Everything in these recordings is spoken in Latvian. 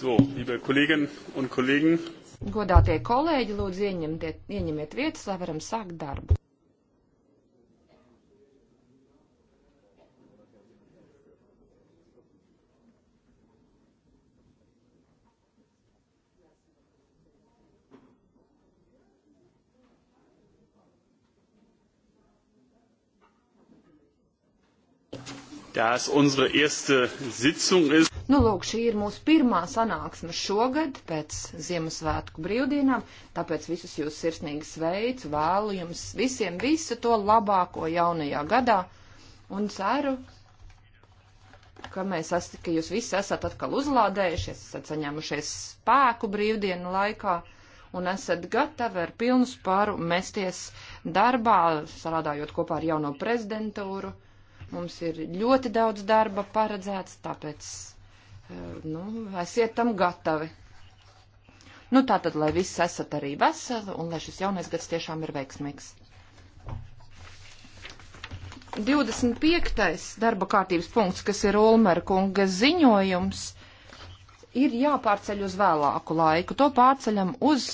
So, liebe Kolleginnen un Kollegen. Godātie kolēģi, lūdzu ieņemiet vietas, lai varam sākt darbu. Da es unsere erste Sitzung ist, Nu, lūk, šī ir mūsu pirmā sanāksme šogad pēc Ziemassvētku brīvdienām, tāpēc visus jūs sirsnīgi sveicu, vēlu jums visiem visu to labāko jaunajā gadā un ceru, ka mēs esam, ka jūs visi esat atkal uzlādējušies, esat saņēmušies spēku brīvdienu laikā un esat gatavi ar pilnu spāru mesties darbā, sarādājot kopā ar jauno prezidentūru. Mums ir ļoti daudz darba paredzēts, tāpēc Ehm, nu, esiet tam gatavi. Nu, tā tad, lai viss esat arī veseli un lai šis jaunais gads tiešām ir veiksmīgs. 25. darba kārtības punkts, kas ir Ulmer kunga ziņojums, ir jāpārceļ uz vēlāku laiku. To pārceļam uz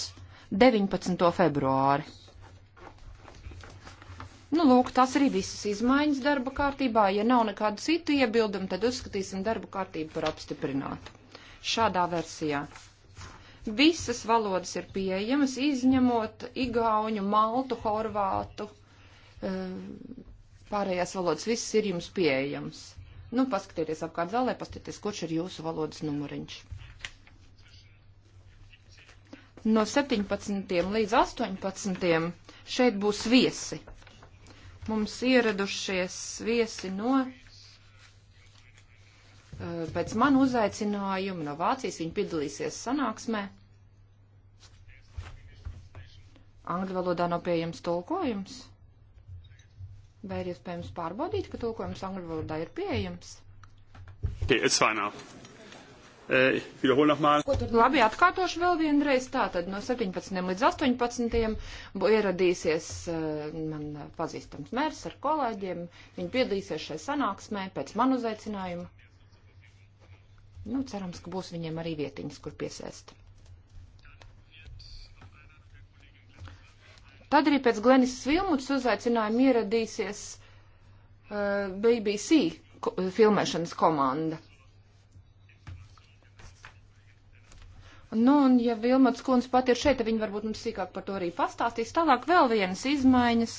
19. februāri. Nu, lūk, tas arī visas izmaiņas darba kārtībā. Ja nav nekādu citu iebildumu, tad uzskatīsim darba kārtību par apstiprinātu. Šādā versijā. Visas valodas ir pieejamas, izņemot igauņu, maltu, horvātu, eh, pārējās valodas. Viss ir jums pieejams. Nu, paskatieties apkārt zālē, paskatieties, kurš ir jūsu valodas numuriņš no 17. līdz 18. šeit būs viesi. Mums ieradušies viesi no e, pēc man uzaicinājuma no Vācijas. Viņi piedalīsies sanāksmē. Angļu valodā nav pieejams tulkojums. Vai ir iespējams pārbaudīt, ka tulkojums angļu valodā ir pieejams? Okay, it's fine now. Labi, atkārtošu vēl vienreiz. Tātad no 17. līdz 18. ieradīsies man pazīstams mērs ar kolēģiem. Viņi piedalīsies šai sanāksmē pēc manu uzaicinājumu. Nu, cerams, ka būs viņiem arī vietiņas, kur piesēst. Tad arī pēc Glenis Vilmuts uzaicinājuma ieradīsies uh, BBC ko filmēšanas komanda. Nu, un ja Vilmots kundze pat ir šeit, tad viņi varbūt mums sīkāk par to arī pastāstīs. Tālāk vēl vienas izmaiņas.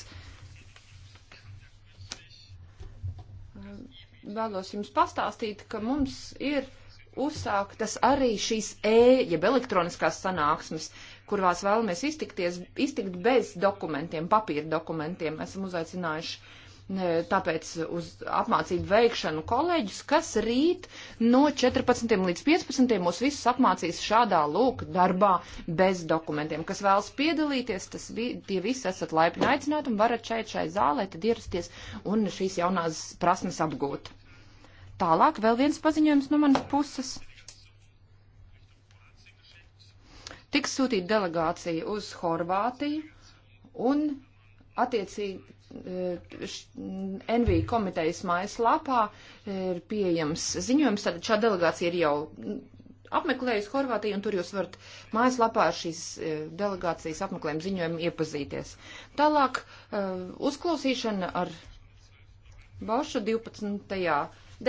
Vēlos jums pastāstīt, ka mums ir uzsāktas arī šīs e, jeb elektroniskās sanāksmes, kurās vēlamies iztikties, iztikt bez dokumentiem, papīra dokumentiem. Esam uzaicinājuši uh, tāpēc uz apmācību veikšanu kolēģus, kas rīt no 14. līdz 15. mūs visus apmācīs šādā lūk darbā bez dokumentiem. Kas vēlas piedalīties, tas vi, tie visi esat laipni aicināti un varat šeit šai zālē tad ierasties un šīs jaunās prasmes apgūt. Tālāk vēl viens paziņojums no manas puses. Tiks sūtīta delegācija uz Horvātiju un attiecīgi Eh, NV komitejas mājas lapā ir pieejams ziņojums. Tātad šā delegācija ir jau apmeklējusi Horvātiju, un tur jūs varat mājas lapā ar šīs eh, delegācijas apmeklējumu ziņojumu iepazīties. Tālāk eh, uzklausīšana ar Baušu 12.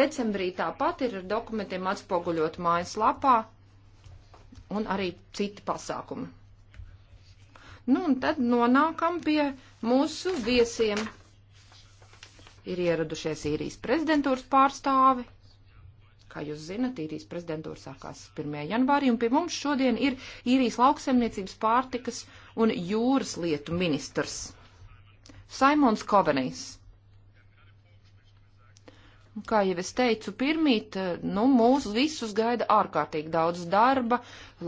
decembrī tāpat ir ar dokumentiem atspoguļot mājas lapā un arī citi pasākumi. Nu, un tad nonākam pie Mūsu viesiem ir ieradušies īrijas prezidentūras pārstāvi. Kā jūs zinat, īrijas prezidentūra sākās 1. janvārī, un pie mums šodien ir īrijas lauksemniecības pārtikas un jūras lietu ministrs Saimons Kovenijs. Kā jau es teicu, pirmīt, nu, mūs visus gaida ārkārtīgi daudz darba,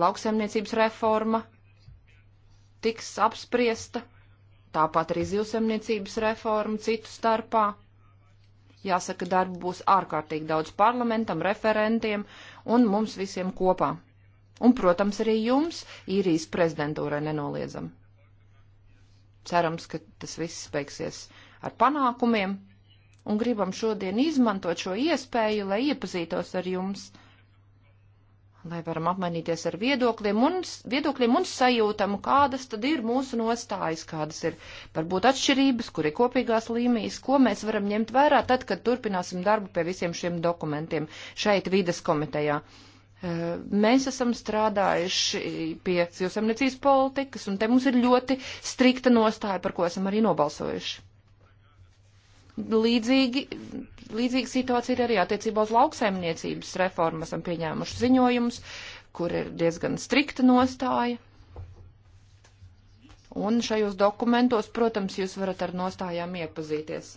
lauksaimniecības reforma tiks apspriesta, tāpat arī zivsemniecības reforma citu starpā. Jāsaka, darba būs ārkārtīgi daudz parlamentam, referentiem un mums visiem kopā. Un, protams, arī jums, īrijas prezidentūrai nenoliedzam. Cerams, ka tas viss beigsies ar panākumiem, un gribam šodien izmantot šo iespēju, lai iepazītos ar jums lai varam apmainīties ar viedokļiem un, viedokļiem un sajūtam, kādas tad ir mūsu nostājas, kādas ir varbūt atšķirības, kur ir kopīgās līmijas, ko mēs varam ņemt vērā tad, kad turpināsim darbu pie visiem šiem dokumentiem šeit vides komitejā. Eh, mēs esam strādājuši pie zivsamniecības politikas, un te mums ir ļoti strikta nostāja, par ko esam arī nobalsojuši. Līdzīgi, līdzīga situācija ir arī attiecībā uz lauksaimniecības reformu. Esam pieņēmuši ziņojumus, kur ir diezgan strikta nostāja. Un šajos dokumentos, protams, jūs varat ar nostājām iepazīties.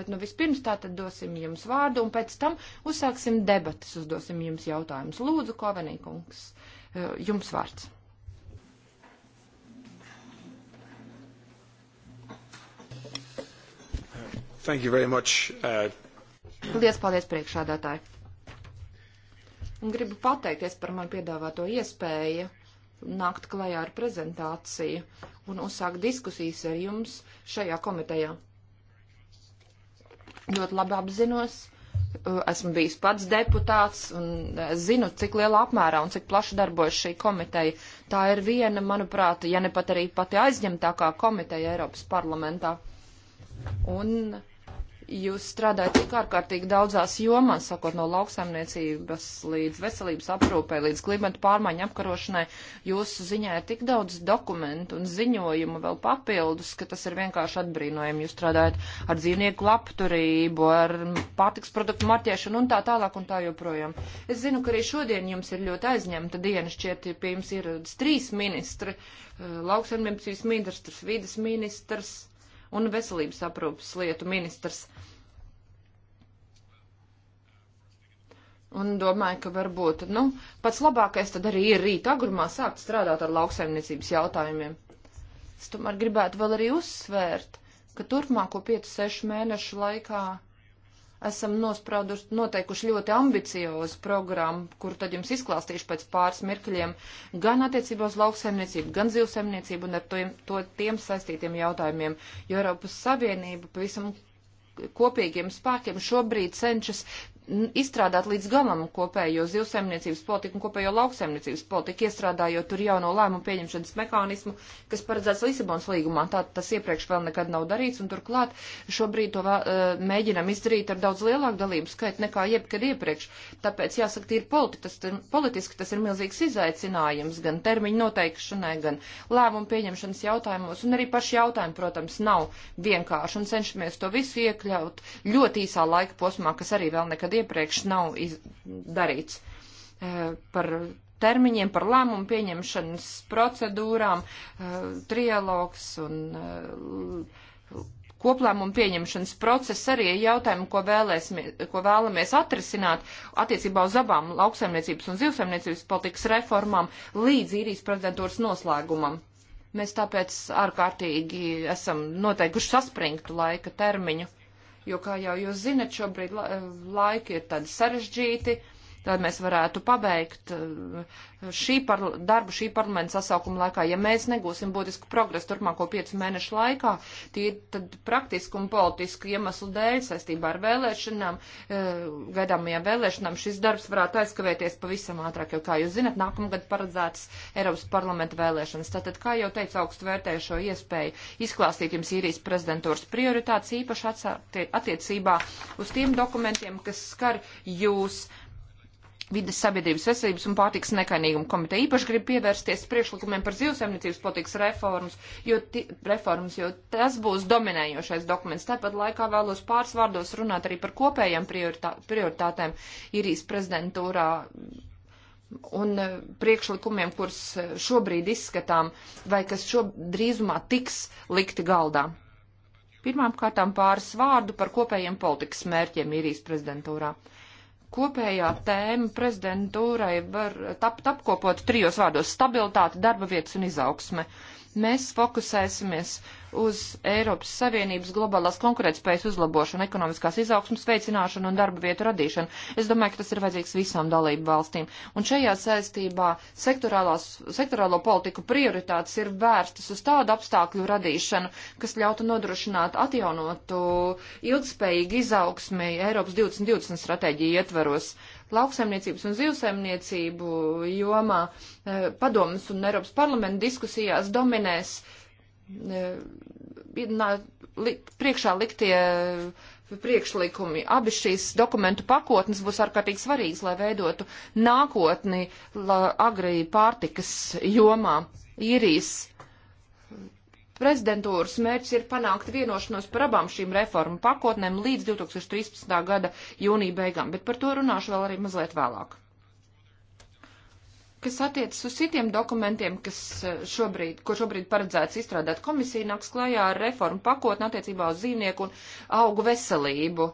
Bet nu vispirms tā tad dosim jums vārdu, un pēc tam uzsāksim debatas, uzdosim jums jautājumus. Lūdzu, Kovenīkungs, eh, jums vārds. Thank you very much. Uh... Lies paldies priekšādātāji. Un gribu pateikties par man piedāvāto iespēju nākt klajā ar prezentāciju un uzsākt diskusijas ar jums šajā komitejā. Ļoti labi apzinos, uh, esmu bijis pats deputāts un uh, zinu, cik lielā apmērā un cik plaši darbojas šī komiteja. Tā ir viena, manuprāt, ja ne pat arī pati aizņemtākā komiteja Eiropas parlamentā. Un Jūs strādājat tik ārkārtīgi daudzās jomās, sakot no lauksaimniecības līdz veselības aprūpē, līdz klimata pārmaiņu apkarošanai. Jūsu ziņā ir tik daudz dokumentu un ziņojumu vēl papildus, ka tas ir vienkārši atbrīnojami. Jūs strādājat ar dzīvnieku labturību, ar pārtiks produktu marķēšanu un tā tālāk un tā joprojām. Es zinu, ka arī šodien jums ir ļoti aizņemta diena, šķiet, pie jums ir trīs ministri, eh, lauksaimniecības ministrs, vidas ministrs un veselības aprūpas lietu ministrs. Un domāju, ka varbūt, nu, pats labākais tad arī ir rīt agrumā sākt strādāt ar lauksaimniecības jautājumiem. Es tomēr gribētu vēl arī uzsvērt, ka turpmāko 5-6 mēnešu laikā esam noteikuši ļoti ambiciozu programmu, kur tad jums izklāstīšu pēc pāris mirkļiem, gan attiecībā uz lauksaimniecību, gan zivsaimniecību un ar to, to tiem saistītiem jautājumiem, jo Eiropas Savienība pavisam kopīgiem spēkiem šobrīd cenšas izstrādāt līdz galam kopējo zivsaimniecības politiku un kopējo lauksaimniecības politiku, iestrādājot tur jauno lēmumu pieņemšanas mehānismu, kas paredzēts Lisabons līgumā. Tā tas iepriekš vēl nekad nav darīts, un turklāt šobrīd to vēl, eh, mēģinam izdarīt ar daudz lielāku dalību skaitu nekā jebkad iepriekš. Tāpēc, jāsaka, tīri politi, tas, politiski tas ir milzīgs izaicinājums gan termiņu noteikšanai, gan lēmumu pieņemšanas jautājumos, un arī paši jautājumi, protams, nav vienkārši, un cenšamies to visu iekļaut ļoti īsā laika posmā, kas arī vēl nekad nekad iepriekš nav iz, darīts eh, par termiņiem, par lēmumu pieņemšanas procedūrām, eh, trialogs un eh, koplēmumu pieņemšanas process arī ir jautājumi, ko, ko vēlamies atrisināt attiecībā uz abām lauksaimniecības un zivsaimniecības politikas reformām līdz īrijas prezidentūras noslēgumam. Mēs tāpēc ārkārtīgi esam noteikuši saspringtu laika termiņu jo, kā jau jūs zinat, šobrīd eh, laiki ir tādi sarežģīti, Tad mēs varētu pabeigt eh, šī par, darbu šī parlamenta sasaukuma laikā. Ja mēs negūsim būtisku progresu turpmāko piecu mēnešu laikā, tie tad praktisku un politisku iemeslu dēļ saistībā ar vēlēšanām, eh, gaidāmajām vēlēšanām, šis darbs varētu aizkavēties pavisam ātrāk, jo, kā jūs zinat, nākamgad paredzētas Eiropas parlamenta vēlēšanas. Tātad, kā jau teicu, augstu vērtēju šo iespēju izklāstīt jums īrijas prezidentūras prioritātes īpaši attiecībā uz tiem dokumentiem, kas skar jūs Vides sabiedrības veselības un pārtiks nekainīguma komiteja īpaši grib pievērsties priekšlikumiem par zivsaimniecības politikas reformas, jo, reformas, jo tas būs dominējošais dokuments. Tāpat laikā vēlos pāris vārdos runāt arī par kopējām prioritā, prioritātēm Irijas prezidentūrā un eh, priekšlikumiem, kurus eh, šobrīd izskatām vai kas šodrīzumā tiks likti galdā. Pirmām kārtām pāris vārdu par kopējiem politikas mērķiem Irijas prezidentūrā kopējā tēma prezidentūrai var tapt apkopot trijos vārdos - stabilitāte, darba vietas un izaugsme. Mēs fokusēsimies uz Eiropas Savienības globālās konkurētspējas uzlabošanu, ekonomiskās izaugsmas veicināšanu un darba vietu radīšanu. Es domāju, ka tas ir vajadzīgs visām dalību valstīm. Un šajā saistībā sektorālo politiku prioritātes ir vērstas uz tādu apstākļu radīšanu, kas ļautu nodrošināt atjaunotu ilgspējīgu izaugsmi Eiropas 2020 stratēģiju ietveros lauksaimniecības un zivsaimniecību jomā eh, padomas un Eiropas parlamenta diskusijās dominēs uh, E, nā, lik, priekšā liktie e, priekšlikumi. Abi šīs dokumentu pakotnes būs ārkārtīgi svarīgas, lai veidotu nākotni agrī pārtikas jomā. Irijas prezidentūras mērķis ir panākt vienošanos par abām šīm reformu pakotnēm līdz 2013. gada jūnija beigām, bet par to runāšu vēl arī mazliet vēlāk kas attiecas uz citiem dokumentiem, kas eh, šobrīd, ko šobrīd paredzēts izstrādāt komisija, nāks klajā ar reformu pakotni attiecībā uz zīmnieku un augu veselību.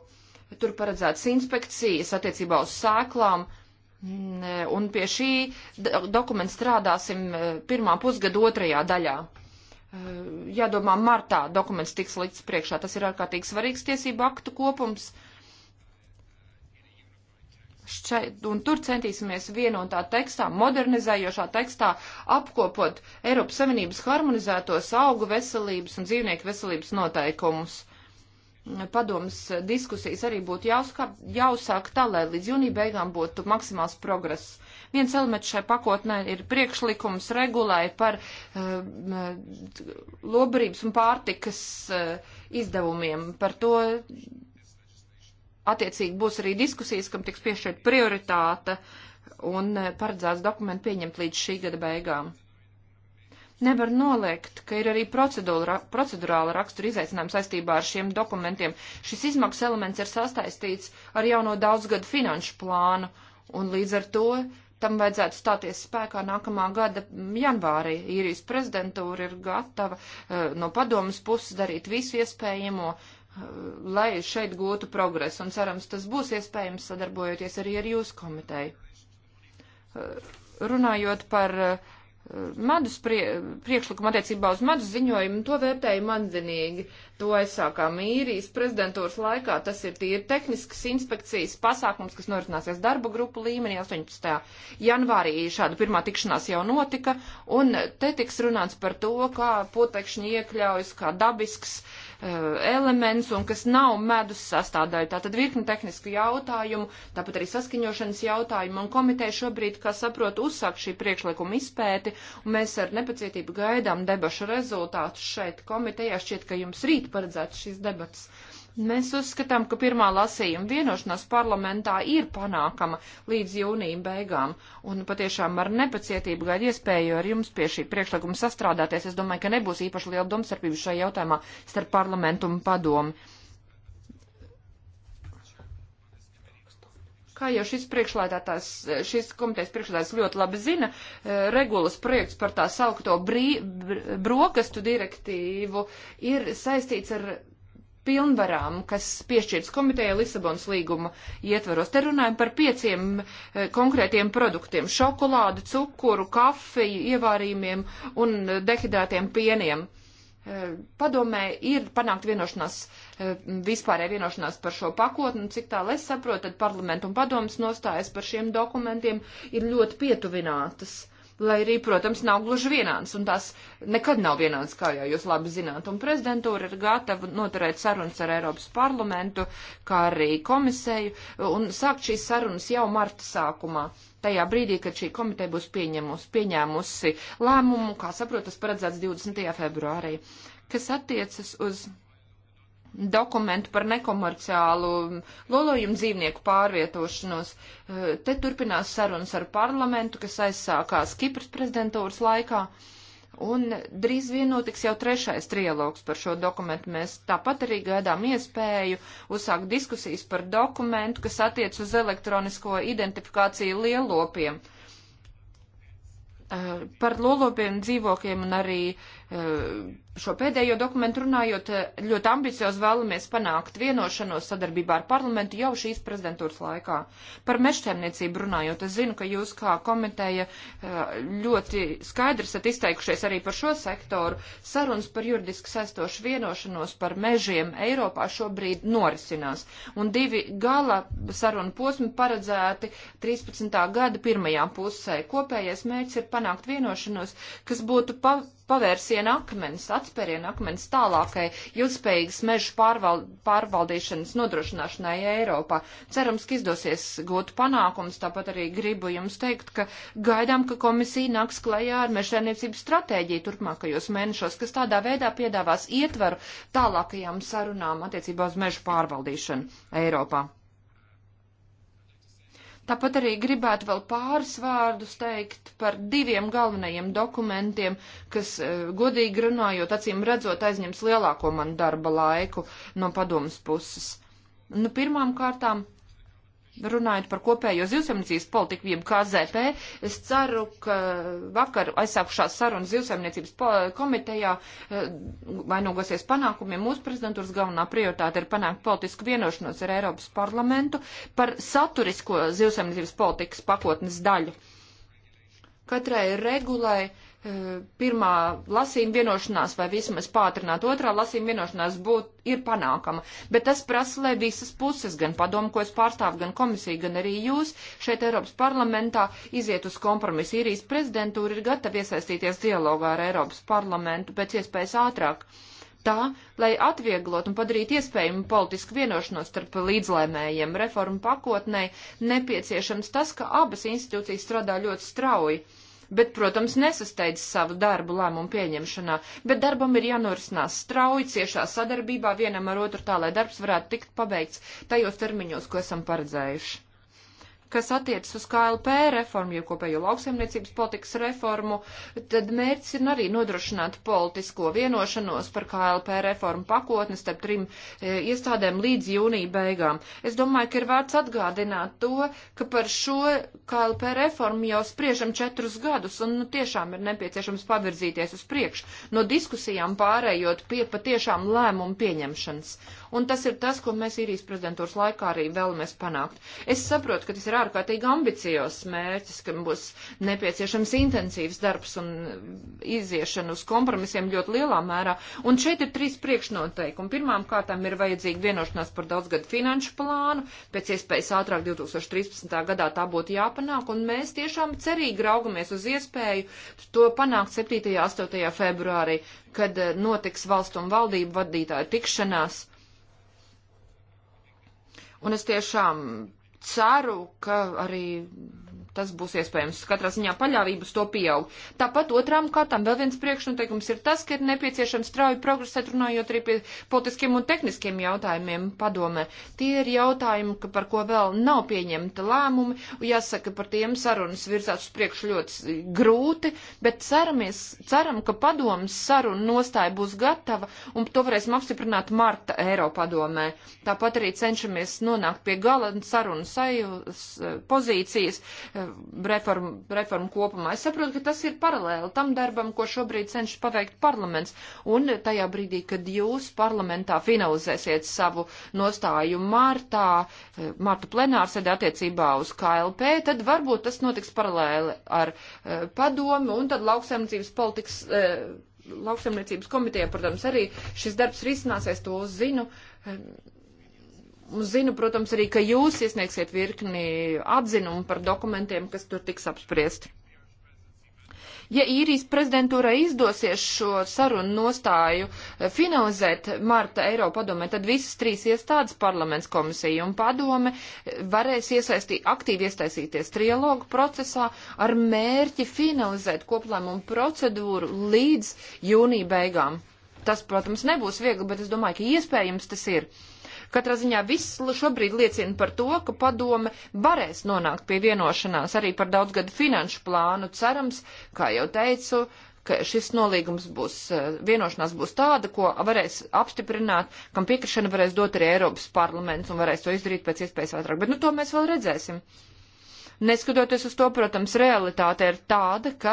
Tur paredzētas inspekcijas attiecībā uz sēklām. Mm, eh, un pie šī dokumenta strādāsim eh, pirmā pusgada otrajā daļā jādomā, martā dokuments tiks likts priekšā. Tas ir ārkārtīgi svarīgs tiesību aktu kopums šeit, un tur centīsimies vienotā tekstā, modernizējošā tekstā apkopot Eiropas Savienības harmonizētos augu veselības un dzīvnieku veselības noteikumus. Padomas diskusijas arī būtu jāuzkā, jāuzsāk tā, lai līdz jūnija beigām būtu maksimāls progress. Viens elements šai pakotnē ir priekšlikums regulai par uh, lobarības un pārtikas uh, izdevumiem. Par to attiecīgi būs arī diskusijas, kam tiks piešķirt prioritāte un eh, paredzēts dokumentu pieņemt līdz šī gada beigām. Nevar noliegt, ka ir arī procedurāla rakstura izaicinājuma saistībā ar šiem dokumentiem. Šis izmaksu elements ir sastaistīts ar jauno daudzgadu finanšu plānu, un līdz ar to tam vajadzētu stāties spēkā nākamā gada janvārī. Īrijas prezidentūra ir gatava eh, no padomas puses darīt visu iespējamo, lai šeit gūtu progresu, un cerams, tas būs iespējams sadarbojoties arī ar jūsu komiteju. Runājot par eh, medus prie, priekšlikumu attiecībā uz medus ziņojumu, to vērtēju manzinīgi. To aizsākām īrijas prezidentūras laikā. Tas ir tīri tehniskas inspekcijas pasākums, kas norisināsies darba grupu līmenī 18. janvārī. Šāda pirmā tikšanās jau notika, un te tiks runāts par to, kā putekšņi iekļaujas, kā dabisks uh, Eh, elements un kas nav medus sastāvdaļa. Tātad virkni tehniski jautājumu, tāpat arī saskaņošanas jautājumu un komiteja šobrīd, kā saprot, uzsāk šī priekšlikuma izpēti un mēs ar nepacietību gaidām debašu rezultātus šeit komitejā. Šķiet, ka jums rīt paredzēts šīs debatas. Mēs uzskatām, ka pirmā lasījuma vienošanās parlamentā ir panākama līdz jūnija beigām, un patiešām ar nepacietību gaidu iespēju ar jums pie šī priekšlikuma sastrādāties. Es domāju, ka nebūs īpaši liela domstarpība šajā jautājumā starp parlamentu un padomu. Kā jau šis priekšlētātājs, šis komitejas priekšlētājs ļoti labi zina, eh, regulas projekts par tā saukto brī, brokastu direktīvu ir saistīts ar pilnvarām, kas piešķirts komitejai Lisabonas līguma ietvaros. Te runājam par pieciem eh, konkrētiem produktiem - šokolādu, cukuru, kafiju, ievārījumiem un eh, dehidrētiem pieniem eh, padomē ir panākt vienošanās, vispārēja vienošanās par šo pakotni, cik tālu es saprotu, tad parlamentu un padomas nostājas par šiem dokumentiem ir ļoti pietuvinātas. Uh, lai arī, protams, nav gluži vienāds, un tās nekad nav vienāds, kā jau jūs labi zināt. Un prezidentūra ir gatava noturēt sarunas ar Eiropas parlamentu, kā arī komisēju, un sākt šīs sarunas jau marta sākumā. Tajā brīdī, kad šī komiteja būs pieņemus, pieņēmusi lēmumu, kā saprotas, paredzēts 20. februārī, kas attiecas uz dokumentu par nekomerciālu lolojumu dzīvnieku pārvietošanos. Eh, te turpinās sarunas ar parlamentu, kas aizsākās Kipras prezidentūras laikā. Un drīz vien notiks jau trešais trialogs par šo dokumentu. Mēs tāpat arī gaidām iespēju uzsākt diskusijas par dokumentu, kas attiec uz elektronisko identifikāciju lielopiem. Eh, par lolopiem dzīvokļiem un arī uh, Eh, šo pēdējo dokumentu runājot, eh, ļoti ambiciozi vēlamies panākt vienošanos sadarbībā ar parlamentu jau šīs prezidentūras laikā. Par mežtēmniecību runājot, es zinu, ka jūs kā komiteja eh, ļoti skaidri esat izteikušies arī par šo sektoru. Sarunas par juridiski saistošu vienošanos par mežiem Eiropā šobrīd norisinās. Un divi gala sarunu posmi paredzēti 13. gada pirmajām pusē. Kopējais mērķis ir panākt vienošanos, kas būtu pa pavērsiena akmens, atspēriena akmens tālākai ilgspējīgas mežu pārval, pārvaldīšanas nodrošināšanai Eiropā. Cerams, ka izdosies gūt panākums, tāpat arī gribu jums teikt, ka gaidām, ka komisija nāks klajā ar mežsainiecības stratēģiju turpmākajos mēnešos, kas tādā veidā piedāvās ietvaru tālākajām sarunām attiecībā uz mežu pārvaldīšanu Eiropā. Tāpat arī gribētu vēl pāris vārdus teikt par diviem galvenajiem dokumentiem, kas, eh, godīgi runājot, acīm redzot, aizņems lielāko man darba laiku no padomas puses. Nu, pirmām kārtām runājot par kopējo zivsaimniecības politiku, jeb KZP, es ceru, ka vakar aizsākušās sarunas zivsaimniecības komitejā eh, vainogosies panākumiem. Mūsu prezidentūras galvenā prioritāte ir panākt politisku vienošanos ar Eiropas parlamentu par saturisko zivsaimniecības politikas pakotnes daļu. Katrai regulai uh, Eh, pirmā lasījuma vienošanās vai vismaz pātrināt otrā lasījuma vienošanās būt ir panākama. Bet tas prasa, lai visas puses, gan padomu, ko es pārstāvu, gan komisija, gan arī jūs šeit Eiropas parlamentā iziet uz kompromisu. Īrijas prezidentūra ir gatava iesaistīties dialogā ar Eiropas parlamentu pēc iespējas ātrāk. Tā, lai atvieglot un padarītu iespējamu politisku vienošanos starp līdzlēmējiem reformu pakotnē, nepieciešams tas, ka abas institūcijas strādā ļoti strauji bet, protams, nesasteidz savu darbu lēmumu pieņemšanā, bet darbam ir jānorisinās strauji, ciešā sadarbībā vienam ar otru tā, lai darbs varētu tikt pabeigts tajos termiņos, ko esam paredzējuši kas attiecas uz KLP reformu, jeb kopējo lauksaimniecības politikas reformu, tad mērķis ir arī nodrošināt politisko vienošanos par KLP reformu pakotnes starp trim e, iestādēm līdz jūnija beigām. Es domāju, ka ir vērts atgādināt to, ka par šo KLP reformu jau spriežam četrus gadus un nu, tiešām ir nepieciešams pavirzīties uz priekšu, no diskusijām pārējot pie patiešām lēmumu pieņemšanas. Un tas ir tas, ko mēs īrijas prezidentūras laikā arī vēlamies panākt. Es saprotu, ka tas ir ārkārtīgi ambiciozs mērķis, ka būs nepieciešams intensīvs darbs un iziešana uz kompromisiem ļoti lielā mērā. Un šeit ir trīs priekšnoteikumi. Pirmām kārtām ir vajadzīga vienošanās par daudzgadu finanšu plānu, pēc iespējas ātrāk 2013. gadā tā būtu jāpanāk, un mēs tiešām cerīgi raugamies uz iespēju to panākt 7. un 8. februārī, kad eh, notiks valstu un valdību vadītāju tikšanās. Un es tiešām ceru, ka arī tas būs iespējams. Katrā ziņā paļāvības to pieaug. Tāpat otrām kārtām vēl viens priekšnoteikums ir tas, ka ir nepieciešams strauji progresēt runājot arī pie politiskiem un tehniskiem jautājumiem padomē. Tie ir jautājumi, ka, par ko vēl nav pieņemta lēmumi. Jāsaka, par tiem sarunas virzās uz priekšu ļoti grūti, bet ceramies, ceram, ka padomas saruna nostāja būs gatava un to varēsim apstiprināt marta Eiropadomē. Tāpat arī cenšamies nonākt pie gala sarunu sajūs pozīcijas reformu, reformu kopumā. Es saprotu, ka tas ir paralēli tam darbam, ko šobrīd cenšas paveikt parlaments. Un tajā brīdī, kad jūs parlamentā finalizēsiet savu nostāju martā, eh, marta plenārsēdē attiecībā uz KLP, tad varbūt tas notiks paralēli ar eh, padomu un tad lauksaimniecības politikas eh, lauksaimniecības komitejā, protams, arī šis darbs risināsies, to zinu. Zinu, protams, arī, ka jūs iesniegsiet virkni atzinumu par dokumentiem, kas tur tiks apspriesti. Ja īrijas prezidentūrai izdosies šo sarunu nostāju eh, finalizēt Marta Eiropadomē, tad visas trīs iestādes - parlaments, komisija un padome - varēs iesaistī, aktīvi iesaistīties trialogu procesā ar mērķi finalizēt koplēmumu procedūru līdz jūnija beigām. Tas, protams, nebūs viegli, bet es domāju, ka iespējams tas ir. Uh, Katrā ziņā viss šobrīd liecina par to, ka padome varēs nonākt pie vienošanās arī par daudzgadu finanšu plānu. Cerams, kā jau teicu, ka šis nolīgums būs, eh, vienošanās būs tāda, ko varēs apstiprināt, kam piekrišana varēs dot arī Eiropas parlaments un varēs to izdarīt pēc iespējas ātrāk. Bet nu to mēs vēl redzēsim. Uh, Neskatoties uz to, protams, realitāte ir tāda, ka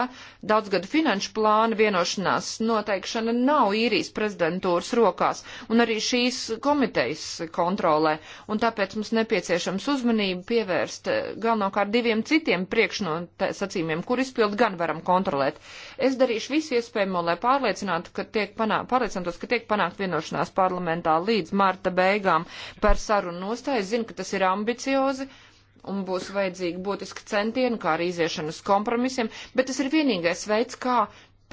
daudzgadu finanšu plāna vienošanās noteikšana nav īrijas prezidentūras rokās un arī šīs komitejas kontrolē, un tāpēc mums nepieciešams uzmanību pievērst eh, galvenokārt diviem citiem priekšnosacījumiem, kur izpildu gan varam kontrolēt. Es darīšu visu iespējamo, lai pārliecinātu, ka tiek panākt, pārliecinātos, ka tiek panākt vienošanās parlamentā līdz marta beigām par sarunu nostāju. Es zinu, ka tas ir ambiciozi un būs vajadzīgi būtiski centieni, kā arī iziešana uz kompromisiem, bet tas ir vienīgais veids, kā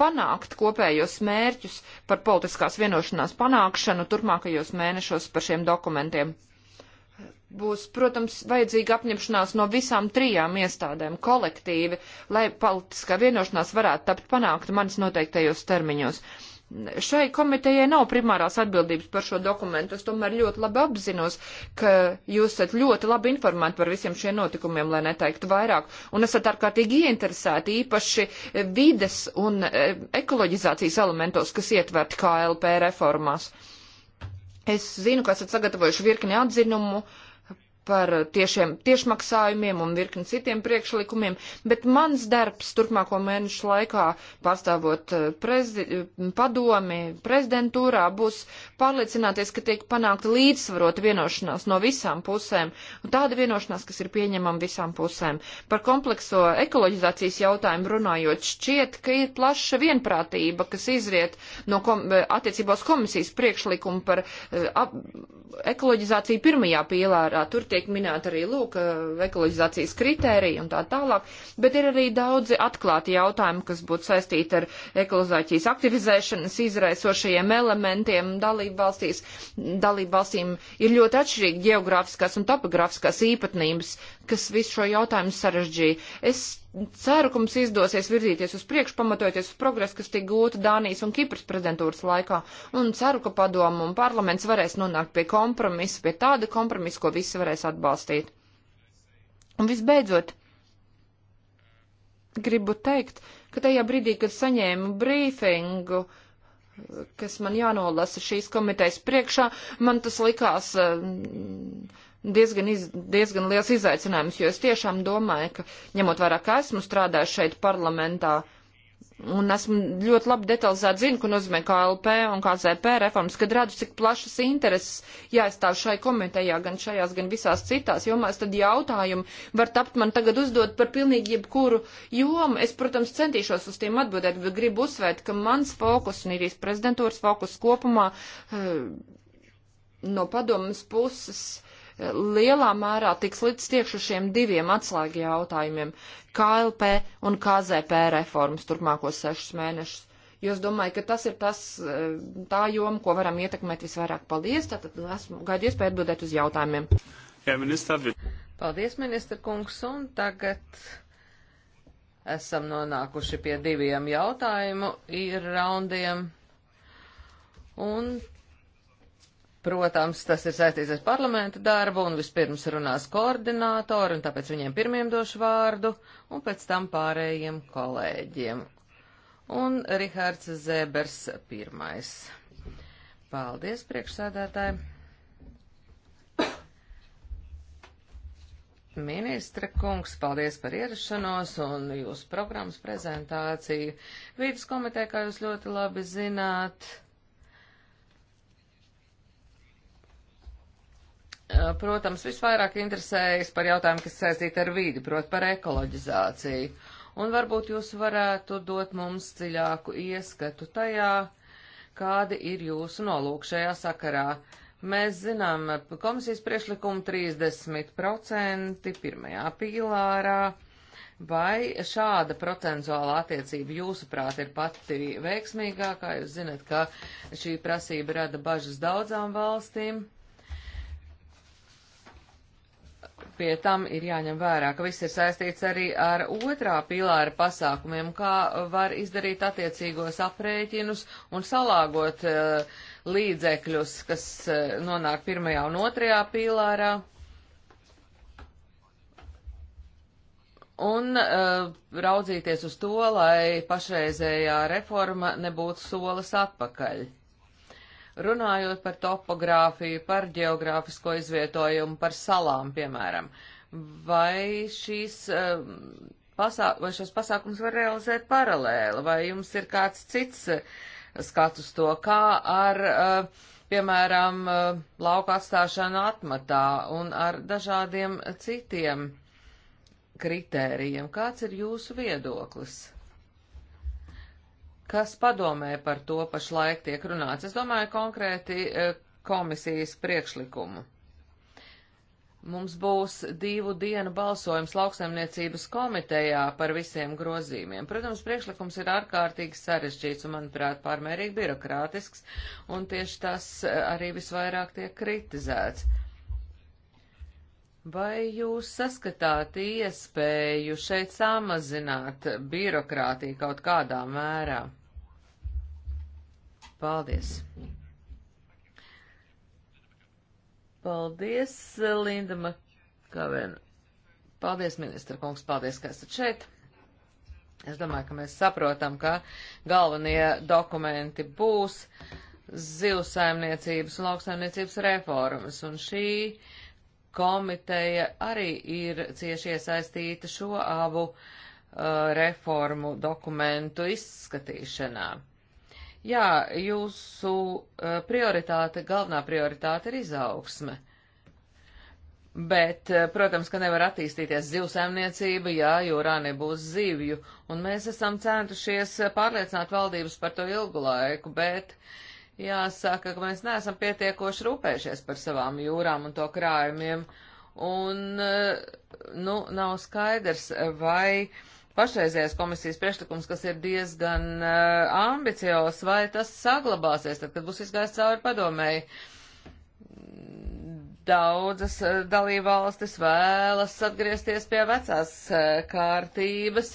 panākt kopējos mērķus par politiskās vienošanās panākšanu turpmākajos mēnešos par šiem dokumentiem. Būs, protams, vajadzīga apņemšanās no visām trijām iestādēm kolektīvi, lai politiskā vienošanās varētu tapt panākta manis noteiktajos termiņos. Šai komitejai nav primārās atbildības par šo dokumentu. Es tomēr ļoti labi apzinos, ka jūs esat ļoti labi informēti par visiem šiem notikumiem, lai neteiktu vairāk. Un esat ārkārtīgi ieinteresēti īpaši vides un e, ekoloģizācijas elementos, kas ietverti KLP reformās. Es zinu, ka esat sagatavojuši virkni atzinumu par tiešiem tiešmaksājumiem un virkni citiem priekšlikumiem, bet mans darbs turpmāko mēnešu laikā, pārstāvot eh, prezi, padomi prezidentūrā, būs pārliecināties, ka tiek panākta līdzsvarota vienošanās no visām pusēm, un tāda vienošanās, kas ir pieņemama visām pusēm. Par komplekso ekoloģizācijas jautājumu runājot, šķiet, ka ir plaša vienprātība, kas izriet no kom attiecībās komisijas priekšlikumu par uh, ekoloģizāciju pirmajā pielārā. Tur tiek minēta arī, lūk, ekoloģizācijas kritērija un tā tālāk, bet ir arī daudzi atklāti jautājumi, kas būtu saistīti ar ekoloģizācijas aktivizēšanas izraisošajiem elementiem dalību valstīs. Dalību valstīm ir ļoti atšķirīgi geogrāfiskās un topogrāfiskās īpatnības, kas visu šo jautājumu sarežģīja. Es ceru, ka mums izdosies virzīties uz priekšu, pamatojoties uz progresu, kas tika gūta Dānijas un Kipras prezidentūras laikā, un ceru, ka padomu un parlaments varēs nonākt pie kompromisa, pie tāda kompromisa, ko visi varēs atbalstīt. Un visbeidzot, gribu teikt, ka tajā brīdī, kad saņēmu brīfingu, kas man jānolasa šīs komitejas priekšā, man tas likās. Uh, diezgan, iz, diezgan liels izaicinājums, jo es tiešām domāju, ka ņemot vērā, ka esmu strādājis šeit parlamentā, Un esmu ļoti labi detalizēti zinu, ko nozīmē KLP un KZP reformas, kad redzu, cik plašas intereses jāizstāv šai komitejā, gan šajās, gan visās citās jomās, tad jautājumu var tapt man tagad uzdot par pilnīgi jebkuru jomu. Es, protams, centīšos uz tiem atbildēt, bet gribu uzsvērt, ka mans fokus un īrijas prezidentūras fokus kopumā eh, no padomas puses lielā mērā tiks līdz tiekšu šiem diviem atslēgi jautājumiem - KLP un KZP reformas turpmākos sešus mēnešus. Jo es domāju, ka tas ir tas, eh, tā joma, ko varam ietekmēt visvairāk. Paldies, tātad esmu gaidu iespēju atbildēt uz jautājumiem. Jā, ministra. Paldies, ministra kungs, un tagad esam nonākuši pie diviem jautājumu ir raundiem. Un Protams, tas ir saistīts ar parlamentu darbu, un vispirms runās koordinātori, un tāpēc viņiem pirmiem došu vārdu, un pēc tam pārējiem kolēģiem. Un Rihards Zēbers pirmais. Paldies, priekšsēdētāji. Ministra kungs, paldies par ierašanos un jūsu programmas prezentāciju. Vīdas komiteja, kā jūs ļoti labi zināt, Eh, protams, visvairāk interesējas par jautājumu, kas saistīta ar vīdi, proti par ekoloģizāciju. Un varbūt jūs varētu dot mums dziļāku ieskatu tajā, kādi ir jūsu nolūk šajā sakarā. Mēs zinām eh, komisijas priešlikumu 30% pirmajā pīlārā. Vai šāda procentuāla attiecība jūsuprāt ir pati veiksmīgākā? Jūs zinat, ka šī prasība rada bažas daudzām valstīm. Uh, pie tam ir jāņem vērā, ka viss ir saistīts arī ar otrā pilāra pasākumiem, kā var izdarīt attiecīgos aprēķinus un salāgot uh, līdzekļus, kas uh, nonāk pirmajā un otrajā pilārā. Un uh, raudzīties uz to, lai pašreizējā reforma nebūtu solis atpakaļ. Uh, Runājot par topogrāfiju, par geogrāfisko izvietojumu, par salām, piemēram, vai šīs. Um, pasā, vai šos pasākums var realizēt paralēli, vai jums ir kāds cits uh, skats uz to, kā ar, uh, piemēram, uh, lauka atstāšanu atmatā un ar dažādiem citiem kritērijiem. Kāds ir jūsu viedoklis? kas padomē par to pašlaik tiek runāts. Es domāju konkrēti eh, komisijas priekšlikumu. Mums būs divu dienu balsojums lauksaimniecības komitejā par visiem grozījumiem. Protams, priekšlikums ir ārkārtīgi sarežģīts un, manuprāt, pārmērīgi birokrātisks, un tieši tas eh, arī visvairāk tiek kritizēts. Vai jūs saskatāt iespēju šeit samazināt birokrātiju kaut kādā mērā? Paldies. Paldies, Linda Makavena. Paldies, ministra kungs, paldies, ka esat šeit. Es domāju, ka mēs saprotam, ka galvenie dokumenti būs zivsaimniecības un lauksaimniecības reformas, un šī uh, komiteja arī ir cieši iesaistīta šo abu uh, reformu dokumentu izskatīšanā. Jā, jūsu uh, prioritāte, galvenā prioritāte ir izaugsme. Bet, uh, protams, ka nevar attīstīties zivsēmniecība, ja jūrā nebūs zivju, un mēs esam centušies pārliecināt valdības par to ilgu laiku, bet uh, jāsaka, ka mēs neesam pietiekoši rūpējušies par savām jūrām un to krājumiem, un, eh, nu, nav skaidrs, vai pašreizējais komisijas priekšlikums, kas ir diezgan uh, ambiciozs, vai tas saglabāsies, tad, kad būs izgājis cauri padomēji. Daudzas eh, dalībvalstis vēlas atgriezties pie vecās kārtības,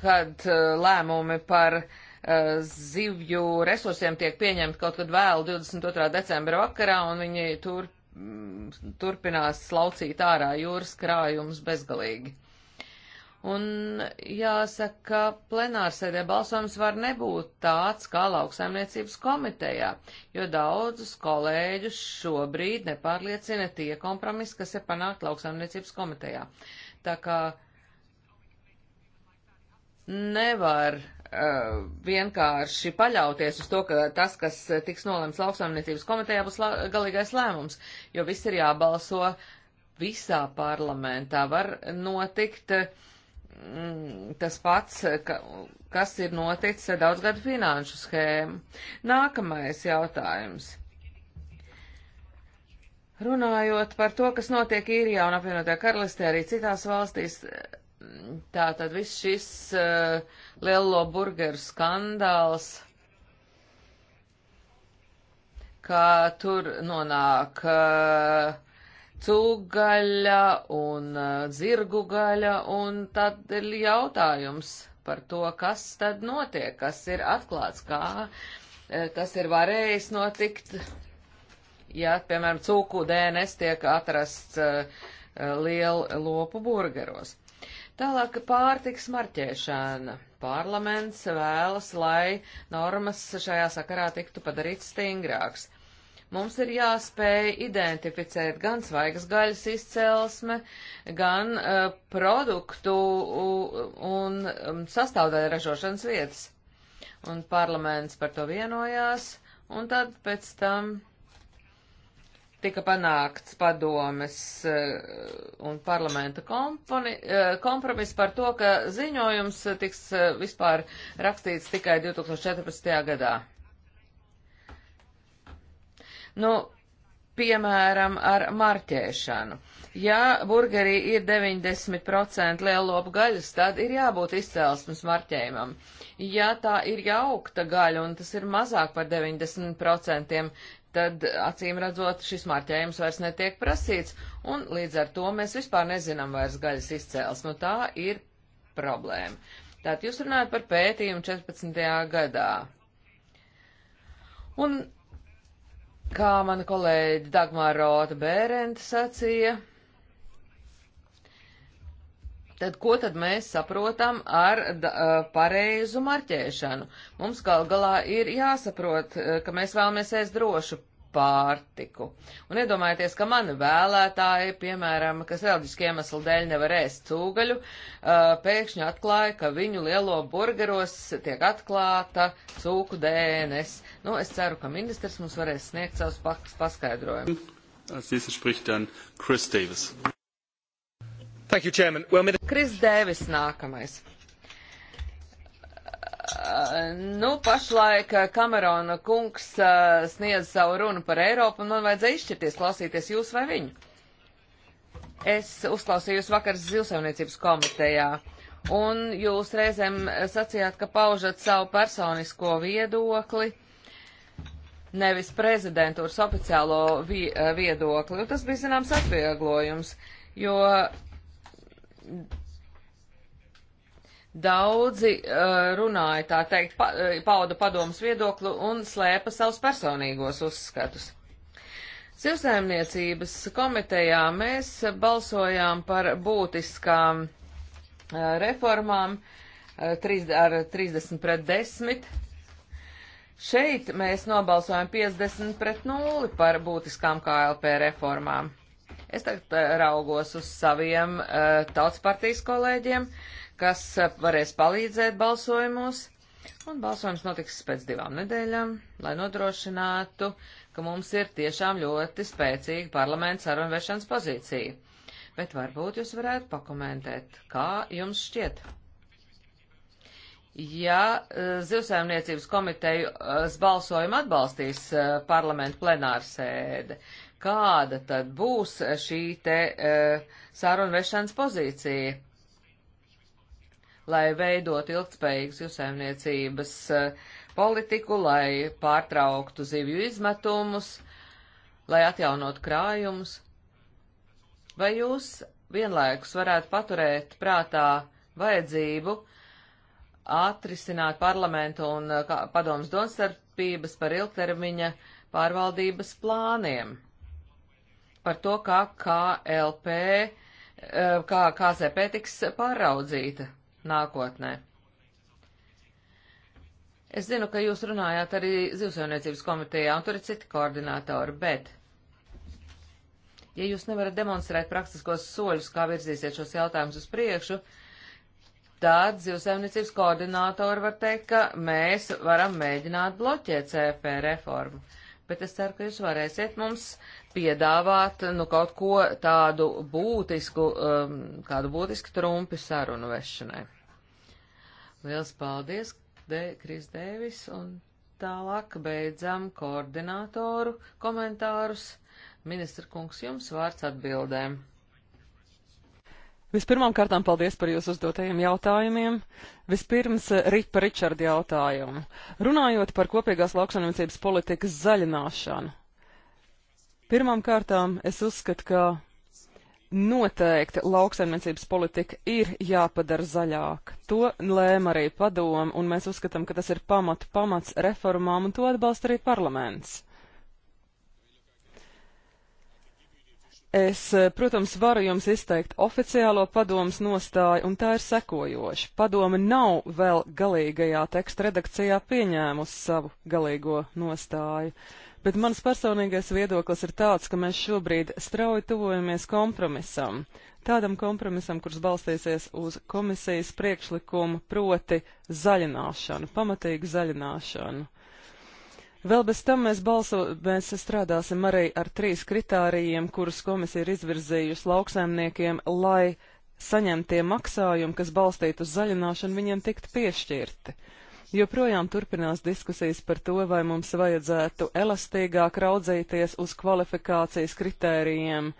kad eh, lēmumi par eh, zivju resursiem tiek pieņemti kaut kad vēl 22. decembra vakarā, un viņi tur, mm, turpinās slaucīt ārā jūras krājumus bezgalīgi. Un jāsaka, plenārsēdē balsojums var nebūt tāds kā lauksaimniecības komitejā, jo daudzus kolēģus šobrīd nepārliecina tie kompromisi, kas ir panākt lauksaimniecības komitejā. Tā kā uh, nevar uh, vienkārši paļauties uz to, ka tas, kas uh, tiks nolemts lauksaimniecības komitejā, būs la galīgais lēmums, jo viss ir jābalso visā parlamentā. Var notikt uh, mm, tas pats, uh, ka, kas ir noticis ar daudzgadu finanšu schēmu. Nākamais jautājums. Runājot par to, kas notiek īrijā un apvienotajā karalistē, arī citās valstīs, tā tad viss šis uh, lielo burgeru skandāls, kā tur nonāk uh, cūgaļa un uh, eh, zirgu gaļa, un tad ir jautājums par to, kas tad notiek, kas ir atklāts, kā uh, tas ir varējis notikt ja, piemēram, cūku DNS tiek atrasts uh, lielu lopu burgeros. Tālāk pārtiks marķēšana. Parlaments vēlas, lai normas šajā sakarā tiktu padarīts stingrāks. Mums ir jāspēj identificēt gan svaigas gaļas izcelsme, gan uh, produktu un um, sastāvdaļu ražošanas vietas. Un parlaments par to vienojās, un tad pēc tam tika panākts padomes eh, un parlamenta eh, kompromiss par to, ka ziņojums tiks eh, vispār rakstīts tikai 2014. gadā. Nu, piemēram, ar marķēšanu. Ja burgerī ir 90% lielopu gaļas, tad ir jābūt izcelsmes marķējumam. Ja tā ir jaukta gaļa un tas ir mazāk par 90%, tad acīm redzot šis marķējums vairs netiek prasīts, un līdz ar to mēs vispār nezinām vairs gaļas izcēles. Nu tā ir problēma. Tātad jūs runājat par pētījumu 14. gadā. Un kā mana kolēģi Dagmāra Rota Bērenta sacīja, Tad ko tad mēs saprotam ar da, pareizu marķēšanu? Mums gal galā ir jāsaprot, ka mēs vēlamies ēst drošu pārtiku. Un iedomājieties, ka mani vēlētāji, piemēram, kas reliģiski iemeslu dēļ nevar ēst cūgaļu, pēkšņi atklāja, ka viņu lielo burgeros tiek atklāta cūku DNS. Nu, es ceru, ka ministrs mums varēs sniegt savus paskaidrojumus. Als nächstes spricht dann Chris Davis. Thank you, Chairman. Well, Kris Dēvis nākamais. Nu, pašlaik eh, Kamerona kungs eh, sniedz savu runu par Eiropu, un man vajadzēja izšķirties, klausīties jūs vai viņu. Es uzklausīju jūs vakar zilsaimniecības komitejā, un jūs reizēm sacījāt, ka paužat savu personisko viedokli, nevis prezidentūras oficiālo vi viedokli, un tas bija zināms atvieglojums, jo Daudzi uh, runāja, tā teikt, pa, eh, pauda padomus viedokli un slēpa savus personīgos uzskatus. Zivsēmniecības komitejā mēs balsojām par būtiskām uh, reformām uh, 3, ar 30 pret 10. Šeit mēs nobalsojam 50 pret 0 par būtiskām KLP reformām. Es tagad eh, raugos uz saviem uh, eh, tautas partijas kolēģiem, kas uh, varēs palīdzēt balsojumos. Un balsojums notiks pēc divām nedēļām, lai nodrošinātu, ka mums ir tiešām ļoti spēcīga parlamenta sarunvešanas pozīcija. Bet varbūt jūs varētu pakomentēt, kā jums šķiet? Ja zivsēmniecības komiteju balsojumu atbalstīs parlamentu plenārsēde, uh, kāda tad būs šī te uh, sarunvešanas pozīcija, lai veidot ilgtspējīgas jūsaimniecības uh, politiku, lai pārtrauktu zivju izmetumus, lai atjaunot krājumus. Vai jūs vienlaikus varētu paturēt prātā vajadzību atrisināt parlamentu un eh, padomus donstarpības par ilgtermiņa pārvaldības plāniem? par to, kā KLP, eh, kā KZP tiks pāraudzīta nākotnē. Es zinu, ka jūs runājāt arī zivsaimniecības komitejā, un tur ir citi koordinātori, bet ja jūs nevarat demonstrēt praktiskos soļus, kā virzīsiet šos jautājumus uz priekšu, tad zivsaimniecības koordinātori var teikt, ka mēs varam mēģināt bloķēt CFP reformu. Bet es ceru, ka jūs varēsiet mums piedāvāt nu, kaut ko tādu būtisku, um, kādu būtisku trumpi sarunu vešanai. Liels paldies, De, Kris Dēvis, un tālāk beidzam koordinātoru komentārus. Ministra kungs, jums vārds atbildēm. Vispirmām kārtām paldies par jūsu uzdotajiem jautājumiem. Vispirms eh, Rit par Ričardu jautājumu. Runājot par kopīgās lauksaimniecības politikas zaļināšanu, Pirmām kārtām es uzskatu, ka noteikti lauksaimniecības politika ir jāpadara zaļāk. To lēma arī padoma, un mēs uzskatām, ka tas ir pamatu pamats reformām, un to atbalsta arī parlaments. Es, protams, varu jums izteikt oficiālo padomas nostāju, un tā ir sekojoša. Padoma nav vēl galīgajā teksta redakcijā pieņēmusi savu galīgo nostāju bet mans personīgais viedoklis ir tāds, ka mēs šobrīd strauji tuvojamies kompromisam. Tādam kompromisam, kurš balstīsies uz komisijas priekšlikumu, proti zaļināšanu, pamatīgu zaļināšanu. Vēl bez tam mēs, balso, mēs strādāsim arī ar trīs kritārijiem, kurus komisija ir izvirzījusi lauksaimniekiem, lai saņemtie maksājumi, kas balstītu uz zaļināšanu, viņiem tiktu piešķirti. Uh, Joprojām turpinās diskusijas par to, vai mums vajadzētu elastīgāk raudzīties uz kvalifikācijas kritērijiem.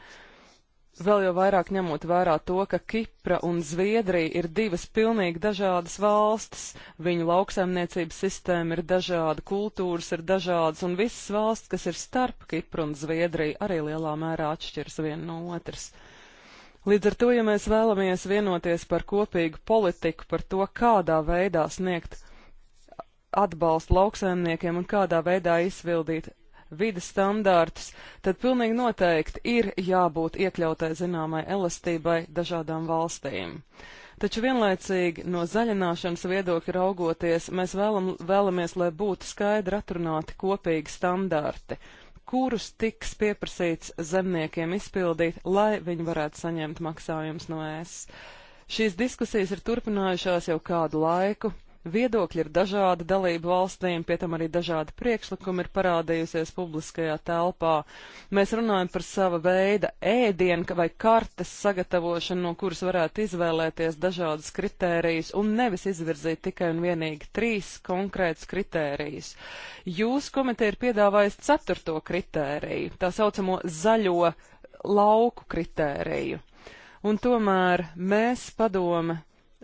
Vēl jau vairāk ņemot vērā to, ka Kipra un Zviedrija ir divas pilnīgi dažādas valstis, viņu lauksaimniecības sistēma ir dažāda, kultūras ir dažādas, un visas valsts, kas ir starp Kipru un Zviedriju, arī lielā mērā atšķiras viena no otras. Līdz ar to, ja mēs vēlamies vienoties par kopīgu politiku, par to, kādā veidā sniegt atbalstu lauksaimniekiem un kādā veidā izpildīt vidas standārtus, tad pilnīgi noteikti ir jābūt iekļautai zināmai elastībai dažādām valstīm. Taču vienlaicīgi no zaļināšanas viedokļa raugoties, mēs vēlam, vēlamies, lai būtu skaidri atrunāti kopīgi standārti, kurus tiks pieprasīts zemniekiem izpildīt, lai viņi varētu saņemt maksājumus no ES. Šīs diskusijas ir turpinājušās jau kādu laiku, Viedokļi ir dažādi dalību valstīm, pie tam arī dažādi priekšlikumi ir parādījusies publiskajā telpā. Mēs runājam par sava veida ēdienu vai kartes sagatavošanu, no kuras varētu izvēlēties dažādas kritērijas un nevis izvirzīt tikai un vienīgi trīs konkrētus kritērijus. Jūs komiteja ir piedāvājis ceturto kritēriju, tā saucamo zaļo lauku kritēriju. Un tomēr mēs padome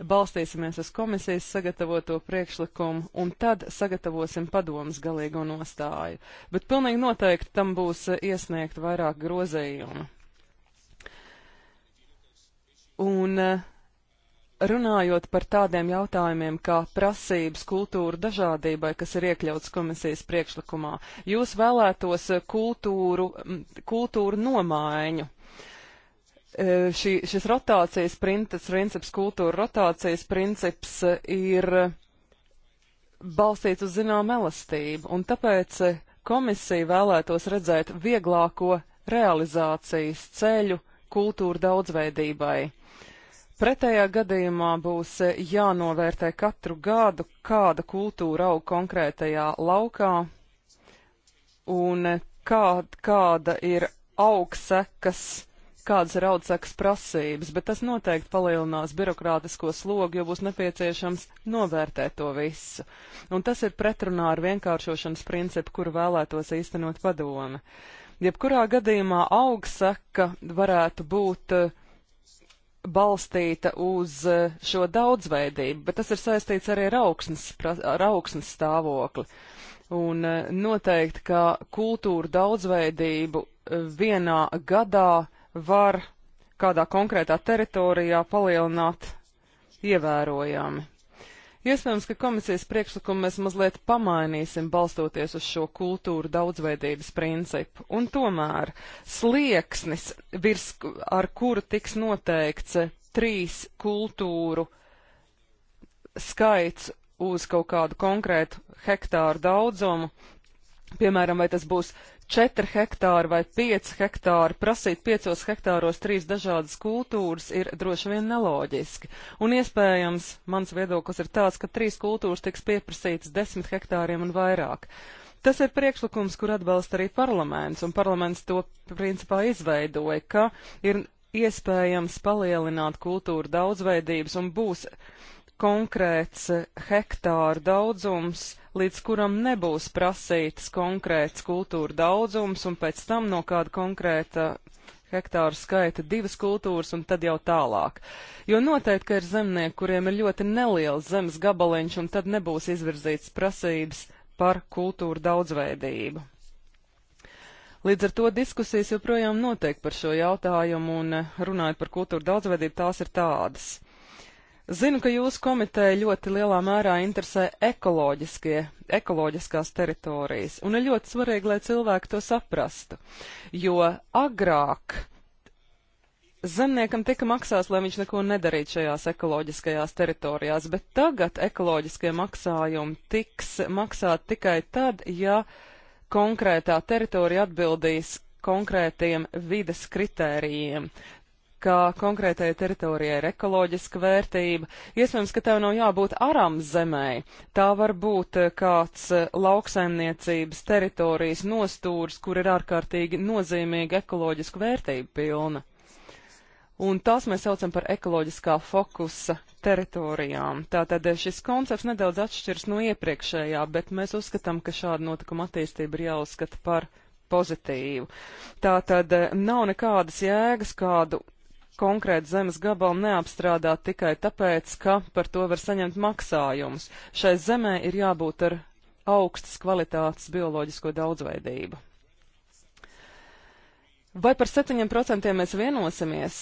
balstīsimies uz komisijas sagatavoto priekšlikumu un tad sagatavosim padomas galīgo nostāju. Bet pilnīgi noteikti tam būs eh, iesniegt vairāk grozījumu. Un eh, runājot par tādiem jautājumiem kā prasības kultūra dažādībai, kas ir iekļauts komisijas priekšlikumā, jūs vēlētos eh, kultūru, kultūru nomaiņu. Uh, E, šī, šis rotācijas princips, princips kultūra rotācijas princips e, ir balstīts uz zinām elastību, un tāpēc e, komisija vēlētos redzēt vieglāko realizācijas ceļu kultūra daudzveidībai. Pretējā gadījumā būs jānovērtē katru gadu, kāda kultūra aug konkrētajā laukā un kā, kāda ir augsekas kādas ir audzekas prasības, bet tas noteikti palielinās birokrātisko slogu, jo būs nepieciešams novērtēt to visu. Un tas ir pretrunā ar vienkāršošanas principu, kuru vēlētos īstenot padome. Jebkurā gadījumā augsaka varētu būt eh, balstīta uz eh, šo daudzveidību, bet tas ir saistīts arī ar augsnes, ar augsnes stāvokli. Un eh, noteikti, ka kultūra daudzveidību vienā gadā var kādā konkrētā teritorijā palielināt ievērojami. Iespējams, ka komisijas priekšlikumu mēs mazliet pamainīsim, balstoties uz šo kultūru daudzveidības principu. Un tomēr slieksnis, virs, ar kuru tiks noteikts trīs kultūru skaits uz kaut kādu konkrētu hektāru daudzumu, Piemēram, vai tas būs 4 hektāri vai 5 hektāri, prasīt 5 hektāros trīs dažādas kultūras ir droši vien neloģiski. Un iespējams, mans viedoklis ir tāds, ka trīs kultūras tiks pieprasītas 10 hektāriem un vairāk. Tas ir priekšlikums, kur atbalsta arī parlaments, un parlaments to principā izveidoja, ka ir iespējams palielināt kultūru daudzveidības un būs konkrēts hektāru daudzums, līdz kuram nebūs prasīts konkrēts kultūra daudzums, un pēc tam no kāda konkrēta hektāru skaita divas kultūras, un tad jau tālāk. Jo noteikti, ka ir zemnieki, kuriem ir ļoti neliels zemes gabaliņš, un tad nebūs izvirzīts prasības par kultūru daudzveidību. Līdz ar to diskusijas joprojām notiek par šo jautājumu, un runājot par kultūru daudzveidību, tās ir tādas. Zinu, ka jūsu komiteja ļoti lielā mērā interesē ekoloģiskie, ekoloģiskās teritorijas, un ir ļoti svarīgi, lai cilvēki to saprastu, jo agrāk zemniekam tika maksās, lai viņš neko nedarītu šajās ekoloģiskajās teritorijās, bet tagad ekoloģiskie maksājumi tiks maksāt tikai tad, ja konkrētā teritorija atbildīs konkrētiem vides kritērijiem ka konkrētajai teritorijai ir ekoloģiska vērtība. Iespējams, ka tev nav jābūt arams zemē. Tā var būt eh, kāds eh, lauksaimniecības teritorijas nostūrs, kur ir ārkārtīgi nozīmīga ekoloģiska vērtība pilna. Un tās mēs saucam par ekoloģiskā fokusa teritorijām. Tātad eh, šis koncepts nedaudz atšķirs no iepriekšējā, bet mēs uzskatām, ka šāda notikuma attīstība ir jāuzskata par pozitīvu. Tātad nav nekādas jēgas kādu konkrēti zemes gabalu neapstrādāt tikai tāpēc, ka par to var saņemt maksājumus. Šai zemē ir jābūt ar augstas kvalitātes bioloģisko daudzveidību. Vai par 7% mēs vienosimies?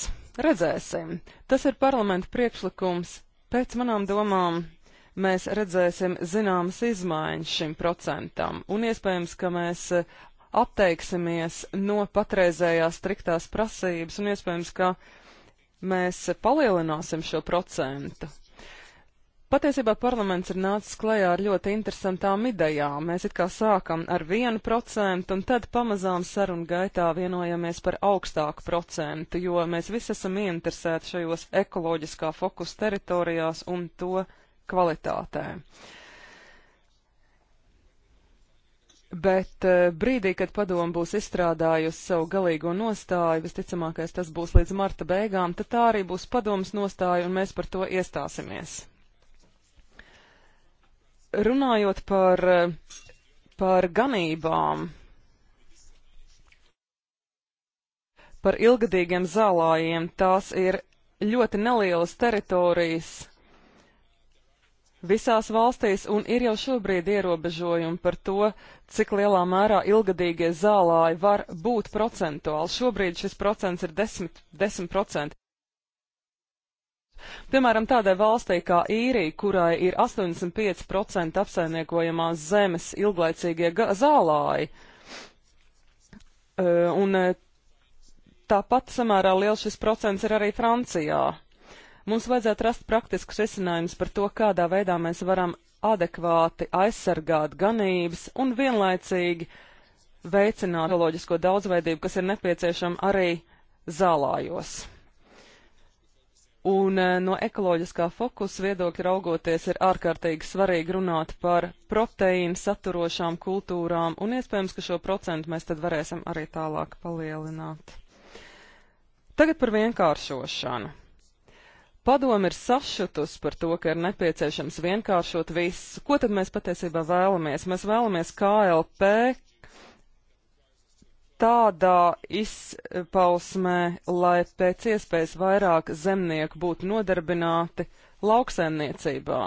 Redzēsim. Tas ir parlamenta priekšlikums. Pēc manām domām mēs redzēsim zināmas izmaiņas šim procentam, un iespējams, ka mēs eh, atteiksimies no patreizējās striktās prasības, un iespējams, ka mēs palielināsim šo procentu. Patiesībā parlaments ir nācis klajā ar ļoti interesantām idejām. Mēs it kā sākam ar vienu procentu un tad pamazām sarunu gaitā vienojamies par augstāku procentu, jo mēs visi esam ieinteresēti šajos ekoloģiskā fokus teritorijās un to kvalitātē. Uh, Bet eh, brīdī, kad padoma būs izstrādājusi savu galīgo nostāju, visticamākais tas būs līdz marta beigām, tad tā arī būs padomas nostāja un mēs par to iestāsimies. Runājot par, eh, par ganībām, par ilgadīgiem zālājiem, tās ir ļoti nelielas teritorijas visās valstīs, un ir jau šobrīd ierobežojumi par to, cik lielā mērā ilgadīgie zālāji var būt procentuāli. Šobrīd šis procents ir 10%. 10%. Piemēram, tādai valstī kā īrija, kurai ir 85% apsaimniekojamās zemes ilglaicīgie zālāji, un tāpat samērā liels šis procents ir arī Francijā. Mums vajadzētu rast praktiskus risinājumus par to, kādā veidā mēs varam adekvāti aizsargāt ganības un vienlaicīgi veicināt bioloģisko daudzveidību, kas ir nepieciešama arī zālājos. Un eh, no ekoloģiskā fokusa viedokļa raugoties ir ārkārtīgi svarīgi runāt par proteīnu saturošām kultūrām, un iespējams, ka šo procentu mēs tad varēsim arī tālāk palielināt. Tagad par vienkāršošanu. Padomi ir sašutus par to, ka ir nepieciešams vienkāršot visu. Ko tad mēs patiesībā vēlamies? Mēs vēlamies KLP tādā izpausmē, lai pēc iespējas vairāk zemnieku būtu nodarbināti lauksaimniecībā,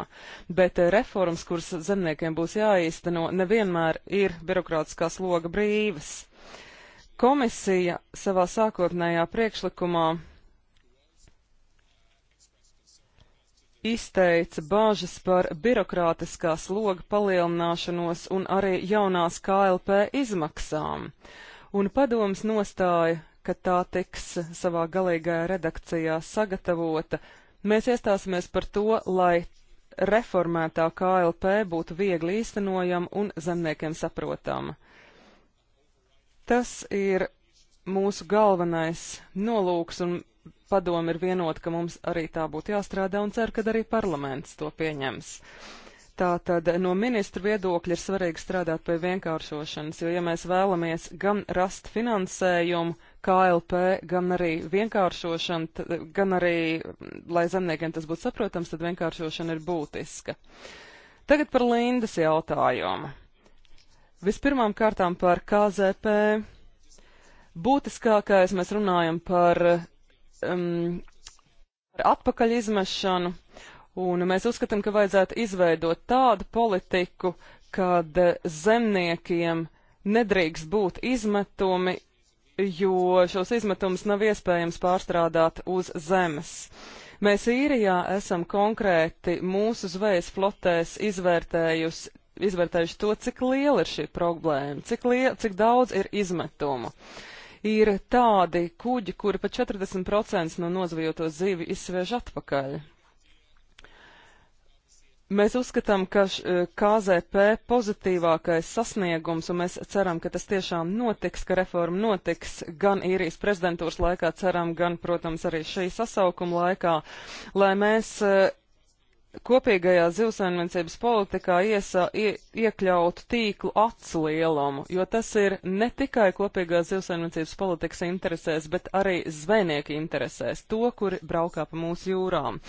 bet eh, reformas, kuras zemniekiem būs jāīsteno, nevienmēr ir birokrātiskā sloga brīvas. Komisija savā sākotnējā priekšlikumā izteica bāžas par birokrātiskā sloga palielināšanos un arī jaunās KLP izmaksām, un padoms nostāja, ka tā tiks savā galīgajā redakcijā sagatavota. Mēs iestāsimies par to, lai reformētā KLP būtu viegli īstenojama un zemniekiem saprotama. Tas ir mūsu galvenais nolūks, un padomi ir vienota, ka mums arī tā būtu jāstrādā un ceru, ka arī parlaments to pieņems. Tātad no ministra viedokļa ir svarīgi strādāt pie vienkāršošanas, jo ja mēs vēlamies gan rast finansējumu KLP, gan arī vienkāršošanu, gan arī, lai zemniekiem tas būtu saprotams, tad vienkāršošana ir būtiska. Tagad par Lindas jautājumu. Vispirmām kārtām par KZP. Būtiskākais mēs runājam par um, par atpakaļ izmešanu, un mēs uzskatām, ka vajadzētu izveidot tādu politiku, kad zemniekiem nedrīkst būt izmetumi, jo šos izmetumus nav iespējams pārstrādāt uz zemes. Mēs īrijā esam konkrēti mūsu zvejas flotēs izvērtējusi izvērtējuši to, cik liela ir šī problēma, cik, liel, cik daudz ir izmetumu. Uh, ir tādi kuģi, kuri pat 40% no nozvejoto zivi izsviež atpakaļ. Mēs uzskatām, ka eh, KZP pozitīvākais sasniegums, un mēs ceram, ka tas tiešām notiks, ka reforma notiks gan īrijas prezidentūras laikā, ceram, gan, protams, arī šī sasaukuma laikā, lai mēs eh, kopīgajā zivsaimniecības politikā iesā, ie, iekļautu tīklu acu lielumu, jo tas ir ne tikai kopīgās zivsaimniecības politikas interesēs, bet arī zvejnieku interesēs, to, kuri braukā pa mūsu jūrām.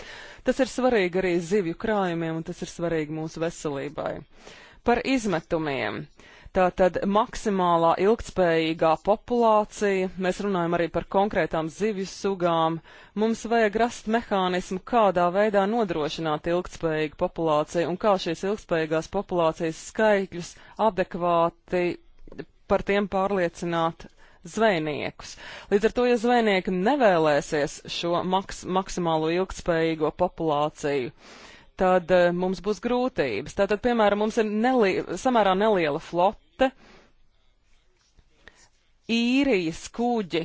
Tas ir svarīgi arī zivju krājumiem, un tas ir svarīgi mūsu veselībai. Par izmetumiem. Uh, Tātad maksimālā ilgtspējīgā populācija, mēs runājam arī par konkrētām zivju sugām, mums vajag rast mehānismu, kādā veidā nodrošināt ilgtspējīgu populāciju un kā šīs ilgtspējīgās populācijas skaitļus adekvāti par tiem pārliecināt zvejniekus. Līdz ar to, ja zvejnieki nevēlēsies šo maks maksimālo ilgtspējīgo populāciju, tad eh, mums būs grūtības. Tātad, piemēram, mums ir nelie, samērā neliela flota, pat īrijas kuģi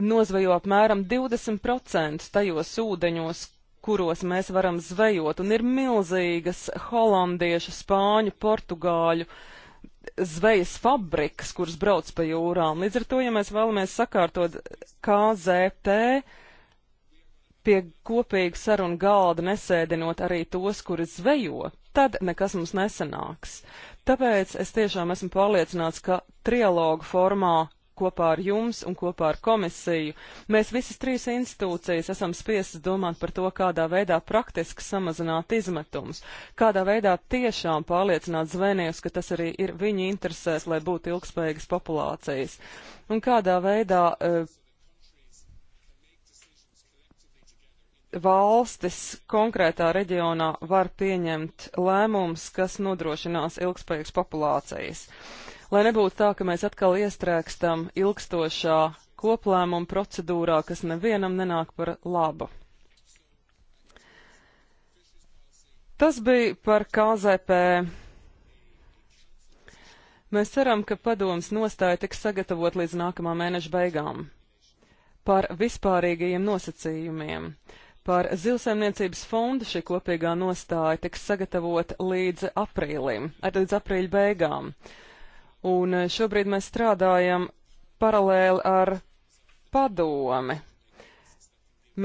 nozvejo apmēram 20% tajos ūdeņos, kuros mēs varam zvejot, un ir milzīgas holandiešu, spāņu, portugāļu zvejas fabrikas, kuras brauc pa jūrām. Līdz ar to, ja mēs vēlamies sakārtot KZT, pie kopīgu sarunu galda nesēdinot arī tos, kuri zvejo, tad nekas mums nesanāks. Uh, Tāpēc es tiešām esmu pārliecināts, ka trialogu formā kopā ar jums un kopā ar komisiju. Mēs visas trīs institūcijas esam spiestas domāt par to, kādā veidā praktiski samazināt izmetumus, kādā veidā tiešām pārliecināt zvejniekus, ka tas arī ir viņu interesēs, lai būtu ilgspējīgas populācijas, un kādā veidā uh, valstis konkrētā reģionā var pieņemt lēmums, kas nodrošinās ilgspējīgas populācijas. Lai nebūtu tā, ka mēs atkal iestrēgstam ilgstošā koplēmuma procedūrā, kas nevienam nenāk par labu. Tas bija par KZP. Mēs ceram, ka padomas nostāja tiks sagatavot līdz nākamā mēneša beigām. Par vispārīgajiem nosacījumiem par zivsaimniecības fondu šī kopīgā nostāja tiks sagatavota līdz aprīlim, līdz aprīļa beigām. Un eh, šobrīd mēs strādājam paralēli ar padomi.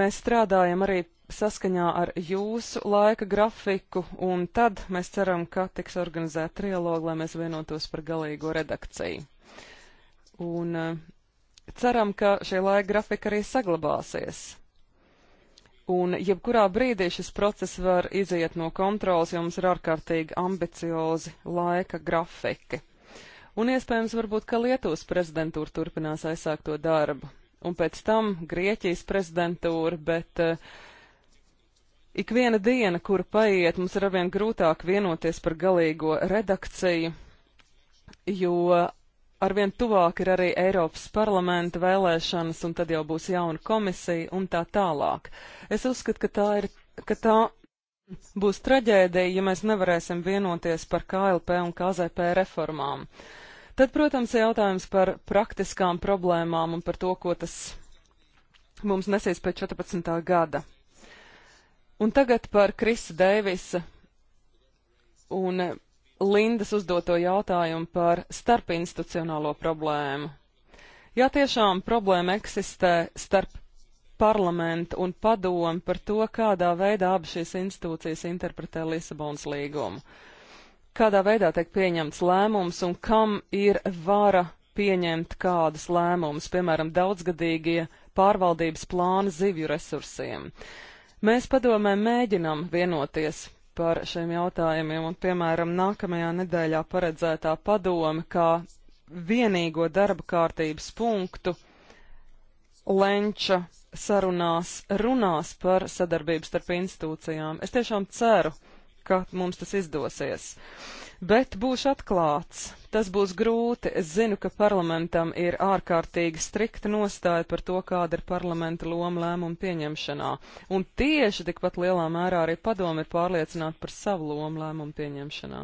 Mēs strādājam arī saskaņā ar jūsu laika grafiku, un tad mēs ceram, ka tiks organizēta trialoga, lai mēs vienotos par galīgo redakciju. Un eh, ceram, ka šie laika grafika arī saglabāsies. Un jebkurā brīdī šis process var iziet no kontrolas, jo mums ir ārkārtīgi ambiciozi laika grafiki. Un iespējams, varbūt, ka Lietuvas prezidentūra turpinās aizsākt to darbu. Un pēc tam Grieķijas prezidentūra, bet uh, ik viena diena, kura paiet, mums ir arvien grūtāk vienoties par galīgo redakciju, jo Arvien tuvāk ir arī Eiropas parlamenta vēlēšanas, un tad jau būs jauna komisija un tā tālāk. Es uzskatu, ka tā, ir, ka tā būs traģēdija, ja mēs nevarēsim vienoties par KLP un KZP reformām. Tad, protams, ir jautājums par praktiskām problēmām un par to, ko tas mums nesīs pēc 14. gada. Un tagad par Krisa Deivisa un Lindas uzdoto jautājumu par starpinstitucionālo problēmu. Jā, tiešām problēma eksistē starp parlamentu un padomu par to, kādā veidā abi šīs institūcijas interpretē Lisabonas līgumu. Kādā veidā tiek pieņemts lēmums un kam ir vara pieņemt kādus lēmumus, piemēram, daudzgadīgie pārvaldības plāni zivju resursiem. Mēs padomē mēģinam vienoties par šiem jautājumiem, un, piemēram, nākamajā nedēļā paredzētā padome kā vienīgo darba kārtības punktu Lenča sarunās runās par sadarbību starp institūcijām. Es tiešām ceru, ka mums tas izdosies. Bet būšu atklāts, tas būs grūti. Es zinu, ka parlamentam ir ārkārtīgi strikta nostāja par to, kāda ir parlamenta loma lēmumu pieņemšanā. Un tieši tikpat lielā mērā arī padomi ir pārliecināti par savu lomu lēmumu pieņemšanā.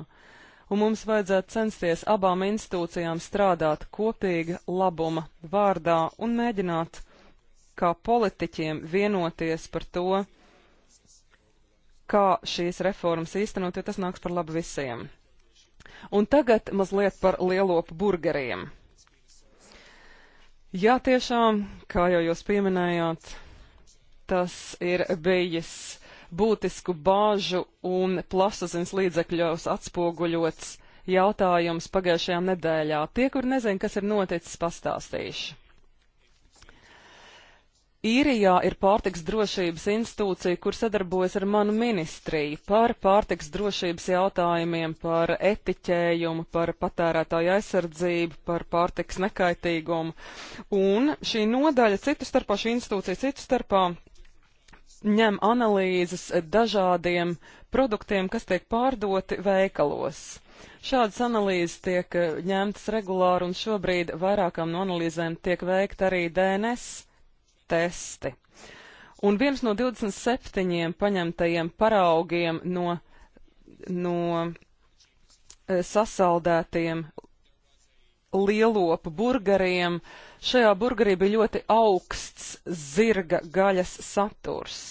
Un mums vajadzētu censties abām institūcijām strādāt kopīga labuma vārdā un mēģināt kā politiķiem vienoties par to, kā šīs reformas īstenot, jo tas nāks par labu visiem. Un tagad mazliet par lielopu burgeriem. Jā, tiešām, kā jau jūs pieminējāt, tas ir bijis būtisku bāžu un plašsaziņas līdzekļos atspoguļots jautājums pagājušajā nedēļā. Tie, kur nezin, kas ir noticis, pastāstīšu. Īrijā ir pārtiks drošības institūcija, kur sadarbojas ar manu ministriju par pārtiks drošības jautājumiem, par etiķējumu, par patērētāju aizsardzību, par pārtiks nekaitīgumu. Un šī nodaļa citu starpā, šī institūcija citu starpā ņem analīzes dažādiem produktiem, kas tiek pārdoti veikalos. Šādas analīzes tiek eh, ņemtas regulāri un šobrīd vairākām no analīzēm tiek veikta arī DNS testi. Un viens no 27 paņemtajiem paraugiem no, no e, sasaldētiem lielopu burgeriem, šajā burgerī bija ļoti augsts zirga gaļas saturs.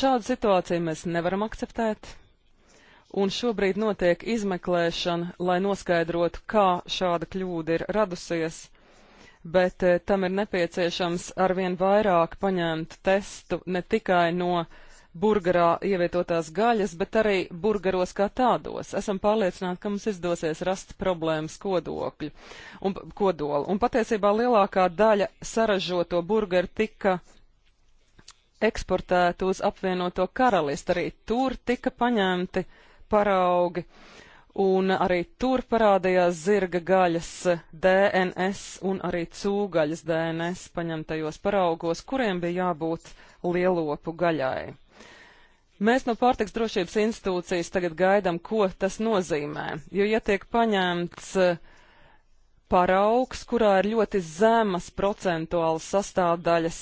Šādu situāciju mēs nevaram akceptēt, un šobrīd notiek izmeklēšana, lai noskaidrotu, kā šāda kļūda ir radusies bet eh, tam ir nepieciešams arvien vairāk paņemt testu ne tikai no burgerā ievietotās gaļas, bet arī burgeros kā tādos. Esam pārliecināti, ka mums izdosies rast problēmas kodokļu un kodolu. Un patiesībā lielākā daļa saražoto burgeru tika eksportēta uz apvienoto karalisti. Arī tur tika paņemti paraugi. Uh, un arī tur parādījās zirga gaļas DNS un arī cūgaļas DNS paņemtajos paraugos, kuriem bija jābūt lielopu gaļai. Mēs no pārtiks drošības institūcijas tagad gaidām, ko tas nozīmē, jo ja tiek paņemts eh, paraugs, kurā ir ļoti zemas procentuālas sastāvdaļas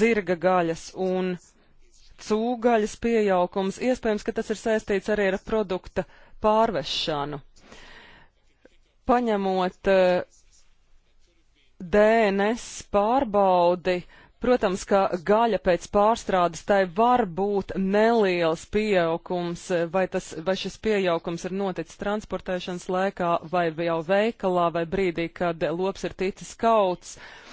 zirga gaļas un cūgaļas piejaukums, iespējams, ka tas ir saistīts arī ar produkta pārvešanu. Paņemot eh, DNS pārbaudi, protams, ka gaļa pēc pārstrādes tai var būt neliels pieaugums, eh, vai, tas, vai šis pieaugums ir noticis transportēšanas laikā, vai jau veikalā, vai brīdī, kad lops ir ticis kauts. Uh,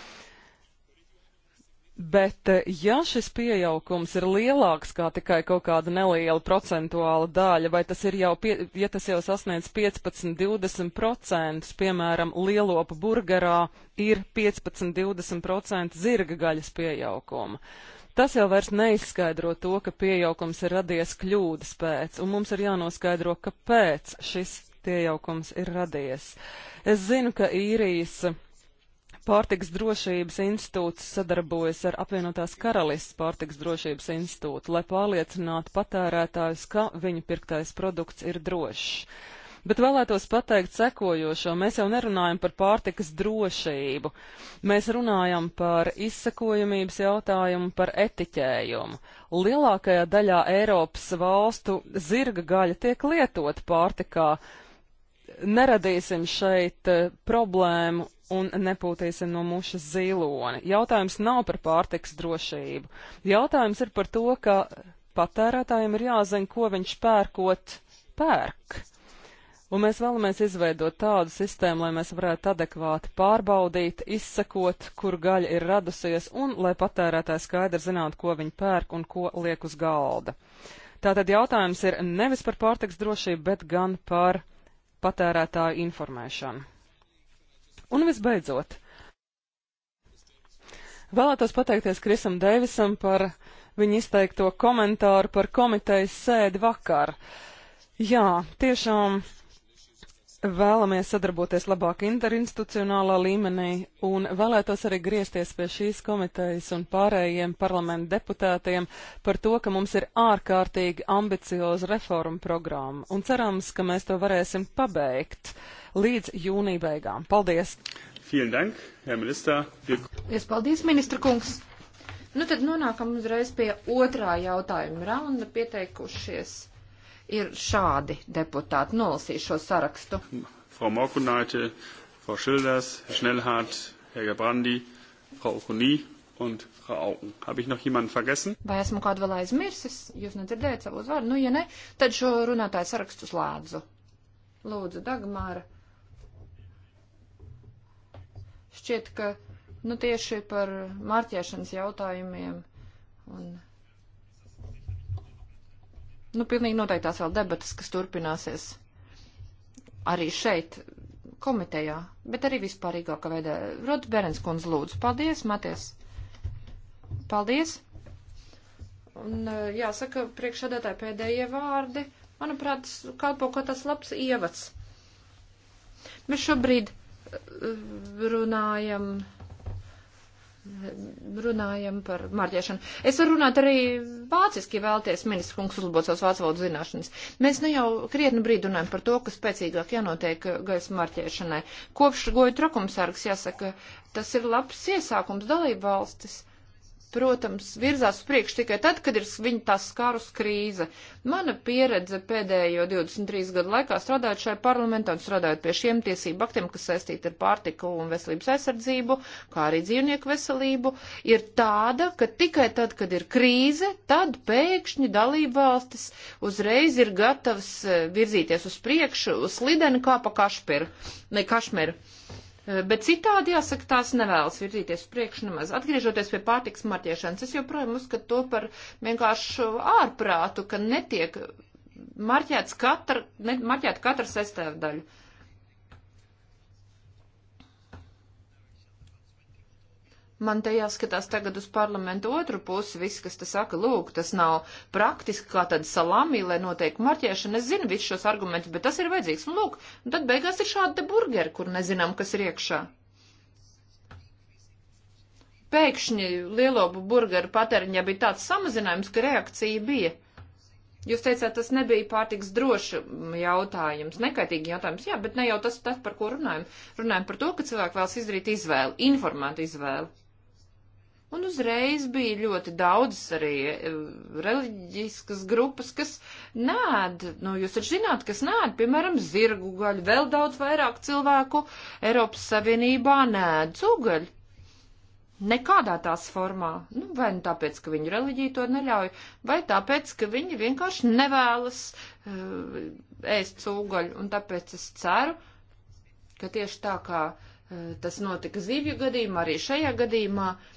Bet, eh, ja šis pieaugums ir lielāks kā tikai kaut kāda neliela procentuāla daļa, vai tas ir jau, pie, ja tas jau sasniedz 15-20%, piemēram, lielopu burgerā ir 15-20% zirga gaļas pieauguma, tas jau vairs neizskaidro to, ka pieaugums ir radies kļūdas pēc, un mums ir jānoskaidro, kāpēc šis pieaugums ir radies. Es zinu, ka īrijas Pārtiks drošības institūts sadarbojas ar apvienotās karalists pārtiks drošības institūtu, lai pārliecinātu patērētājus, ka viņu pirktais produkts ir drošs. Bet vēlētos pateikt sekojošo. Mēs jau nerunājam par pārtikas drošību. Mēs runājam par izsakojamības jautājumu, par etiķējumu. Lielākajā daļā Eiropas valstu zirga gaļa tiek lietot pārtikā. Neradīsim šeit eh, problēmu un nepūtīsim no mušas zīloni. Jautājums nav par pārtiks drošību. Jautājums ir par to, ka patērētājiem ir jāzina, ko viņš pērkot pērk. Un mēs vēlamies izveidot tādu sistēmu, lai mēs varētu adekvāti pārbaudīt, izsekot, kur gaļa ir radusies, un lai patērētājs skaidri zinātu, ko viņi pērk un ko liek uz galda. Tātad jautājums ir nevis par pārtiks drošību, bet gan par patērētāju informēšanu. Un visbeidzot, vēlētos pateikties Krisam Deivisam par viņa izteikto komentāru par komitejas sēdi vakar. Jā, tiešām vēlamies sadarboties labāk interinstitucionālā līmenī un vēlētos arī griezties pie šīs komitejas un pārējiem parlamentu deputātiem par to, ka mums ir ārkārtīgi ambicioza reforma programma un cerams, ka mēs to varēsim pabeigt līdz jūnija beigām. Paldies! Vielen Dank, Herr Minister. Wir... Lies paldies, ministra kungs! Nu tad nonākam uzreiz pie otrā jautājuma raunda pieteikušies ir šādi deputāti. Nolasīšu šo sarakstu. Frau Morkunaite, Frau Schilders, Schnellhardt, Herr Gebrandi, Frau Okuni un Frau Auken. Habe ich noch jemanden vergessen? Vai esmu kādu vēl aizmirsis? Jūs nedzirdējat savu uzvārdu? Nu, ja ne, tad šo runātāju sarakstu slēdzu. Lūdzu, Dagmāra. Šķiet, ka nu, tieši par mārķēšanas jautājumiem un Nu, pilnīgi noteikti tās vēl debatas, kas turpināsies arī šeit komitejā, bet arī vispārīgākā veidā. Rods Berens kundze lūdzu. Paldies, Maties. Paldies. Un eh, jāsaka, priekšsēdētāji pēdējie vārdi, manuprāt, kalpo kā tas labs ievads. Mēs šobrīd eh, runājam runājam par marķēšanu. Es varu runāt arī vāciski, ja vēlties ministrs kungs uzlabot savas vācu valodas zināšanas. Mēs ne nu jau krietni brīdi runājam par to, ka spēcīgāk jānotiek uh, gaisa marķēšanai. Kopš goju trakumsargs, jāsaka, tas ir labs iesākums dalību valstis protams, virzās priekš tikai tad, kad ir viņa tā skārus krīze. Mana pieredze pēdējo 23 gadu laikā strādājot šai parlamentā un strādājot pie šiem tiesību aktiem, kas saistīti ar pārtiku un veselības aizsardzību, kā arī dzīvnieku veselību, ir tāda, ka tikai tad, kad ir krīze, tad pēkšņi dalībvalstis uzreiz ir gatavs eh, virzīties uz priekšu, uz slideni kā pa kašpiru, ne kašmiru. Bet citādi jāsaka, tās nevēlas virzīties priekš nemaz. Atgriežoties pie pārtiks marķēšanas, es joprojām uzskatu to par vienkāršu ārprātu, ka netiek marķēts katra, ne, marķēta katra sastāvdaļa. Man te jāskatās tagad uz parlamentu otru pusi, viss, kas te saka, lūk, tas nav praktiski kā tad salami, lai notiek marķēšana. Es zinu visus šos argumentus, bet tas ir vajadzīgs. Un lūk, un tad beigās ir šāda te burgeri, kur nezinām, kas ir iekšā pēkšņi lielo burgeru patēriņā bija tāds samazinājums, ka reakcija bija. Jūs teicāt, tas nebija pārtiks droši jautājums, nekaitīgi jautājums, jā, bet ne jau tas, tas par ko runājam. Runājam par to, ka cilvēki vēlas izdarīt izvēli, informētu izvēli. Un uzreiz bija ļoti daudz arī eh, reliģiskas grupas, kas nēd, nu, jūs taču zināt, kas nēd, piemēram, zirgu gaļu, vēl daudz vairāk cilvēku Eiropas Savienībā nēd cūgaļu. Nekādā tās formā, nu, vai nu tāpēc, ka viņu reliģija to neļauj, vai tāpēc, ka viņi vienkārši nevēlas uh, ēst cūgaļu, un tāpēc es ceru, ka tieši tā kā uh, tas notika zivju gadījumā, arī šajā gadījumā, uh,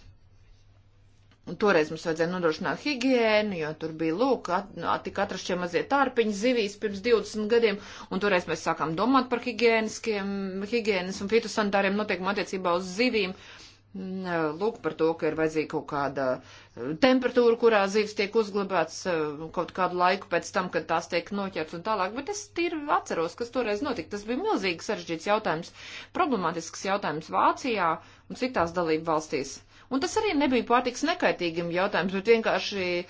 Un toreiz mums vajadzēja nodrošināt higiēnu, jo tur bija, lūk, at, nu, tika atrašķie mazie tārpiņi zivīs pirms 20 gadiem, un toreiz mēs sākām domāt par higiēniskiem, higiēnas un fitosanitāriem noteikumiem attiecībā uz zivīm. Mm, lūk, par to, ka ir vajadzīga kaut kāda eh, temperatūra, kurā zivs tiek uzglabāts eh, kaut kādu laiku pēc tam, kad tās tiek noķerts un tālāk, bet es tīri atceros, kas toreiz notika. Tas bija milzīgi sarežģīts jautājums, problemātisks jautājums Vācijā un citās dalību valstīs. Un tas arī nebija pārtiks nekaitīgiem jautājums, bet vienkārši eh,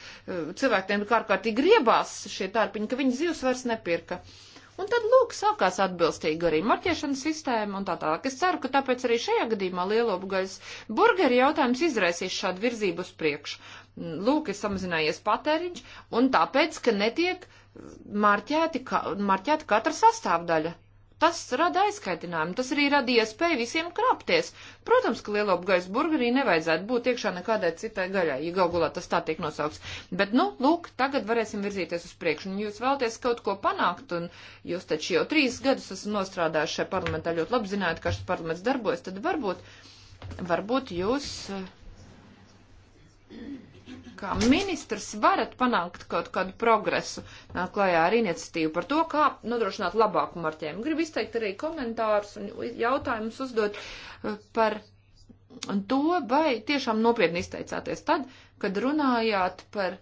cilvēkiem kā ārkārtīgi griebās šie tārpiņi, ka viņi zivs vairs nepirka. Un tad, lūk, sākās atbilstīgi arī marķēšanas sistēma un tā tālāk. Es ceru, ka tāpēc arī šajā gadījumā lielopgaļas burgeri jautājums izraisīs šādu virzību uz priekšu. Lūk, ir samazinājies patēriņš un tāpēc, ka netiek marķēti, ka, marķēti katra sastāvdaļa. Tas rada aizkaitinājumu, tas arī rada iespēju visiem krāpties. Protams, ka lielopgais burgerī nevajadzētu būt iekšā nekādai citai gaļai, ja galgulā tas tā tiek nosaukts. Bet, nu, lūk, tagad varēsim virzīties uz priekšu. Un jūs vēlaties kaut ko panākt, un jūs taču jau trīs gadus esat nostrādājuši šajā parlamentā, ļoti labi zināt, kā šis parlaments darbojas, tad varbūt, varbūt jūs. Uh, kā ministrs varat panākt kaut kādu progresu, nāk klājā ar iniciatīvu par to, kā nodrošināt labāku marķējumu. Gribu izteikt arī komentārus un jautājumus uzdot eh, par to, vai tiešām nopietni izteicāties tad, kad runājāt par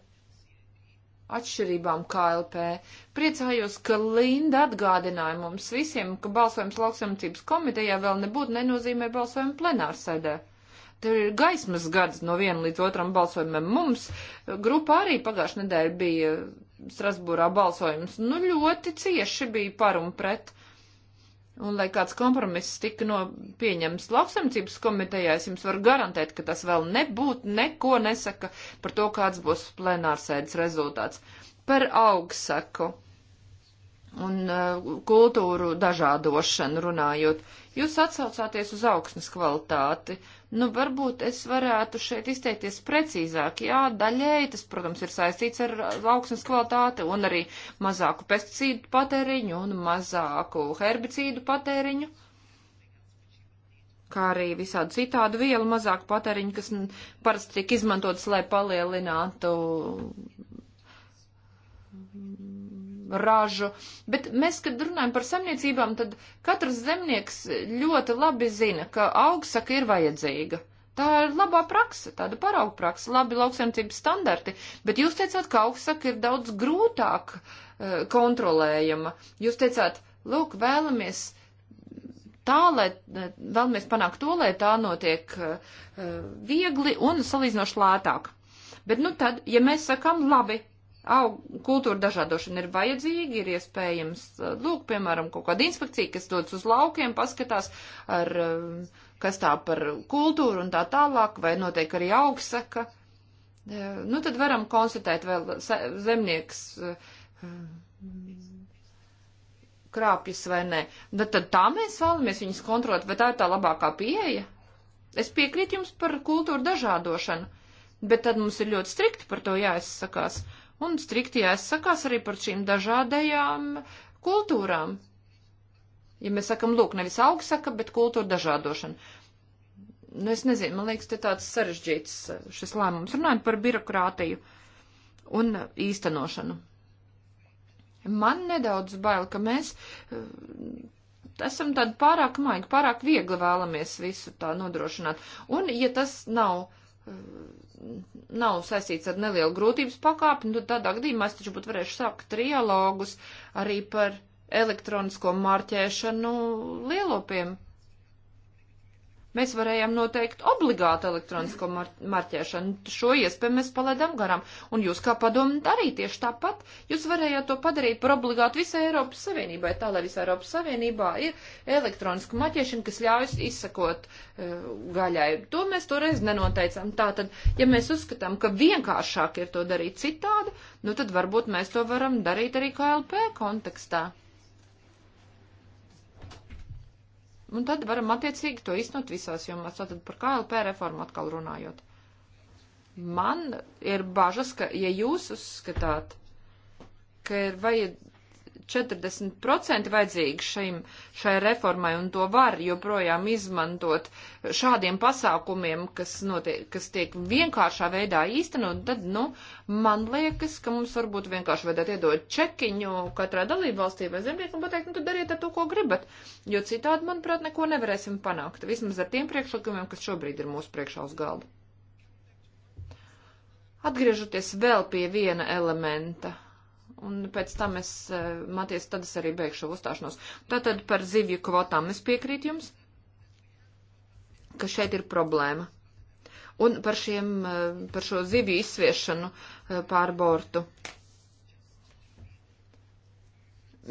atšķirībām KLP. Priecājos, ka Linda atgādināja mums visiem, ka balsojums lauksaimniecības komitejā vēl nebūtu nenozīmē balsojumu plenārsēdē. Tur ir eh, gaismas gads no viena līdz otram balsojumam. Mums eh, grupā arī pagājušajā nedēļā bija Strasbūrā balsojums. Nu, ļoti cieši bija par un pret. Un, lai kāds kompromiss tika no pieņems lauksamcības komitejā, es jums varu garantēt, ka tas vēl nebūtu, neko nesaka par to, kāds būs plenārsēdes rezultāts. Par augsaku un uh, kultūru dažādošanu runājot. Jūs atsaucāties uz augsnes kvalitāti. Nu, varbūt es varētu šeit izteikties precīzāk. Jā, daļēji tas, protams, ir saistīts ar augsnes kvalitāti un arī mazāku pesticīdu patēriņu un mazāku herbicīdu patēriņu kā arī visādi citādu vielu mazāku patēriņu, kas parasti tiek izmantotas, lai palielinātu ražu. Bet mēs, kad runājam par samniecībām, tad katrs zemnieks ļoti labi zina, ka augsaka ir vajadzīga. Tā ir labā praksa, tāda parauga praksa, labi lauksaimniecības standarti, bet jūs teicāt, ka augsaka ir daudz grūtāk eh, kontrolējama. Jūs teicāt, lūk, vēlamies tā, lai eh, vēlamies panākt to, lai tā notiek eh, viegli un salīdzinoši lētāk. Bet nu tad, ja mēs sakam, labi, aug, kultūra dažādošana ir vajadzīga, ir iespējams, uh, lūk, piemēram, kaut kāda inspekcija, kas dodas uz laukiem, paskatās, ar, um, kas tā par kultūru un tā tālāk, vai notiek arī augsaka. Uh, nu, tad varam konstatēt vēl zemnieks uh, krāpjas vai nē. Bet nu, tad tā mēs vēlamies viņus kontrolēt, vai tā ir tā labākā pieeja? Es piekrītu jums par kultūru dažādošanu, bet tad mums ir ļoti strikti par to jāizsakās. Uh, un strikti jāizsakās arī par šīm dažādajām kultūrām. Ja mēs sakam, lūk, nevis augstsaka, bet kultūra dažādošana. Nu, es nezinu, man liekas, te tāds sarežģīts eh, šis lēmums. Runājot par birokrātiju un īstenošanu. Man nedaudz bail, ka mēs eh, esam tādi pārāk maigi, pārāk viegli vēlamies visu tā nodrošināt. Un, ja tas nav eh, nav saistīts ar nelielu grūtības pakāpi, tad nu, tādā gadījumā es taču būtu varējuši sākt trialogus arī par elektronisko mārķēšanu lielopiem. Mēs varējām noteikt obligātu elektronisko mar marķēšanu. Šo iespēju mēs palaidām garām. Un jūs kā padomu darīt tieši tāpat. Jūs varējāt to padarīt par obligātu visai Eiropas Savienībai, tā lai visā Eiropas Savienībā ir elektroniska marķēšana, kas ļauj izsakot e, gaļai. To mēs toreiz nenoteicām. Tātad, ja mēs uzskatām, ka vienkāršāk ir to darīt citādi, nu tad varbūt mēs to varam darīt arī KLP kontekstā. Un tad varam attiecīgi to iznot visās jomās, tātad par KLP reformu atkal runājot. Man ir bažas, ka, ja jūs uzskatāt, ka ir vajad, 40% vajadzīgi šim, šai reformai, un to var joprojām izmantot šādiem pasākumiem, kas, notiek, kas tiek vienkāršā veidā īstenot, tad, nu, man liekas, ka mums varbūt vienkārši vajadzētu iedot čekiņu katrā dalībvalstī vai zemniekam pateikt, nu, tad dariet ar to, ko gribat, jo citādi, manuprāt, neko nevarēsim panākt, vismaz ar tiem priekšlikumiem, kas šobrīd ir mūsu priekšā uz galda. Atgriežoties vēl pie viena elementa Un pēc tam es, eh, Maties, tad es arī beigšu uzstāšanos. Tātad par zivju kvotām es piekrītu jums, ka šeit ir problēma. Un par, šiem, eh, par šo zivju izsviešanu eh, pārbortu. bortu.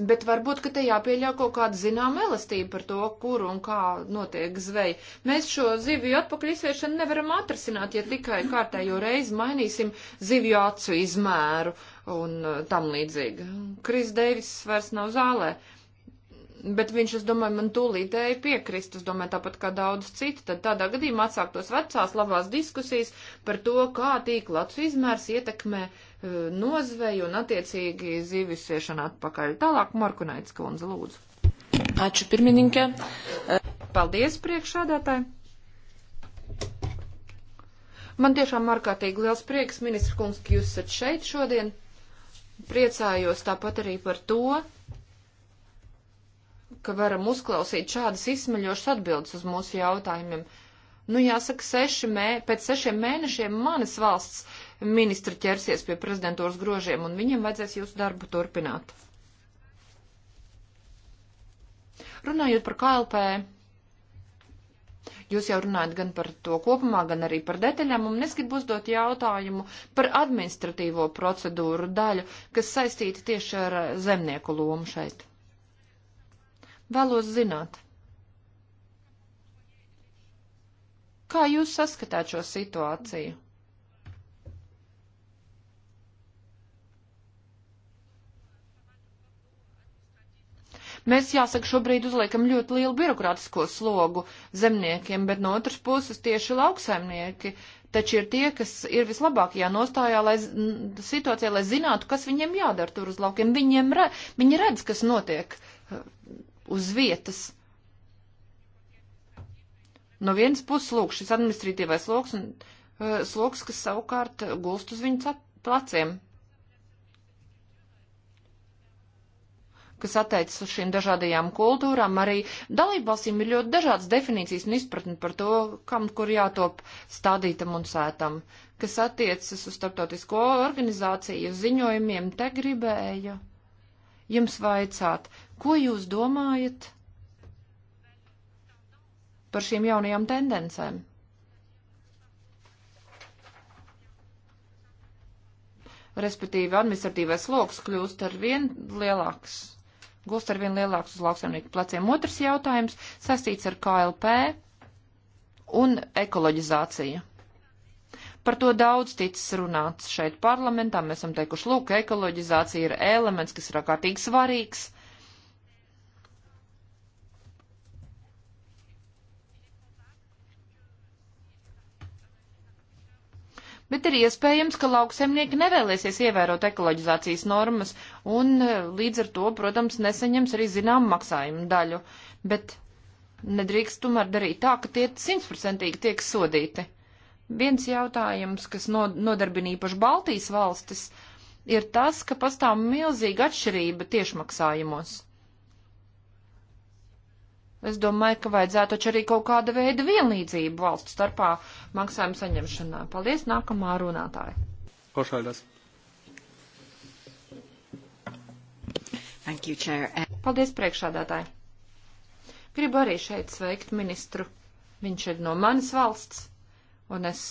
Bet varbūt, ka te jāpieļauj kaut kāda zināma elastība par to, kur un kā notiek zveja. Mēs šo zivju atpakaļ izviešanu nevaram atrasināt, ja tikai kārtējo reizi mainīsim zivju acu izmēru un uh, tam līdzīgi. Kris Deivis vairs nav zālē. Bet viņš, es domāju, man tūlītēji piekrist, es domāju, tāpat kā daudz citi, tad tādā gadījumā atsāktos vecās labās diskusijas par to, kā tīkla acu izmērs ietekmē uh, Eh, nozveju un attiecīgi zivis iešana atpakaļ. Tālāk Markunaits kundze lūdzu. Aču pirmininkē. Paldies priekšādātāji. Man tiešām ārkārtīgi liels prieks, ministra kungs, ka jūs esat šeit šodien. Priecājos tāpat arī par to, ka varam uzklausīt šādas izsmeļošas atbildes uz mūsu jautājumiem. Nu, jāsaka, seši mē, pēc sešiem mēnešiem manas valsts ministri ķersies pie prezidentūras grožiem, un viņiem vajadzēs jūsu darbu turpināt. Runājot par KLP, jūs jau runājat gan par to kopumā, gan arī par detaļām, un es gribu uzdot jautājumu par administratīvo procedūru daļu, kas saistīta tieši ar eh, zemnieku lomu šeit. Vēlos zināt. Kā jūs saskatāt šo situāciju? Mēs, jāsaka, šobrīd uzliekam ļoti lielu birokrātisko slogu zemniekiem, bet no otras puses tieši lauksaimnieki taču ir tie, kas ir vislabākajā nostājā, lai situācijā, lai zinātu, kas viņiem jādara tur uz laukiem. Viņiem re, viņi redz, kas notiek uh, uz vietas. No vienas puses, lūk, šis administratīvais sloks, un, uh, sloks, kas savukārt gulst uz viņu pleciem. kas attiecas uz šīm dažādajām kultūrām. Arī dalībvalstīm ir ļoti dažādas definīcijas un izpratni par to, kam kur jātop stādītam un sētam. Kas attiecas uz starptautisko organizāciju ziņojumiem, te gribēju jums vaicāt, ko jūs domājat par šīm jaunajām tendencēm? respektīvi administratīvais sloks kļūst ar vien lielāks gulst ar vien lielāks uz lauksaimnieku pleciem. Otrs jautājums sastīts ar KLP un ekoloģizāciju. Par to daudz ticis runāts šeit parlamentā. Mēs esam teikuši, lūk, ekoloģizācija ir elements, kas ir ārkārtīgi svarīgs bet ir iespējams, ka lauksemnieki nevēlēsies ievērot ekoloģizācijas normas un e, līdz ar to, protams, nesaņems arī zinām maksājumu daļu. Bet nedrīkst tomēr darīt tā, ka tie simtprocentīgi tiek sodīti. Viens jautājums, kas nodarbina īpaši Baltijas valstis, ir tas, ka pastāv milzīga atšķirība tiešmaksājumos. Es domāju, ka vajadzētu taču arī kaut kāda veida vienlīdzību valstu starpā maksājumu saņemšanā. Paldies, nākamā runātāja. Košaldas. Thank you, Chair. Paldies, priekšādātāji. Gribu arī šeit sveikt ministru. Viņš ir no manas valsts, un es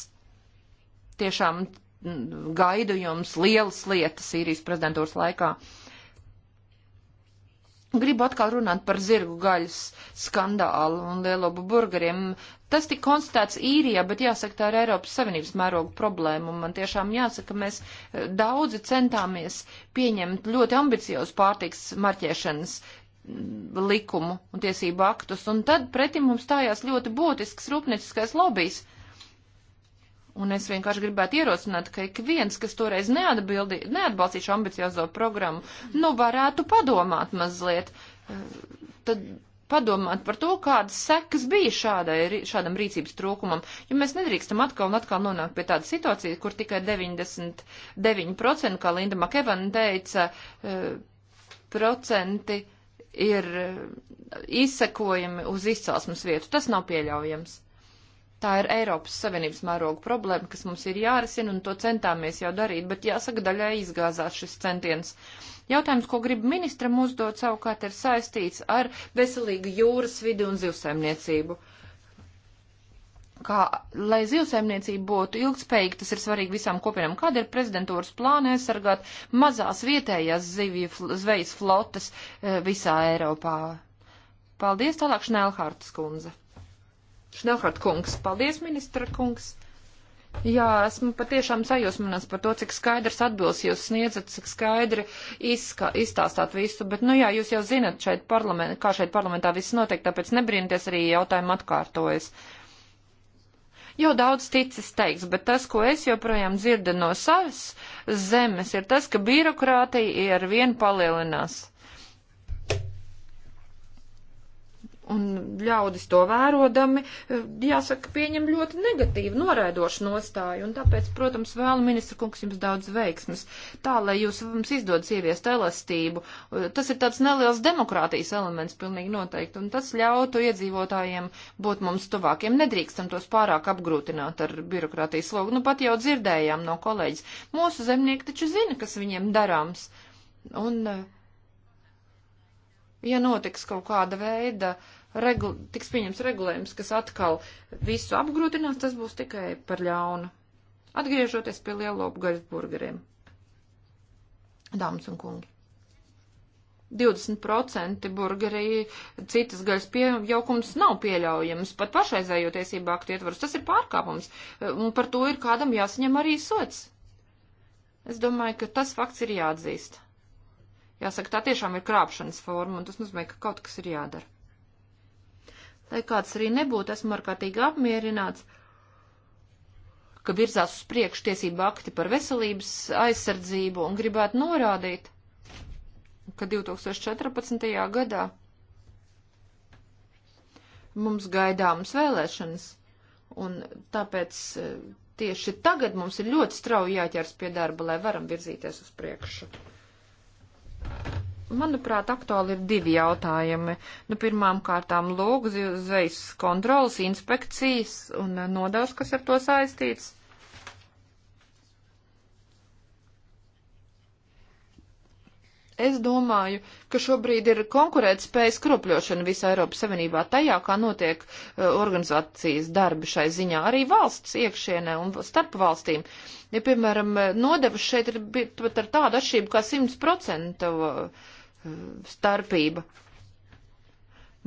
tiešām mm, gaidu jums lielas lietas īrijas prezidentūras laikā. Uh, Gribu atkal runāt par zirgu gaļas skandālu un lielobu burgeriem. Tas tika konstatēts īrijā, bet jāsaka, tā ir Eiropas Savienības mēroga problēma. Un man tiešām jāsaka, mēs eh, daudzi centāmies pieņemt ļoti ambiciozu pārtiks marķēšanas mm, likumu un tiesību aktus. Un tad pretī mums stājās ļoti būtisks rūpnieciskais lobijs Un es vienkārši gribētu ierosināt, ka ik viens, kas toreiz neatbalstīja šo ambiciozo programmu, nu varētu padomāt mazliet, eh, tad padomāt par to, kādas sekas bija šādai, šādam rīcības trūkumam. Jo mēs nedrīkstam atkal un atkal nonākt pie tādas situācijas, kur tikai 99%, kā Linda Makevana teica, eh, procenti ir eh, izsekojami uz izcelsmes vietu. Tas nav pieļaujams. Tā ir Eiropas Savienības mēroga problēma, kas mums ir jārisina, un to centāmies jau darīt, bet jāsaka, daļai izgāzās šis centiens. Jautājums, ko grib ministram uzdot, savukārt ir saistīts ar veselīgu jūras vidi un zivsaimniecību. Kā, lai zivsaimniecība būtu ilgspējīga, tas ir svarīgi visām kopienām. Kāda ir prezidentūras plāna aizsargāt mazās vietējās zivju zvejas flotas eh, visā Eiropā? Paldies, tālāk Šnēlhārtas kundze. Šnelhart kungs, paldies, ministra kungs. Jā, esmu patiešām sajūsmināts par to, cik skaidrs atbildes jūs sniedzat, cik skaidri izska, izstāstāt visu, bet, nu jā, jūs jau zinat, šeit parlament, kā šeit parlamentā viss notiek, tāpēc nebrīnties arī jautājumu atkārtojas. Jau daudz ticis teiks, bet tas, ko es joprojām dzirdu no savas zemes, ir tas, ka birokrātija ar vienu palielinās. Un ļaudis to vērodami, eh, jāsaka, pieņem ļoti negatīvu, noraidošu nostāju, un tāpēc, protams, vēlu ministra kungs jums daudz veiksmes, tā, lai jūs mums izdodas ieviest elastību. Eh, tas ir tāds neliels demokrātijas elements, pilnīgi noteikti, un tas ļautu iedzīvotājiem būt mums tuvākiem. Nedrīkstam tos pārāk apgrūtināt ar birokrātijas slogu. Nu, pat jau dzirdējām no kolēģis. Mūsu zemnieki taču zina, kas viņiem darāms. Un, uh, ja notiks kaut kāda veida, regul, tiks pieņems regulējums, kas atkal visu apgrūtinās, tas būs tikai par ļaunu. Atgriežoties pie lielopu gaļas burgeriem. Dāmas un kungi. 20% burgeri citas gaļas piejaukums nav pieļaujams, pat pašreizējo tiesību aktu ietvarus. Tas ir pārkāpums, un par to ir kādam jāsaņem arī sots. Es domāju, ka tas fakts ir jāatzīst. Jāsaka, tā tiešām ir krāpšanas forma, un tas nozīmē, ka kaut kas ir jādara. Lai kāds arī nebūtu, esmu ārkārtīgi apmierināts, ka virzās uz priekšu tiesība akti par veselības aizsardzību un gribētu norādīt, ka 2014. gadā mums gaidāmas vēlēšanas, un tāpēc e, tieši tagad mums ir ļoti strauji jāķers pie darba, lai varam virzīties uz priekšu. Manuprāt, aktuāli ir divi jautājumi. Nu, pirmām kārtām lūgzvejas kontrolas, inspekcijas un eh, nodevs, kas ar to saistīts. Es domāju, ka šobrīd ir konkurētspējas kropļošana visā Eiropas Savienībā tajā, kā notiek uh, organizācijas darbi šai ziņā, arī valsts iekšienē un starp valstīm. Ja, piemēram, eh, nodevas šeit ir pat ar tādu atšķību kā 100%. Uh, Eh, starpība.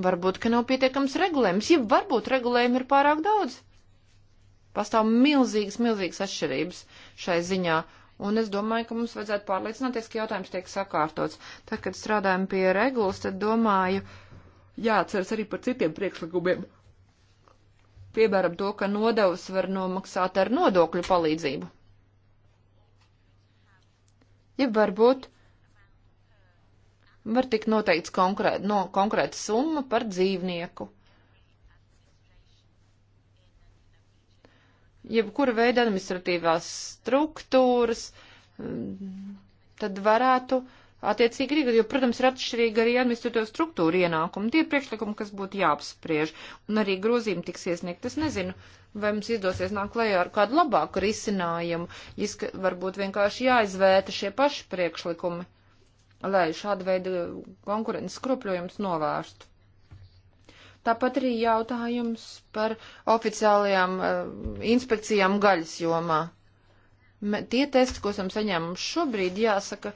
Varbūt, ka nav pietiekams regulējums, ja varbūt regulējumi ir pārāk daudz. Pastāv milzīgas, milzīgas atšķirības šai ziņā, un es domāju, ka mums vajadzētu pārliecināties, ka jautājums tiek sakārtots. Tad, kad strādājam pie regulas, tad domāju, jāatceras arī par citiem priekšlikumiem. Piemēram, to, ka nodevs var nomaksāt ar nodokļu palīdzību. Ja varbūt var tikt noteikts konkrēt, no, konkrēta summa par dzīvnieku. Jebkura veida administratīvās struktūras, mm, tad varētu attiecīgi rīkot, jo, protams, ir atšķirīga arī administratīvo struktūru ienākumu. Tie priekšlikumi, kas būtu jāapspriež, un arī grozījumi tiks iesniegt. Es nezinu, vai mums izdosies nākt klajā ar kādu labāku risinājumu. Jiska, varbūt vienkārši jāizvērta šie paši priekšlikumi lai šāda veida konkurences skropļojums novērstu. Tāpat arī jautājums par oficiālajām uh, inspekcijām gaļas jomā. Me, tie testi, ko esam saņēmuši šobrīd, jāsaka,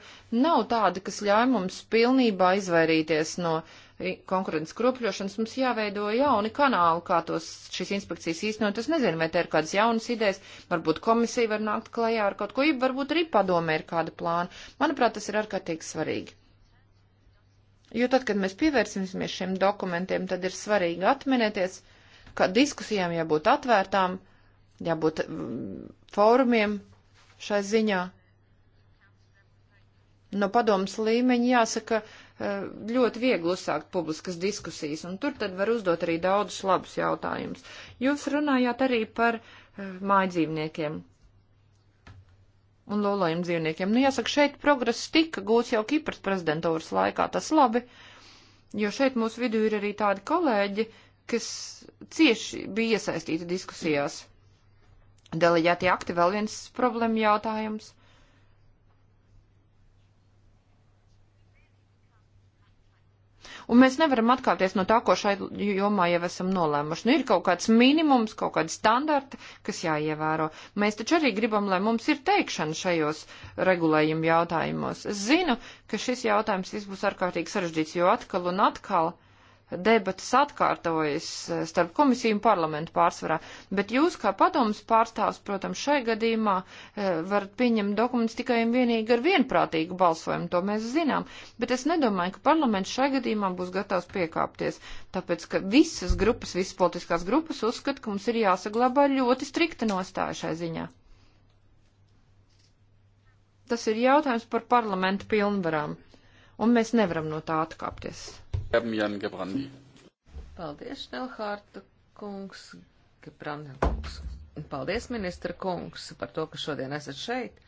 nav tādi, kas ļauj mums pilnībā izvairīties no uh, konkurences kropļošanas, mums jāveido jauni kanāli, kā tos šīs inspekcijas īstenot. Es nezinu, vai te ir kādas jaunas idejas, varbūt komisija var nākt klajā ar kaut ko, ja varbūt arī padomē ir kāda plāna. Manuprāt, tas ir ārkārtīgi svarīgi. Jo tad, kad mēs pievērsimies šiem dokumentiem, tad ir svarīgi atminēties, ka diskusijām jābūt atvērtām, jābūt mm, fórumiem šai ziņā no padomas līmeņa jāsaka, Eh, ļoti viegli uzsākt publiskas diskusijas, un tur tad var uzdot arī daudzus labus jautājumus. Jūs runājāt arī par eh, mājdzīvniekiem un lolojiem dzīvniekiem. Nu, jāsaka, šeit progress tika gūts jau Kipras prezidentūras laikā, tas labi, jo šeit mūsu vidū ir arī tādi kolēģi, kas cieši bija iesaistīti diskusijās. Deleģētie akti vēl viens problēma jautājums. un mēs nevaram atkāpties no tā, ko šai jomā jau esam nolēmuši. Nu, ir kaut kāds minimums, kaut kādi standarti, kas jāievēro. Mēs taču arī gribam, lai mums ir teikšana šajos regulējumu jautājumos. Es zinu, ka šis jautājums viss būs ārkārtīgi sarežģīts, jo atkal un atkal debatas atkārtojas eh, starp komisiju un parlamentu pārsvarā, bet jūs kā padomas pārstāvs, protams, šai gadījumā eh, varat pieņemt dokumentus tikai un vienīgi ar vienprātīgu balsojumu, to mēs zinām, bet es nedomāju, ka parlaments šai gadījumā būs gatavs piekāpties, tāpēc, ka visas grupas, visas politiskās grupas uzskata, ka mums ir jāsaglabā ļoti strikta nostāja šai ziņā. Tas ir jautājums par parlamentu pilnvarām, un mēs nevaram no tā atkāpties. Jan Gebrandi. Paldies, Nelhārta kungs, Gebrandi kungs. Paldies, ministra kungs, par to, ka šodien esat šeit.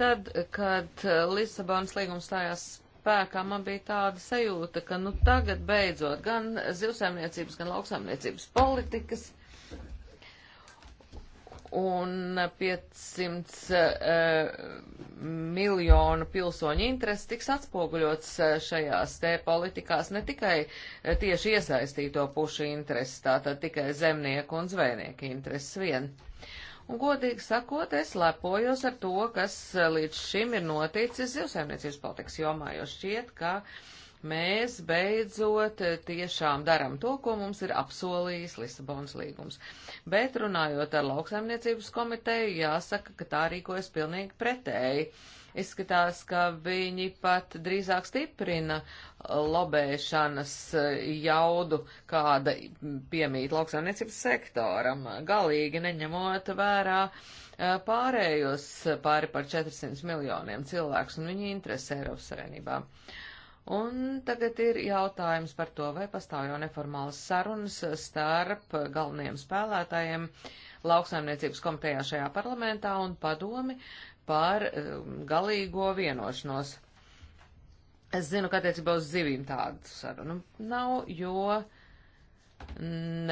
Tad, kad Lisabonas līgums stājās spēkā, man bija tāda sajūta, ka nu tagad beidzot gan zivsaimniecības, gan lauksaimniecības politikas un 500 eh, miljonu pilsoņu intereses tiks atspoguļots eh, šajās te politikās ne tikai eh, tieši iesaistīto pušu intereses, tātad tikai zemnieku un zvejnieku intereses vien. Un, godīgi sakot, es lepojos ar to, kas līdz šim ir noticis zivsaimniecības politikas jomā, jo šķiet, ka uh, mēs beidzot tiešām daram to, ko mums ir apsolījis Lisabonas līgums. Bet runājot ar lauksaimniecības komiteju, jāsaka, ka tā rīkojas pilnīgi pretēji. Izskatās, ka viņi pat drīzāk stiprina lobēšanas jaudu, kāda piemīt lauksaimniecības sektoram, galīgi neņemot vērā eh, pārējos pāri par 400 miljoniem cilvēks un viņa interesi Eiropas Savienībā. Uh, Un tagad ir jautājums par to, vai pastāv jau neformālas sarunas starp galvenajiem spēlētājiem lauksaimniecības komitejā šajā parlamentā un padomi par um, galīgo vienošanos. Es zinu, ka attiecībā uz zivīm tādu sarunu nav, jo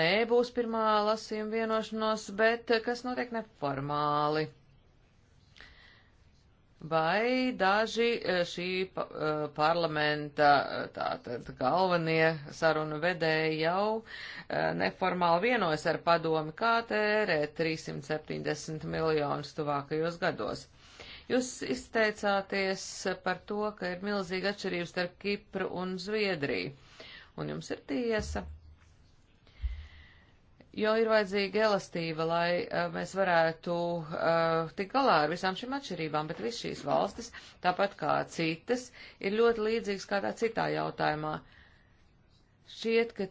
nebūs pirmā lasījuma vienošanos, bet kas notiek neformāli vai daži eh, šī eh, parlamenta eh, tātad galvenie sarunu vedēji jau neformāli vienojas ar padomi, kā tērēt 370 miljonus tuvākajos gados. Jūs izteicāties par to, ka ir milzīga atšķirības starp Kipru un Zviedriju, un jums ir tiesa jo ir vajadzīga elastība, lai uh, mēs varētu uh, eh, tik galā ar visām šīm atšķirībām, bet viss šīs valstis, tāpat kā citas, ir ļoti līdzīgas kādā citā jautājumā. Šķiet, ka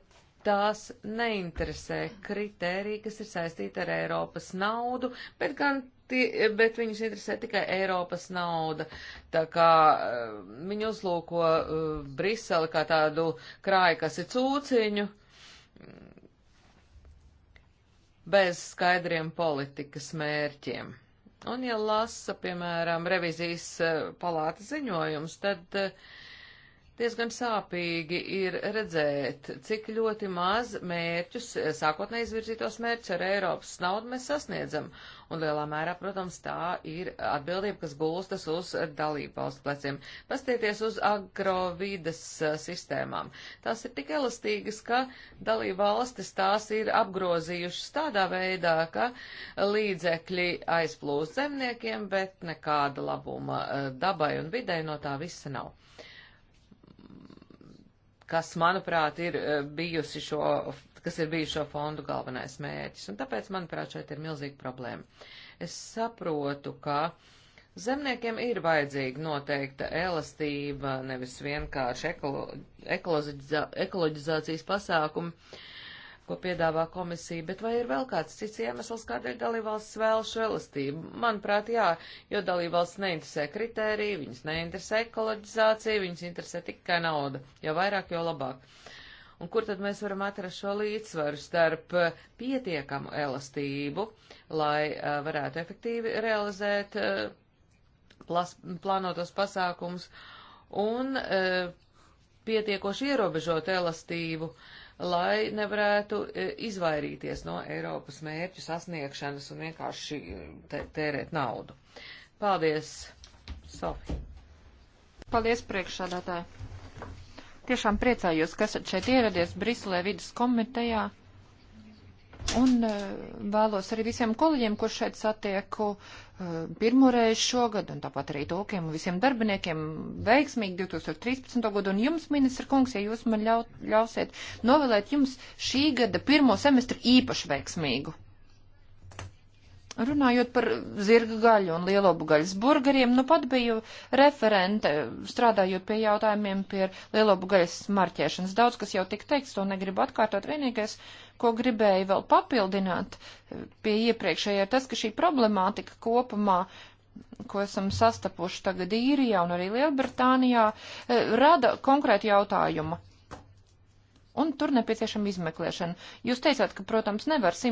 tās neinteresē kritērija, kas ir saistīta ar Eiropas naudu, bet gan tie, bet viņus interesē tikai Eiropas nauda. Tā kā eh, viņi uzlūko Briseli kā tādu krāju, kas ir cūciņu, bez skaidriem politikas mērķiem. Un, ja lasa, piemēram, revizijas e, palāta ziņojums, tad e, diezgan sāpīgi ir redzēt, cik ļoti maz mērķus, e, sākotnēji izvirzītos mērķus ar Eiropas naudu mēs sasniedzam un lielā mērā, protams, tā ir atbildība, kas gulstas uz dalību valstu pleciem. Pastieties uz agrovides eh, sistēmām. Tās ir tik elastīgas, ka dalību valstis tās ir apgrozījušas tādā veidā, ka līdzekļi aizplūst zemniekiem, bet nekāda labuma eh, dabai un videi no tā visa nav kas, manuprāt, ir eh, bijusi šo kas ir bijis šo fondu galvenais mērķis, un tāpēc, manuprāt, šeit ir milzīga problēma. Es saprotu, ka zemniekiem ir vajadzīga noteikta elastība, nevis vienkārši ekolo, ekoloģizā, ekoloģizācijas pasākumi, ko piedāvā komisija, bet vai ir vēl kāds cits iemesls, kādēļ dalībvalsts vēl šo elastību? Manuprāt, jā, jo dalībvalsts neinteresē kritēriju, viņas neinteresē ekoloģizāciju, viņas interesē tikai nauda, jo vairāk, jo labāk. Uh, Un kur tad mēs varam atrast šo līdzsvaru starp eh, pietiekamu elastību, lai uh, varētu efektīvi realizēt uh, plas, plānotos pasākums, un uh, pietiekoši ierobežot elastību, lai nevarētu izvairīties no Eiropas mērķu sasniegšanas un vienkārši tērēt naudu. Paldies, Sofija! Paldies, priekšsādātāji! Tiešām priecājos, ka esat šeit ieradies Briselē vidas komitejā. Un eh, vēlos arī visiem kolēģiem, kurš šeit satieku eh, pirmoreiz šogad, un tāpat arī tūkiem un visiem darbiniekiem veiksmīgi 2013. gadu. Un jums, ministra kungs, ja jūs man ļau, ļausiet novēlēt jums šī gada pirmo semestru īpaši veiksmīgu. Runājot par zirga gaļu un lielopu gaļas burgeriem, nu pat biju referente, strādājot pie jautājumiem pie lielopu gaļas marķēšanas. Daudz, kas jau tik teiks, to negribu atkārtot. Vienīgais, ko gribēju vēl papildināt eh, pie iepriekšējā, ir tas, ka šī problemātika kopumā ko esam sastapuši tagad īrijā un arī Lielbritānijā, eh, rada konkrētu jautājumu un tur nepieciešama izmeklēšana. Jūs teicāt, ka, protams, nevar e,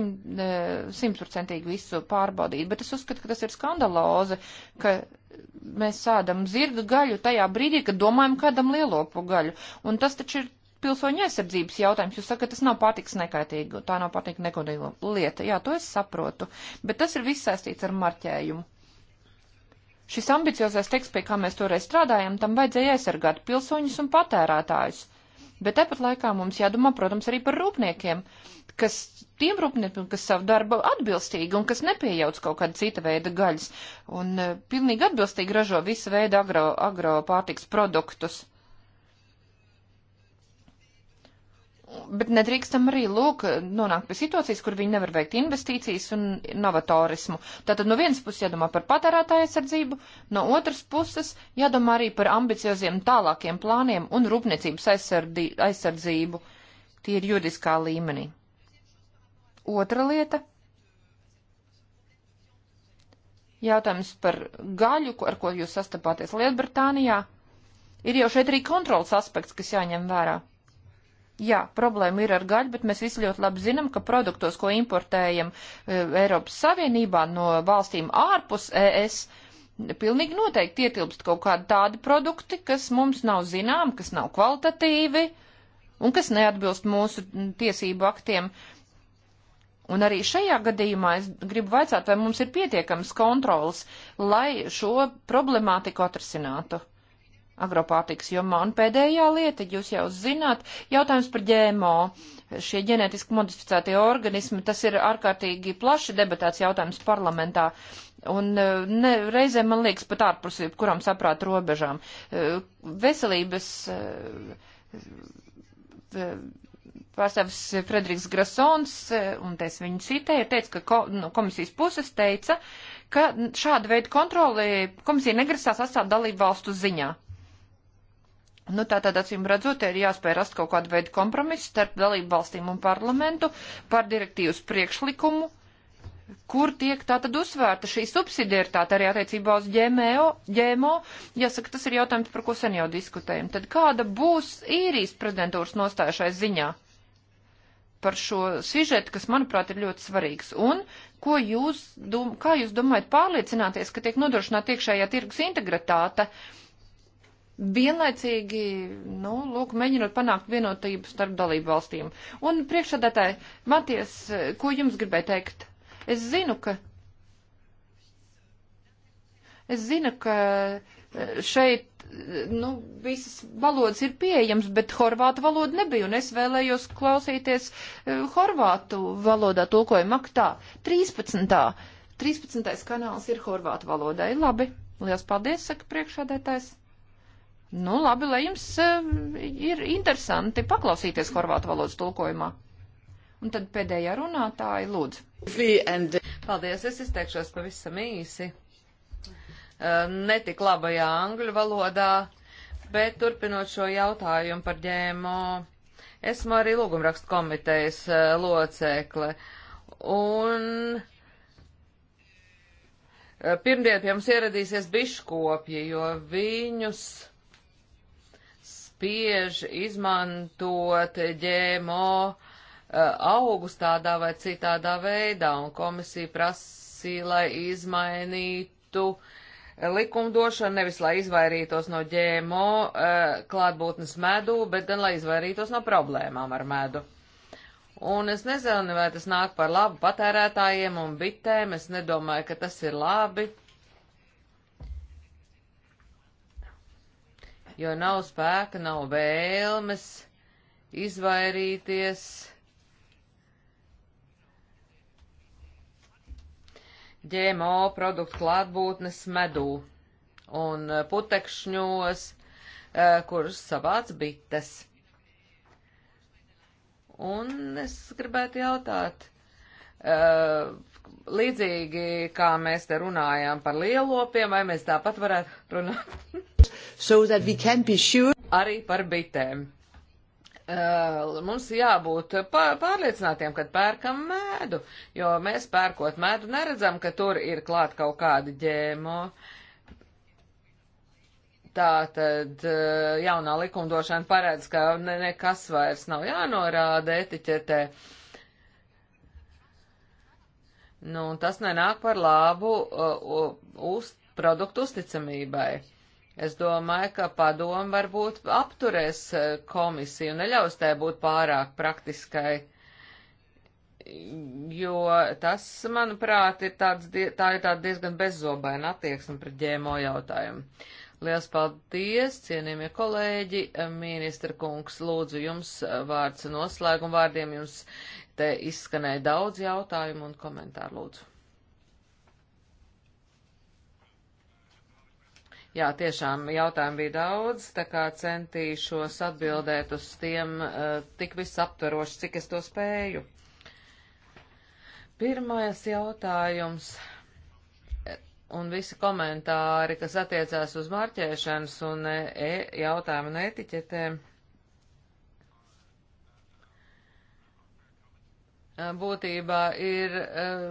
simtprocentīgi visu pārbaudīt, bet es uzskatu, ka tas ir skandalozi, ka mēs sēdam zirga gaļu tajā brīdī, kad domājam kādam lielopu gaļu. Un tas taču ir pilsoņu aizsardzības jautājums. Jūs sakat, tas nav patiks nekaitīgi, tā nav patika nekodīga lieta. Jā, to es saprotu, bet tas ir viss saistīts ar marķējumu. Šis ambiciozais teksts, pie kā mēs toreiz strādājam, tam vajadzēja aizsargāt pilsoņus un patērētājus. Bet tāpat laikā mums jādomā, protams, arī par rūpniekiem, kas tiem rūpniekiem, kas savu darbu atbilstīgi un kas nepiejauc kaut kāda cita veida gaļas un eh, pilnīgi atbilstīgi ražo visu veidu agro, agro pārtiks produktus. Bet nedrīkstam arī, lūk, nonākt pie situācijas, kur viņi nevar veikt investīcijas un novatorismu. Tātad no vienas puses jādomā par patērētāju aizsardzību, no otras puses jādomā arī par ambicioziem tālākiem plāniem un rūpniecības aizsardzību. Tie ir juridiskā līmenī. Otra lieta. Jautājums par gaļu, ar ko jūs sastapāties Lielbritānijā. Ir jau šeit arī kontrols aspekts, kas jāņem vērā Jā, problēma ir ar gaļu, bet mēs visi ļoti labi zinām, ka produktos, ko importējam e, Eiropas Savienībā no valstīm ārpus ES, pilnīgi noteikti ietilpst kaut kādi tādi produkti, kas mums nav zinām, kas nav kvalitatīvi un kas neatbilst mūsu tiesību aktiem. Un arī šajā gadījumā es gribu vaicāt, vai mums ir pietiekams kontrols, lai šo problemātiku atrisinātu agropārtiks jomā. Un pēdējā lieta, jūs jau zināt, jautājums par ģēmo. Šie ģenētiski modificētie organismi, tas ir ārkārtīgi plaši debatēts jautājums parlamentā. Un e, ne, reizēm man liekas pat ārpus, kurām saprāt robežām. E, veselības e, pārstāvis Frederiks Grasons, un es viņu citēju, teica, ka ko, no nu, komisijas puses teica, ka šāda veida kontroli komisija negrasās atstāt dalību valstu ziņā. Nu, tā tad, acīm redzot, ir jāspēj rast kaut kādu veidu kompromisu starp dalību valstīm un parlamentu par direktīvas priekšlikumu, kur tiek tātad uzsvērta šī subsidiaritāte arī attiecībā uz ģēmēo, ģēmo. Jāsaka, tas ir jautājums, par ko sen jau diskutējam. Tad kāda būs īrijas prezidentūras nostājušais ziņā par šo sižetu, kas, manuprāt, ir ļoti svarīgs? Un ko jūs, dom, kā jūs domājat pārliecināties, ka tiek nodrošināta iekšējā tirgus integritāte? Uh, vienlaicīgi, nu, lūk, mēģinot panākt vienotību starp dalību valstīm. Un priekšsādātāji, Maties, ko jums gribēju teikt? Es zinu, ka. Es zinu, ka eh, šeit, eh, nu, visas valodas ir pieejams, bet horvātu valoda nebija, un es vēlējos klausīties eh, horvātu valodā tulkojumu aktā. 13. 13. kanāls ir horvātu valodai. Labi, liels paldies, saka priekšādētājs. Nu, labi, lai jums eh, ir interesanti paklausīties horvātu valodas tulkojumā. Un tad pēdējā runātāja lūdzu. Paldies, es izteikšos pavisam īsi. Eh, Netik labajā angļu valodā, bet turpinot šo jautājumu par ģēmo, esmu arī lūgumrakstu komitejas eh, locekle. Un pirmdien pie mums ieradīsies biškopji, jo viņus spiež izmantot ģēmo eh, augus tādā vai citādā veidā, un komisija prasīja, lai izmainītu eh, likumdošanu, nevis lai izvairītos no ģēmo eh, klātbūtnes medū, bet gan lai izvairītos no problēmām ar medu. Un es nezinu, vai tas nāk par labu patērētājiem un bitēm, es nedomāju, ka tas ir labi. Uh, jo nav spēka, nav vēlmes izvairīties. ģēmo produktu klātbūtnes medū un eh, putekšņos, eh, kurus savāc bites. Un es gribētu jautāt, eh, līdzīgi, kā mēs te runājām par lielopiem, vai mēs tāpat varētu runāt so sure. arī par bitēm. Uh, mums jābūt pārliecinātiem, kad pērkam mēdu, jo mēs pērkot mēdu neredzam, ka tur ir klāt kaut kādi ģēmo. Tā tad uh, jaunā likumdošana paredz, ka nekas ne vairs nav jānorāda etiķetē. Uh, Nu, un tas nenāk par labu uh, uz produktu uzticamībai. Es domāju, ka padomu varbūt apturēs uh, komisiju, neļaus tai būt pārāk praktiskai jo tas, manuprāt, ir tāds, tā ir tāda diezgan bezzobaina attieksme pret ģēmo jautājumu. Liels paldies, cienījamie kolēģi, ministra kungs, lūdzu jums uh, vārds noslēguma vārdiem, jums te izskanēja daudz jautājumu un komentāru lūdzu. Jā, tiešām jautājumu bija daudz, tā kā centīšos atbildēt uz tiem uh, tik visaptveroši, cik es to spēju. Pirmais jautājums eh, un visi komentāri, kas attiecās uz marķēšanas un eh, e jautājumu un etiķetēm. būtībā ir eh,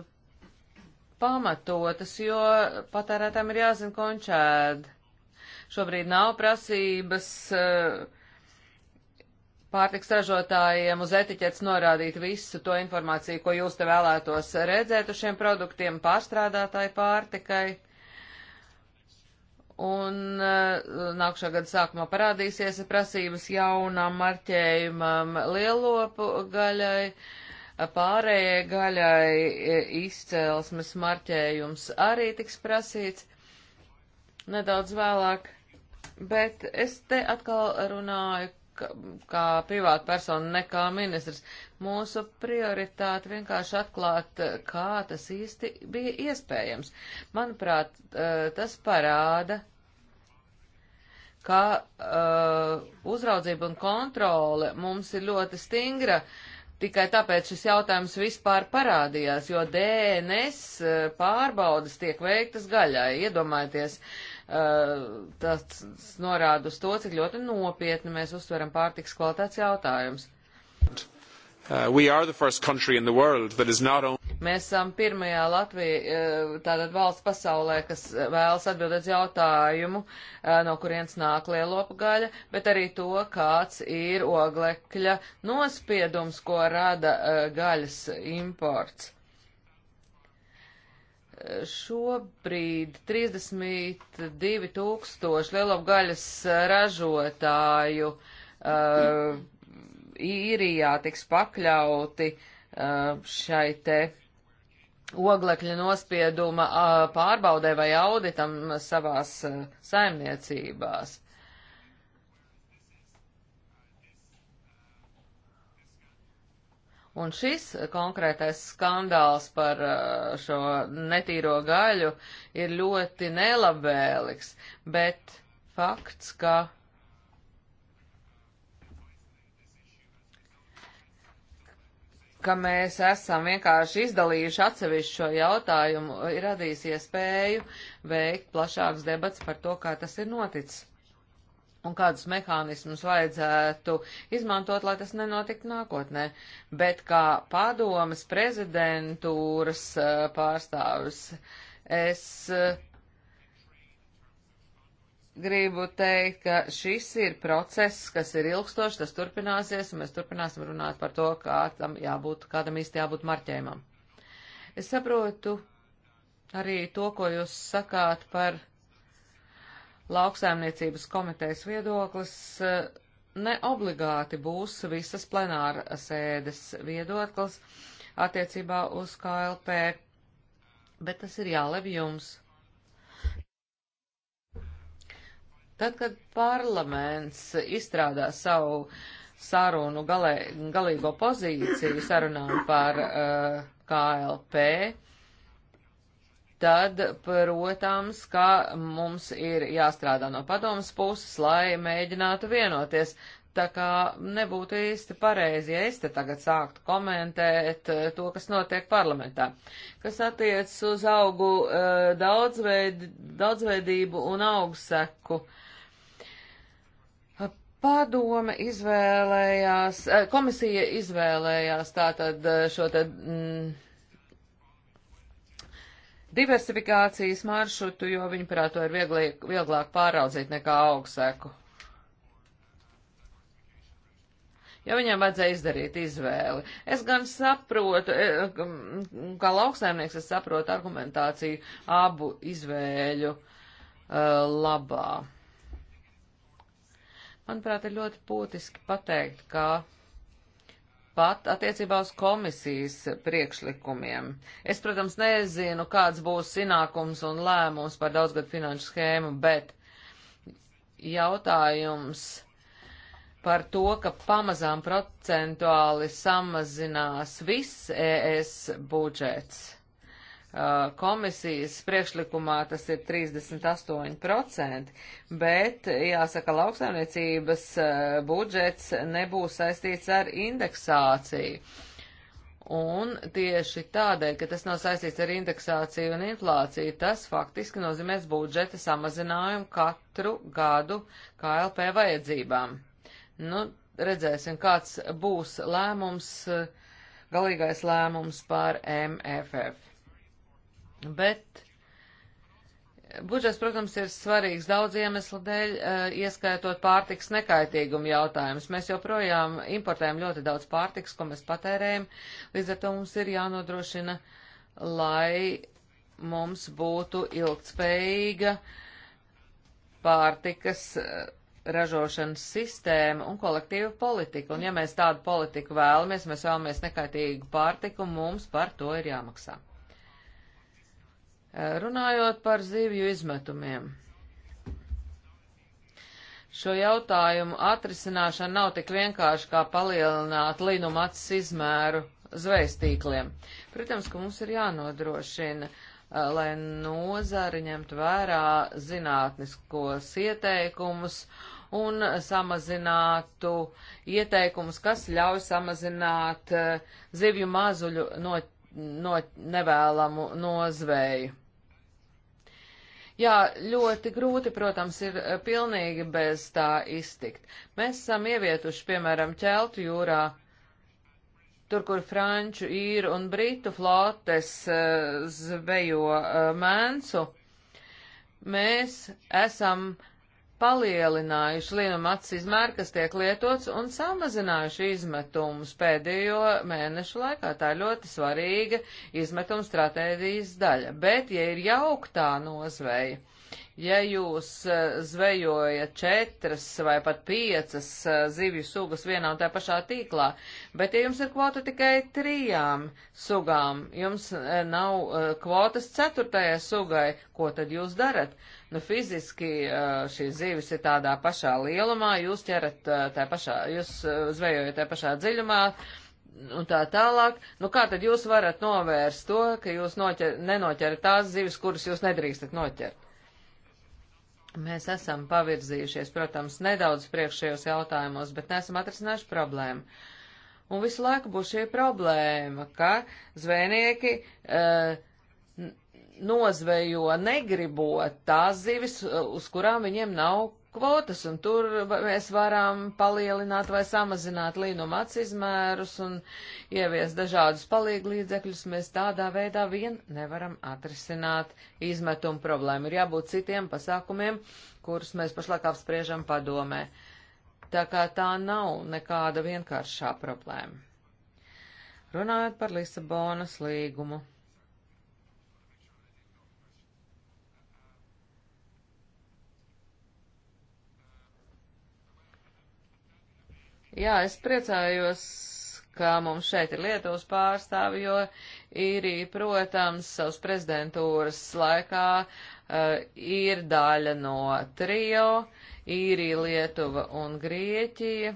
pamatotas, jo patērētām ir jāzina končēdi. Šobrīd nav prasības eh, pārtiks ražotājiem uz etiķetes norādīt visu to informāciju, ko jūs te vēlētos redzēt uz šiem produktiem pārstrādātāju pārtikai. Un eh, nākšā gada sākumā parādīsies prasības jaunam marķējumam lielopu gaļai. Uh, Pārējai gaļai e, izcēlesmes marķējums arī tiks prasīts nedaudz vēlāk, bet es te atkal runāju kā privāta persona, ne kā ministrs. Mūsu prioritāte vienkārši atklāt, e, kā tas īsti bija iespējams. Manuprāt, e, tas parāda, ka uzraudzība un kontrole mums ir ļoti stingra. Uh, tikai tāpēc šis jautājums vispār parādījās, jo DNS eh, pārbaudas tiek veiktas gaļai. Iedomājieties, eh, tas norāda uz to, cik ļoti nopietni mēs uztveram pārtiks kvalitātes jautājumus. Uh, we are the first country in the world that is not only Mēs esam pirmajā Latvija, eh, tātad valsts pasaulē, kas eh, vēlas atbildēt jautājumu, eh, no kurienes nāk lielopu gaļa, bet arī to, kāds ir oglekļa nospiedums, ko rada gaļas imports. Šobrīd 32 tūkstoši lielopgaļas ražotāju uh, īrijā tiks pakļauti uh, šai te uh, oglekļa nospieduma pārbaudē vai auditam savās saimniecībās. Un šis konkrētais skandāls par šo netīro gaļu ir ļoti nelabvēlīgs, bet fakts, ka ka mēs esam vienkārši izdalījuši atsevišķu šo jautājumu, ir radījis iespēju veikt plašāks debats par to, kā tas ir noticis. Un kādus mehānismus vajadzētu izmantot, lai tas nenotiktu nākotnē. Bet kā padomas prezidentūras eh, pārstāvis, es eh, gribu teikt, ka šis ir process, kas ir ilgstošs, tas turpināsies, un mēs turpināsim runāt par to, kā tam jābūt, kādam īsti jābūt marķējumam. Es saprotu arī to, ko jūs sakāt par lauksaimniecības komitejas viedoklis. Ne obligāti būs visas plenāra sēdes viedoklis attiecībā uz KLP, bet tas ir jālev jums. Tad, kad parlaments izstrādā savu sarunu galē, galīgo pozīciju sarunām par uh, eh, KLP, tad, protams, ka mums ir jāstrādā no padomas puses, lai mēģinātu vienoties. Tā kā nebūtu īsti pareizi, ja es te tagad sāktu komentēt eh, to, kas notiek parlamentā. Kas attiecas uz augu eh, daudzveid, daudzveidību un augseku. Uh, Padome izvēlējās, eh, komisija izvēlējās tātad eh, šo tad. Mm, diversifikācijas maršrutu, jo viņi prāt to ir viegliek, vieglāk pāraudzīt nekā augseku. Jo viņam vajadzēja izdarīt izvēli. Es gan saprotu, eh, mm, kā lauksaimnieks, es saprotu argumentāciju abu izvēļu uh, labā. Manuprāt, ir ļoti būtiski pateikt, ka pat attiecībā uz komisijas priekšlikumiem. Es, protams, nezinu, kāds būs iznākums un lēmums par daudzgadu finanšu schēmu, bet jautājums par to, ka pamazām procentuāli samazinās viss ES budžets. Uh, komisijas priekšlikumā tas ir 38%, bet, jāsaka, lauksaimniecības uh, budžets nebūs saistīts ar indeksāciju. Un tieši tādēļ, ka tas nav saistīts ar indeksāciju un inflāciju, tas faktiski nozīmēs budžeta samazinājumu katru gadu KLP vajadzībām. Nu, redzēsim, kāds būs lēmums, uh, galīgais lēmums par MFF bet budžets, protams, ir svarīgs daudz iemeslu dēļ, eh, ieskaitot pārtiks nekaitīgumu jautājumus. Mēs joprojām importējam ļoti daudz pārtiks, ko mēs patērējam, līdz ar to mums ir jānodrošina, lai mums būtu ilgtspējīga pārtikas eh, ražošanas sistēma un kolektīva politika. Un ja mēs tādu politiku vēlamies, mēs vēlamies nekaitīgu pārtiku, mums par to ir jāmaksā. Runājot par zivju izmetumiem. Šo jautājumu atrisināšana nav tik vienkārši kā palielināt līnuma acis izmēru zvejstīkliem. Protams, ka mums ir jānodrošina, eh, lai nozari ņemt vērā zinātniskos ieteikumus un samazinātu ieteikumus, kas ļauj samazināt eh, zivju mazuļu no, no nevēlamu nozvēju. Jā, ļoti grūti, protams, ir eh, pilnīgi bez tā iztikt. Mēs esam ievietuši, piemēram, ķeltu jūrā, tur, kur franču, īru un britu flotes eh, zvejo eh, mēnsu. Mēs esam palielinājuši linumacis izmēru, kas tiek lietots, un samazinājuši izmetumus pēdējo mēnešu laikā. Tā ir ļoti svarīga izmetuma stratēģijas daļa. Bet, ja ir jauktā nozveja, Ja jūs eh, zvejojat četras vai pat piecas eh, zivju sugas vienā un tā pašā tīklā, bet ja jums ir kvota tikai trijām sugām, jums eh, nav kvotas ceturtajai sugai, ko tad jūs darat? Nu, fiziski šīs zivis ir tādā pašā lielumā, jūs ķerat tā pašā, jūs zvejojat tā pašā dziļumā, un tā tālāk. Nu, kā tad jūs varat novērst to, ka jūs noķer, nenoķerat tās zivis, kuras jūs nedrīkstat noķert? Mēs esam pavirzījušies, protams, nedaudz priekšējos jautājumos, bet neesam atrisinājuši problēmu. Un visu laiku būs šī problēma, ka zvejnieki uh, nozvejo negribot tās zivis, eh, uz kurām viņiem nav kvotas, un tur mēs varam palielināt vai samazināt līnuma atsizmērus un ievies dažādus palīglīdzekļus. Mēs tādā veidā vien nevaram atrisināt izmetumu problēmu. Ir jābūt citiem pasākumiem, kurus mēs pašlaik apspriežam padomē. Tā kā tā nav nekāda vienkāršā problēma. Runājot par Lisabonas līgumu. Jā, es priecājos, ka mums šeit ir Lietuvas pārstāvi, jo īrija, protams, savas prezidentūras laikā uh, ir daļa no trio - īrija, Lietuva un Grieķija.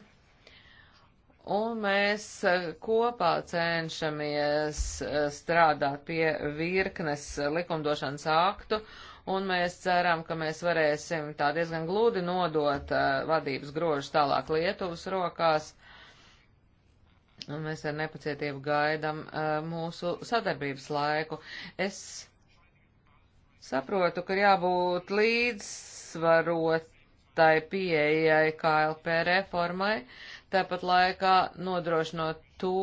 Un mēs uh, kopā cenšamies uh, strādāt pie virknes likumdošanas aktu un mēs ceram, ka mēs varēsim tā diezgan glūdi nodot uh, vadības grožus tālāk Lietuvas rokās. Un mēs ar nepacietību gaidam uh, mūsu sadarbības laiku. Es saprotu, ka jābūt līdzsvarotai pieejai KLP reformai, tāpat laikā nodrošinot to,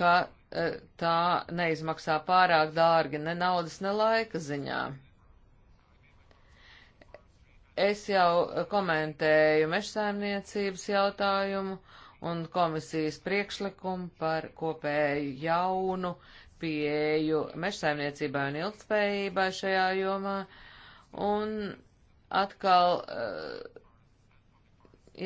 ka uh, tā neizmaksā pārāk dārgi ne naudas, ne laika ziņā. Es jau komentēju mežsaimniecības jautājumu un komisijas priekšlikumu par kopēju jaunu pieeju mežsaimniecībai un ilgspējībai šajā jomā. Un atkal uh,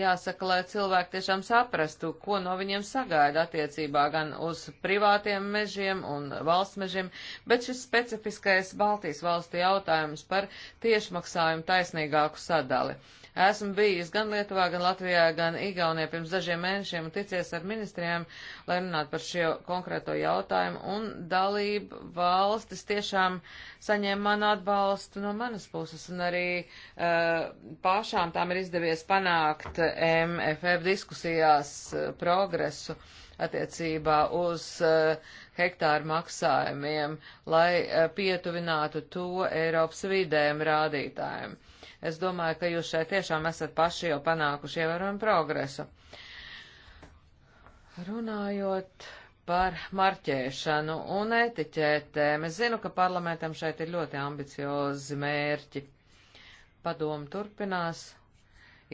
jāsaka, lai cilvēki tiešām saprastu, ko no viņiem sagaida attiecībā gan uz privātiem mežiem un valsts mežiem, bet šis specifiskais Baltijas valstu jautājums par tiešmaksājumu taisnīgāku sadali. Uh, Esmu bijis gan Lietuvā, gan Latvijā, gan Igaunijā pirms dažiem mēnešiem un ticies ar ministriem, lai runātu par šo konkrēto jautājumu, un dalību valstis tiešām saņēma manu atbalstu no manas puses, un arī uh, pašām tām ir izdevies panākt eh, MFF diskusijās uh, progresu attiecībā uz uh, hektāru maksājumiem, lai uh, pietuvinātu to Eiropas vidējiem rādītājiem. Es domāju, ka jūs šeit tiešām esat paši jau panākuši ievērojumu progresu. Runājot par marķēšanu un etiķētēm, es zinu, ka parlamentam šeit ir ļoti ambiciozi mērķi. Padomu turpinās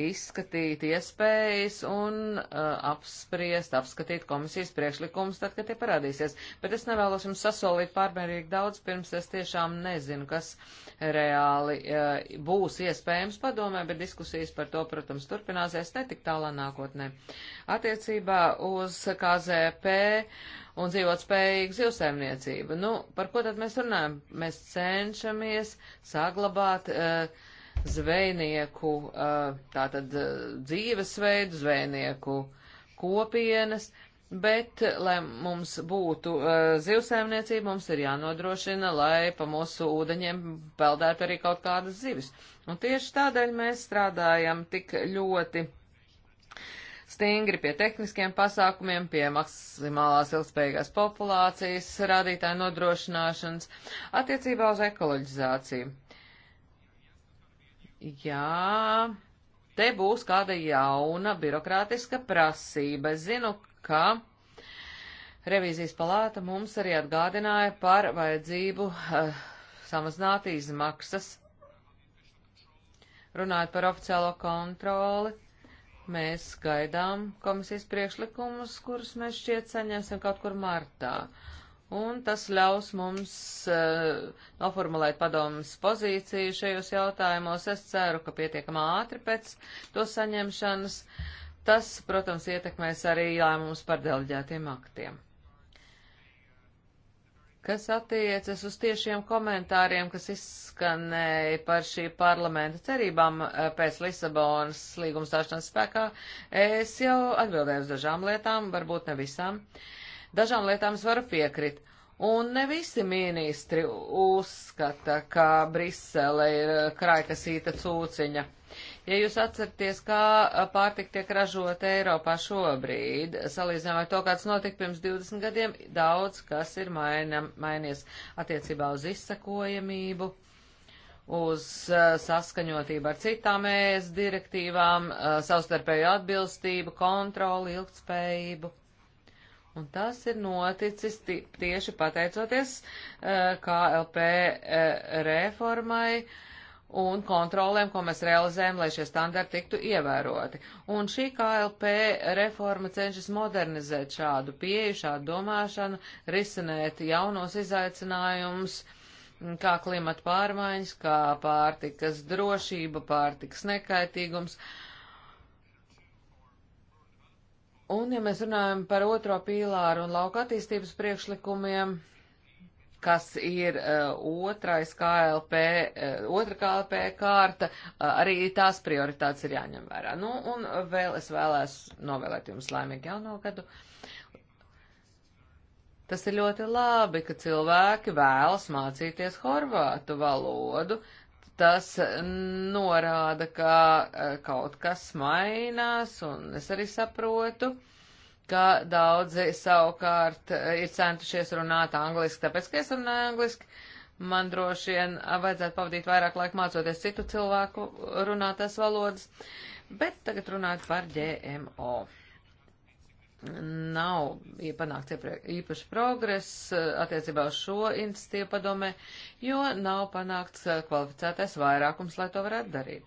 izskatīt iespējas un uh, apspriest, apskatīt komisijas priekšlikumus tad, kad tie parādīsies. Bet es nevēlos jums sasolīt pārmērīgi daudz, pirms es tiešām nezinu, kas reāli uh, būs iespējams padomē, bet diskusijas par to, protams, turpināsies netik tālā nākotnē. Attiecībā uz KZP un dzīvot spējīgu zivsēmniecību. Nu, par ko tad mēs runājam? Mēs cenšamies saglabāt uh, zvejnieku eh, tātad eh, dzīvesveidu, zvejnieku kopienas, bet, lai mums būtu eh, zivsēmniecība, mums ir jānodrošina, lai pa mūsu ūdeņiem peldētu arī kaut kādas zivis. Un tieši tādēļ mēs strādājam tik ļoti stingri pie tehniskiem pasākumiem, pie maksimālās ilgspējīgās populācijas rādītāju nodrošināšanas attiecībā uz ekoloģizāciju. Jā, te būs kāda jauna birokrātiska prasība. Es zinu, ka revīzijas palāta mums arī atgādināja par vajadzību uh, samazināt izmaksas. Runājot par oficiālo kontroli, mēs gaidām komisijas priekšlikumus, kurus mēs šķiet saņemsim kaut kur martā. Uh, un tas ļaus mums uh, noformulēt padomas pozīciju šajos jautājumos. Es ceru, ka pietiekam ātri pēc to saņemšanas. Tas, protams, ietekmēs arī lēmumus par deleģētiem aktiem. Kas attiecas uz tiešiem komentāriem, kas izskanēja par šī parlamenta cerībām eh, pēc Lisabonas līguma stāšanās spēkā, es jau atbildēju uz dažām lietām, varbūt ne visām. Uh, Dažām lietām es varu piekrit. Un ne visi ministri uzskata, ka Brisele ir eh, kraikasīta cūciņa. Ja jūs atceraties, kā eh, pārtika tiek ražota Eiropā šobrīd, salīdzinām ar to, kāds notika pirms 20 gadiem, daudz kas ir mainam, mainies attiecībā uz izsakojamību, uz eh, saskaņotību ar citām ES direktīvām, savstarpēju atbilstību, kontroli, ilgtspējību. Un tas ir noticis tieši pateicoties uh, eh, KLP uh, eh, reformai un kontrolēm, ko mēs realizējam, lai šie standarti tiktu ievēroti. Un šī KLP reforma cenšas modernizēt šādu pieeju, šādu domāšanu, risinēt jaunos izaicinājumus, kā klimata pārmaiņas, kā pārtikas drošība, pārtikas nekaitīgums. Uh, Un, ja mēs runājam par otro pīlāru un lauka attīstības priekšlikumiem, kas ir uh, otrais KLP, uh, otra KLP kārta, uh, arī tās prioritātes ir jāņem vērā. Nu, un vēl es vēlēs novēlēt jums laimīgu jauno gadu. Tas ir ļoti labi, ka cilvēki vēlas mācīties horvātu valodu. Uh, tas norāda, ka e, kaut kas mainās, un es arī saprotu, ka daudzi savukārt e, ir centušies runāt angliski, tāpēc, ka es runāju angliski, man droši vien vajadzētu pavadīt vairāk laika mācoties citu cilvēku runātās valodas, bet tagad runāt par GMO nav ja panākts īpaši progress eh, attiecībā uz šo iniciatīvu padomē, jo nav panākts eh, kvalificētais vairākums, lai to varētu darīt.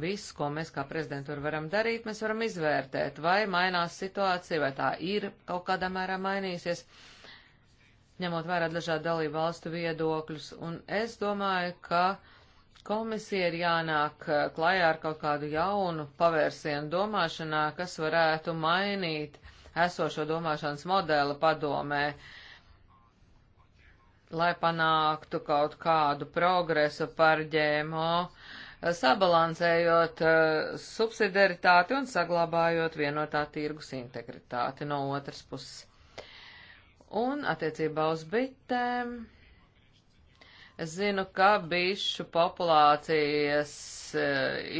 Viss, ko mēs kā prezidentūra varam darīt, mēs varam izvērtēt, vai mainās situācija, vai tā ir kaut kādā mērā mainīsies, ņemot vērā dažādu dalību valstu viedokļus. Un es domāju, ka uh, Komisija ir jānāk eh, klajā ar kaut kādu jaunu pavērsienu domāšanā, kas varētu mainīt esošo domāšanas modeli padomē, lai panāktu kaut kādu progresu par ģēmo, sabalansējot eh, subsidiaritāti un saglabājot vienotā tirgus integritāti no otras puses. Un attiecībā uz bitēm. Um, Es zinu, ka bišu populācijas e,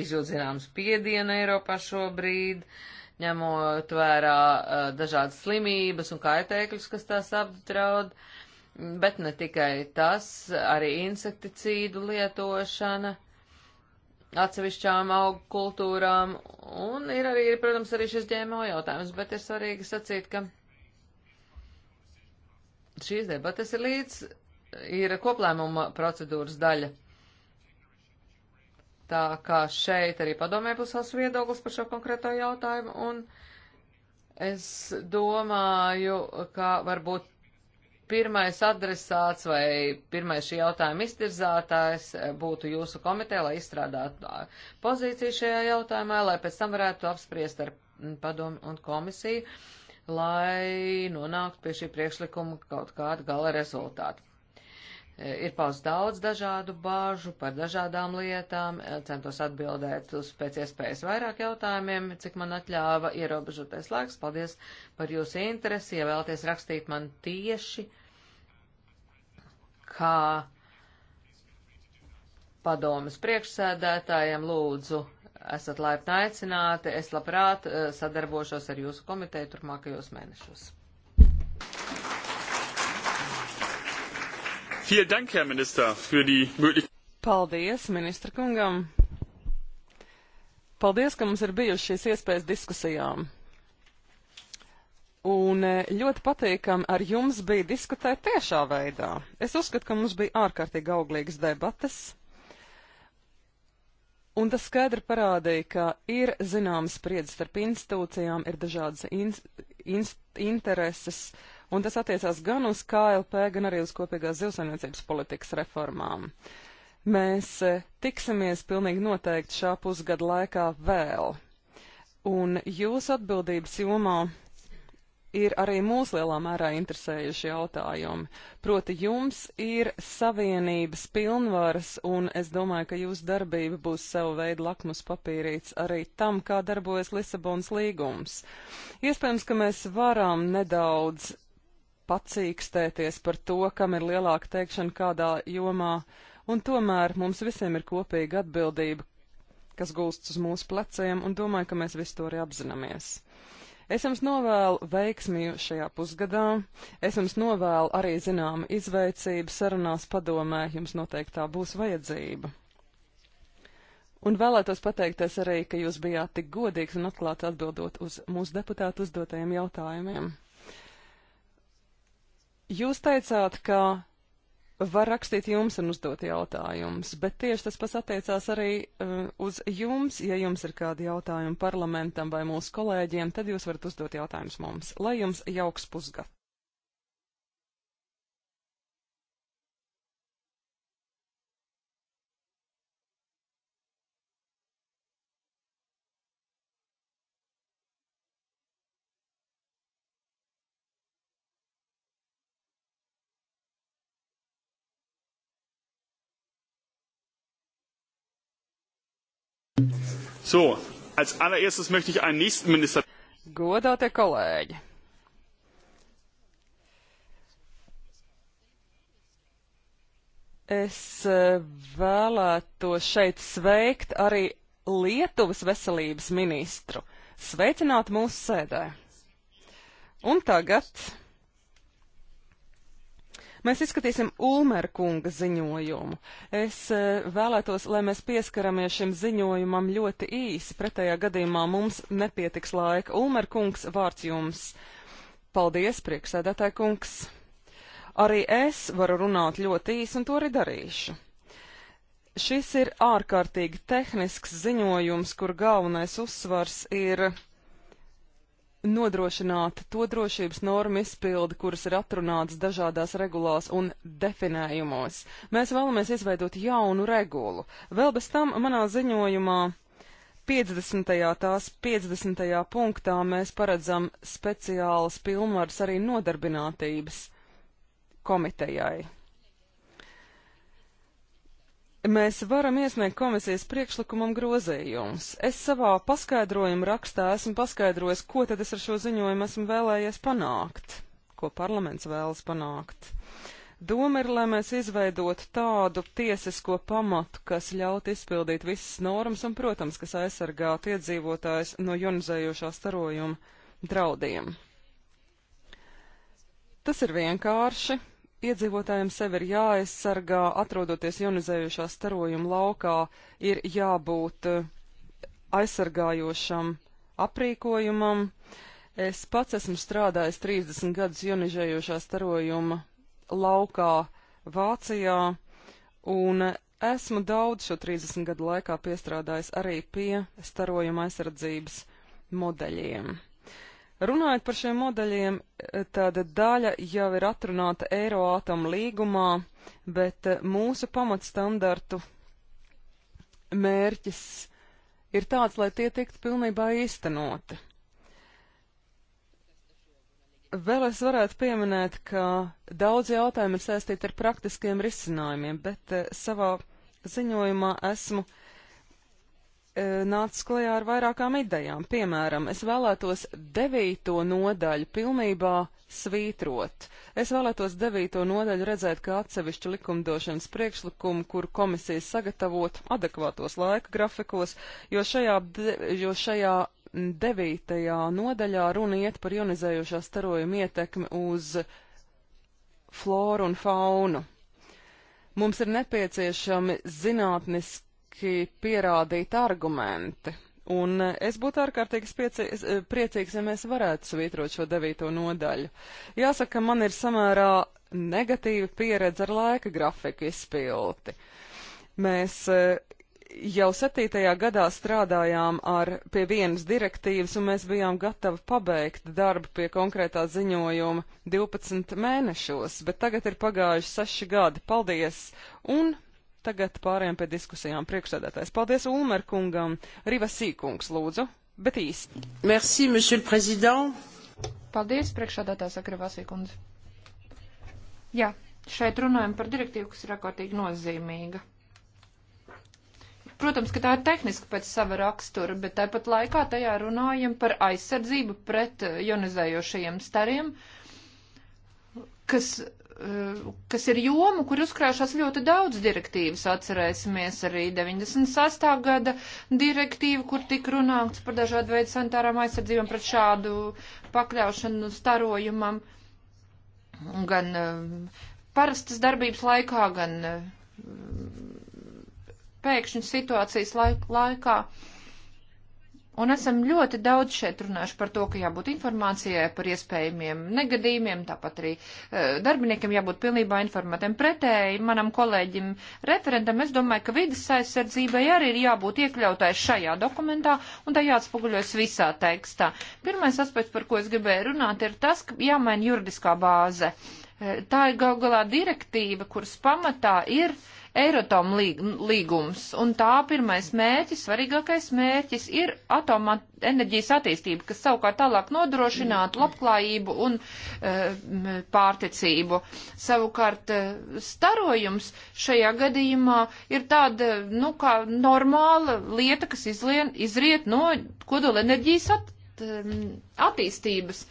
izjūt zināms piedienu Eiropā šobrīd, ņemot vērā e, dažādas slimības un kaitēkļus, kas tās apdraud, bet ne tikai tas, arī insekticīdu lietošana atsevišķām augu kultūrām, un ir arī, protams, arī šis ģēmo jautājums, bet ir svarīgi sacīt, ka šīs debates ir līdz ir koplēmuma procedūras daļa. Tā kā šeit arī padomē būs savs viedoklis par šo konkrēto jautājumu, un es domāju, ka varbūt pirmais adresāts vai pirmais šī jautājuma iztirzātājs būtu jūsu komiteja, lai izstrādātu pozīciju šajā jautājumā, lai pēc tam varētu apspriest ar padomu un komisiju, lai nonāktu pie šī priekšlikuma kaut kāda gala rezultāta. Eh, ir paust daudz dažādu bāžu par dažādām lietām, eh, centos atbildēt uz pēc iespējas vairāk jautājumiem, cik man atļāva ierobežoties laiks. Paldies par jūsu interesi, ja vēlaties rakstīt man tieši, kā padomas priekšsēdētājiem lūdzu. Esat laipni aicināti, es labprāt eh, sadarbošos ar jūsu komiteju turpmākajos mēnešos. Vielen Dank, Herr Minister, für die Möglichkeit. Paldies ministra kungam. Paldies, ka mums ir bijušas šīs iespējas diskusijām. Un eh, ļoti patīkam ar jums bija diskutēt tiešā veidā. Es uzskatu, ka mums bija ārkārtīgi auglīgas debates. Un tas skaidri parādīja, ka ir zināmas spriedzes starp institūcijām, ir dažādas in, in, intereses, uh, un tas attiecās gan uz KLP, gan arī uz kopīgās zivsaimniecības politikas reformām. Mēs e, tiksimies pilnīgi noteikti šā pusgada laikā vēl, un jūsu atbildības jomā ir arī mūs lielā mērā interesējuši jautājumi. Proti jums ir savienības pilnvaras, un es domāju, ka jūsu darbība būs savu veidu lakmus papīrīts arī tam, kā darbojas Lisabonas līgums. Iespējams, ka mēs varam nedaudz pacīkstēties par to, kam ir lielāka teikšana kādā jomā, un tomēr mums visiem ir kopīga atbildība, kas gulsts uz mūsu pleciem, un domāju, ka mēs visi to arī apzināmies. Es jums novēlu veiksmi šajā pusgadā. Es jums novēlu arī zināmu izveicību sarunās padomē, jums noteikti tā būs vajadzība. Un vēlētos pateikties arī, ka jūs bijāt tik godīgs un atklāts atbildot uz mūsu deputātu uzdotajiem jautājumiem. Jūs teicāt, ka var rakstīt jums un uzdot jautājumus, bet tieši tas pats attiecās arī uh, uz jums. Ja jums ir kādi jautājumi parlamentam vai mūsu kolēģiem, tad jūs varat uzdot jautājumus mums. Lai jums jauks pusgads! So, als allererstes möchte ich einen nächsten Minister. Godātie kolēģi! Es eh, vēlētos šeit sveikt arī Lietuvas veselības ministru. Sveicināt mūsu sēdē! Un tagad Mēs izskatīsim Ulmer kunga ziņojumu. Es e, vēlētos, lai mēs pieskaramies šim ziņojumam ļoti īsi, pretējā gadījumā mums nepietiks laika. Ulmer kungs, vārds jums. Paldies, priekšsēdētāji kungs. Arī es varu runāt ļoti īsi un to arī darīšu. Šis ir ārkārtīgi tehnisks ziņojums, kur galvenais uzsvars ir nodrošināt to drošības normu izpildi, kuras ir atrunātas dažādās regulās un definējumos. Mēs vēlamies izveidot jaunu regulu. Vēl bez tam manā ziņojumā 50. tās 50. punktā mēs paredzam speciālas pilnvaras arī nodarbinātības komitejai. Mēs varam iesniegt komisijas priekšlikumam grozījumus. Es savā paskaidrojuma rakstā esmu paskaidrojis, ko tad es ar šo ziņojumu esmu vēlējies panākt, ko parlaments vēlas panākt. Doma ir, lai mēs izveidotu tādu tiesisko pamatu, kas ļaut izpildīt visas normas un, protams, kas aizsargātu iedzīvotājs no jonizējošā starojuma draudiem. Tas ir vienkārši, iedzīvotājiem sevi ir jāaizsargā, atrodoties ionizējušā starojuma laukā, ir jābūt eh, aizsargājošam aprīkojumam. Es pats esmu strādājis 30 gadus ionizējušā starojuma laukā Vācijā, un esmu daudz šo 30 gadu laikā piestrādājis arī pie starojuma aizsardzības modeļiem. Runājot par šiem modeļiem, eh, tāda daļa jau ir atrunāta Eiroatom līgumā, bet eh, mūsu pamatstandartu mērķis ir tāds, lai tie tiktu pilnībā īstenoti. Vēl es varētu pieminēt, ka daudz jautājumu ir saistīti ar praktiskiem risinājumiem, bet eh, savā ziņojumā esmu uh, E, nācis klajā ar vairākām idejām. Piemēram, es vēlētos devīto nodaļu pilnībā svītrot. Es vēlētos devīto nodaļu redzēt kā atsevišķu likumdošanas priekšlikumu, kur komisijas sagatavot adekvātos laika grafikos, jo šajā, de, jo šajā devītajā nodaļā runa iet par ionizējošā starojuma ietekmi uz floru un faunu. Mums ir nepieciešami zinātniski lieliski pierādīti argumenti. Un eh, es būtu ārkārtīgi priecīgs, eh, priecīgs, ja mēs varētu svītrot šo devīto nodaļu. Jāsaka, man ir samērā negatīva pieredze ar laika grafiku izpildi. Mēs eh, jau septītajā gadā strādājām ar, pie vienas direktīvas, un mēs bijām gatavi pabeigt darbu pie konkrētā ziņojuma 12 mēnešos, bet tagad ir pagājuši seši gadi. Paldies! Un Tagad pārējām pie diskusijām. Priekšsēdētājs, paldies Ulmer kungam. Riva Sīkungs, lūdzu, bet īsti. Merci, monsieur le président. Paldies, priekšsēdētājs Akriva Sīkundze. Jā, šeit runājam par direktīvu, kas ir ārkārtīgi nozīmīga. Protams, ka tā ir tehniski pēc sava rakstura, bet tāpat laikā tajā runājam par aizsardzību pret jonizējošajiem stariem, kas Eh, kas ir joma, kur uzkrājušās ļoti daudz direktīvas. Atcerēsimies arī 96. gada direktīvu, kur tika runāts par dažādu veidu sanitārām aizsardzībām pret šādu pakļaušanu starojumam gan eh, parastas darbības laikā, gan eh, pēkšņu situācijas laikā. Un esam ļoti daudz šeit runājuši par to, ka jābūt informācijai par iespējamiem negadījumiem, tāpat arī eh, darbiniekiem jābūt pilnībā informētiem. Pretēji manam kolēģim referentam, es domāju, ka vidas aizsardzībai arī ir jābūt iekļautai šajā dokumentā un tā jāatspoguļojas visā tekstā. Pirmais aspekts, par ko es gribēju runāt, ir tas, ka jāmaina juridiskā bāze. Eh, tā ir gal galā direktīva, kuras pamatā ir uh, Eiratom līgums, un tā pirmais mērķis, svarīgākais mērķis ir atomā enerģijas attīstība, kas savukārt tālāk nodrošinātu labklājību un e, pārticību. Savukārt e, starojums šajā gadījumā ir tāda, nu, kā normāla lieta, kas izlien, izriet no kodola enerģijas at, e, attīstības.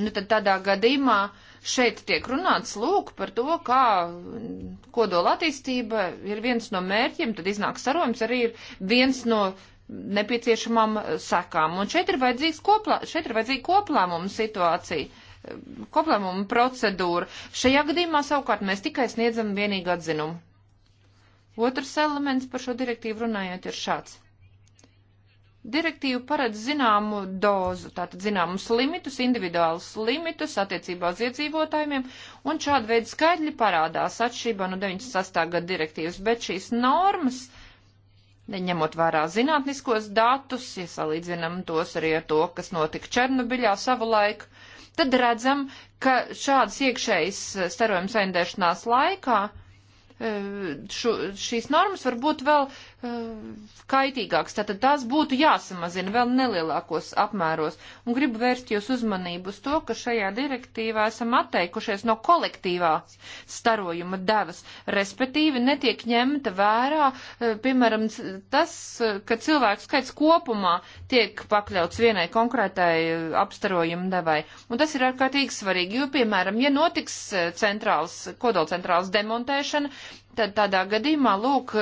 Nu, tad tādā gadījumā uh, Šeit tiek runāts lūk par to, kā kodola attīstība ir viens no mērķiem, tad iznāk sarojums arī ir viens no nepieciešamām sekām. Un šeit ir, koplā, šeit ir vajadzīga koplēmuma situācija koplēmuma procedūra. Šajā gadījumā savukārt mēs tikai sniedzam vienīgu atzinumu. Otrs elements par šo direktīvu runājot ir šāds. Direktīva paredz zināmu dozu, tātad zināmus limitus, individuālus limitus attiecībā uz iedzīvotājiem, un šāda veida skaidri parādās atšķirībā no 98. gada direktīvas, bet šīs normas, ņemot vērā zinātniskos datus, ja salīdzinam tos arī ar to, kas notika Černobiļā savu laiku, tad redzam, ka šādas iekšējas starojuma saindēšanās laikā Eh, šo, šīs normas var būt vēl eh, kaitīgākas. Tātad tās būtu jāsamazina vēl nelielākos apmēros. Un gribu vērst jūs uzmanību uz to, ka šajā direktīvā esam atteikušies no kolektīvās starojuma devas. Respektīvi netiek ņemta vērā, eh, piemēram, tas, ka cilvēku skaits kopumā tiek pakļauts vienai konkrētai apstarojuma devai. Un tas ir ārkārtīgi svarīgi, jo, piemēram, ja notiks centrāls, kodolcentrāls demontēšana, tad tādā gadījumā, lūk,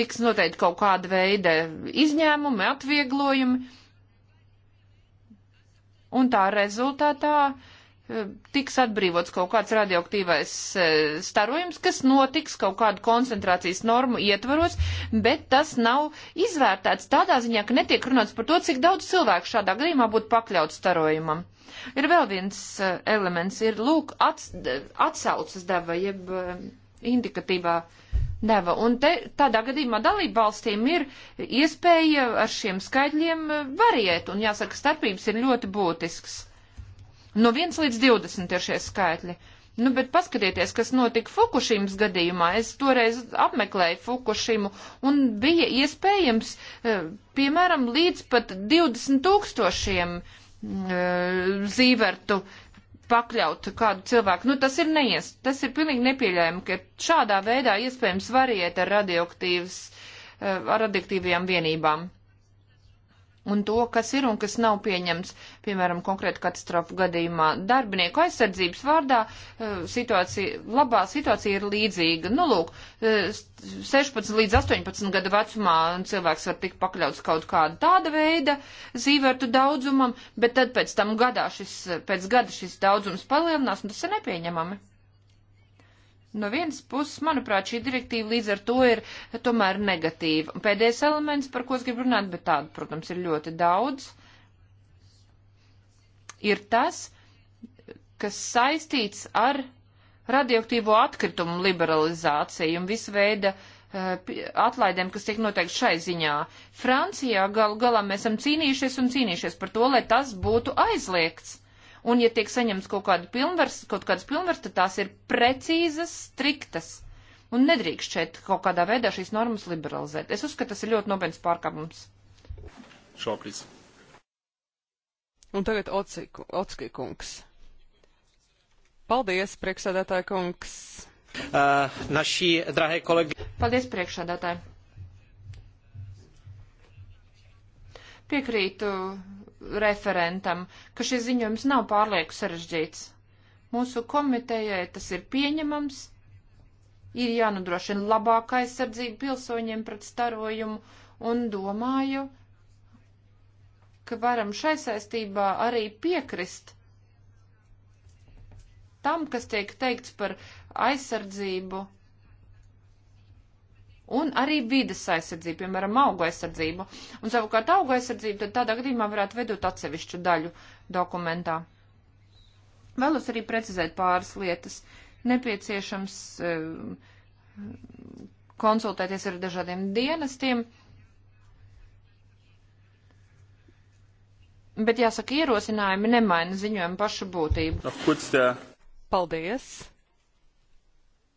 tiks noteikti kaut kāda veida izņēmumi, atvieglojumi. Un tā rezultātā eh, tiks atbrīvots kaut kāds radioaktīvais eh, starojums, kas notiks kaut kādu koncentrācijas normu ietvaros, bet tas nav izvērtēts tādā ziņā, ka netiek runāts par to, cik daudz cilvēku šādā gadījumā būtu pakļauts starojumam. Ir vēl viens eh, elements, ir lūk ats, atsaucas deva, jeb indikatīvā deva. Un te, tādā gadījumā dalību valstīm ir iespēja ar šiem skaitļiem eh, variēt, un jāsaka, starpības ir ļoti būtisks. No 1 līdz 20 ir šie skaitļi. Nu, bet paskatieties, kas notika Fukušīmas gadījumā. Es toreiz apmeklēju Fukušīmu un bija iespējams, eh, piemēram, līdz pat 20 tūkstošiem eh, zīvertu uh, pakļaut kādu cilvēku. Nu, tas ir neies, tas ir pilnīgi nepieļaujami, ka šādā veidā iespējams variet ar radioaktīvas, eh, ar radioaktīvajām vienībām un to, kas ir un kas nav pieņemts, piemēram, konkrēta katastrofu gadījumā. Darbinieku aizsardzības vārdā eh, situācija, labā situācija ir līdzīga. Nu, lūk, 16 eh, līdz 18 gadu vecumā cilvēks var tikt pakļauts kaut kāda tāda veida zīvertu daudzumam, bet tad pēc tam gadā šis, pēc gada šis daudzums palielinās, un tas ir nepieņemami. No vienas puses, manuprāt, šī direktīva līdz ar to ir tomēr negatīva. Un pēdējais elements, par ko es gribu runāt, bet tādu, protams, ir ļoti daudz, ir tas, kas saistīts ar radioaktīvo atkritumu liberalizāciju un visu veidu eh, atlaidēm, kas tiek noteikti šai ziņā. Francijā gal galā mēs esam cīnījušies un cīnījušies par to, lai tas būtu aizliegts. Un, ja tiek saņemts kaut, kādu pilnvars, kaut kādas pilnvars, tad tās ir precīzas, striktas. Un nedrīkst šeit kaut kādā veidā šīs normas liberalizēt. Es uzskatu, tas ir ļoti nopietns pārkāpums. Šobrīd. Un tagad Otskī kungs. Paldies, priekšsēdētāja kungs. Uh, naši, drahie kolēģi. Paldies, priekšsēdētāji. Piekrītu referentam, ka šis ziņojums nav pārlieku sarežģīts. Mūsu komitejai tas ir pieņemams, ir jānodrošina labāka aizsardzība pilsoņiem pret starojumu un domāju, ka varam šai saistībā arī piekrist tam, kas tiek teikts par aizsardzību un arī vides aizsardzību, piemēram, augu aizsardzību. Un savukārt augu aizsardzību tad tādā gadījumā varētu vedot atsevišķu daļu dokumentā. Vēlos arī precizēt pāris lietas. Nepieciešams eh, konsultēties ar dažādiem dienestiem. Bet jāsaka, ierosinājumi nemaina ziņojumu pašu būtību. Paldies!